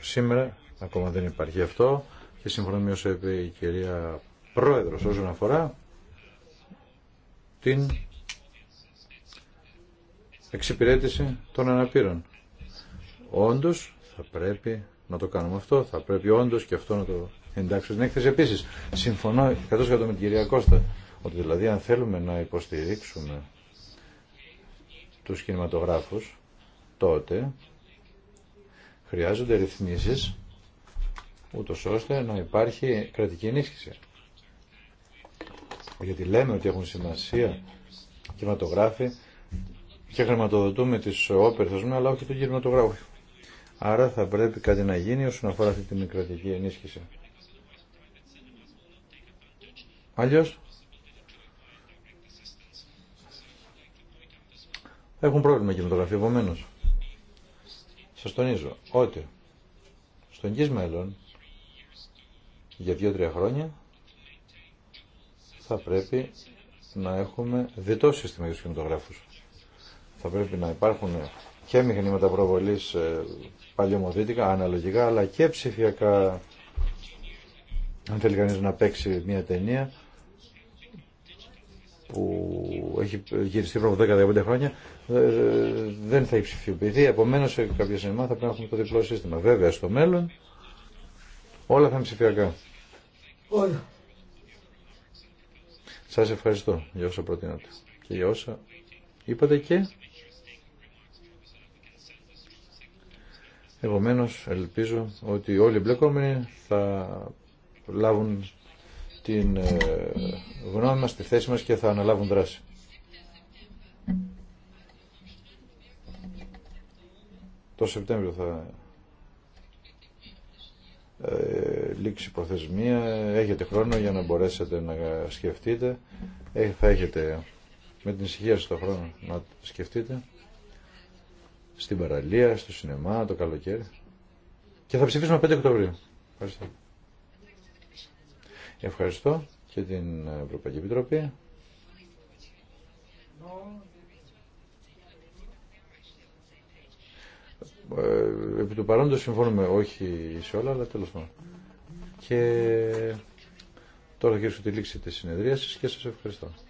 Σήμερα ακόμα δεν υπάρχει αυτό, και σύμφωνα με όσο είπε η κυρία Πρόεδρος όσον αφορά την εξυπηρέτηση των αναπήρων. Όντως θα πρέπει να το κάνουμε αυτό, θα πρέπει όντως και αυτό να το εντάξει στην έκθεση. Επίσης, συμφωνώ 100% με την κυρία Κώστα, ότι δηλαδή αν θέλουμε να υποστηρίξουμε τους κινηματογράφους, τότε χρειάζονται ρυθμίσεις ούτως ώστε να υπάρχει κρατική ενίσχυση. Γιατί λέμε ότι έχουν σημασία κινηματογράφοι και χρηματοδοτούμε τις όπερθες αλλά όχι τον κινηματογράφο. Άρα θα πρέπει κάτι να γίνει όσον αφορά αυτή την κρατική ενίσχυση. Αλλιώς έχουν πρόβλημα κινηματογράφοι, επομένως. Σας τονίζω ότι στον κεις μέλλον για δύο-τρία χρόνια θα πρέπει να έχουμε διτό σύστημα για τους κινηματογράφους. Θα πρέπει να υπάρχουν και μηχανήματα προβολής ε, παλιωμοδίτικα, αναλογικά, αλλά και ψηφιακά, αν θέλει κανείς να παίξει μια ταινία που έχει γυριστεί πριν από 10-15 χρόνια, ε, ε, δεν θα έχει ψηφιοποιηθεί. Επομένως, σε κάποια σημεία θα πρέπει να έχουμε το διπλό σύστημα. Βέβαια, στο μέλλον Όλα θα είναι ψηφιακά. Όλα. Σας ευχαριστώ για όσα προτείνατε και για όσα είπατε και επομένως ελπίζω ότι όλοι οι μπλεκόμενοι θα λάβουν την ε, γνώμη μας, τη θέση μας και θα αναλάβουν δράση. Το Σεπτέμβριο θα ε, λήξη προθεσμία, έχετε χρόνο για να μπορέσετε να σκεφτείτε, ε, θα έχετε με την ησυχία σας το χρόνο να σκεφτείτε στην παραλία, στο σινεμά, το καλοκαίρι και θα ψηφίσουμε 5 Οκτωβρίου. Ευχαριστώ. Ευχαριστώ και την Ευρωπαϊκή Επιτροπή. Ε, επί του παρόντος συμφωνούμε όχι σε όλα, αλλά τέλος πάντων. Και τώρα θα τη λήξη της συνεδρίασης και σας ευχαριστώ.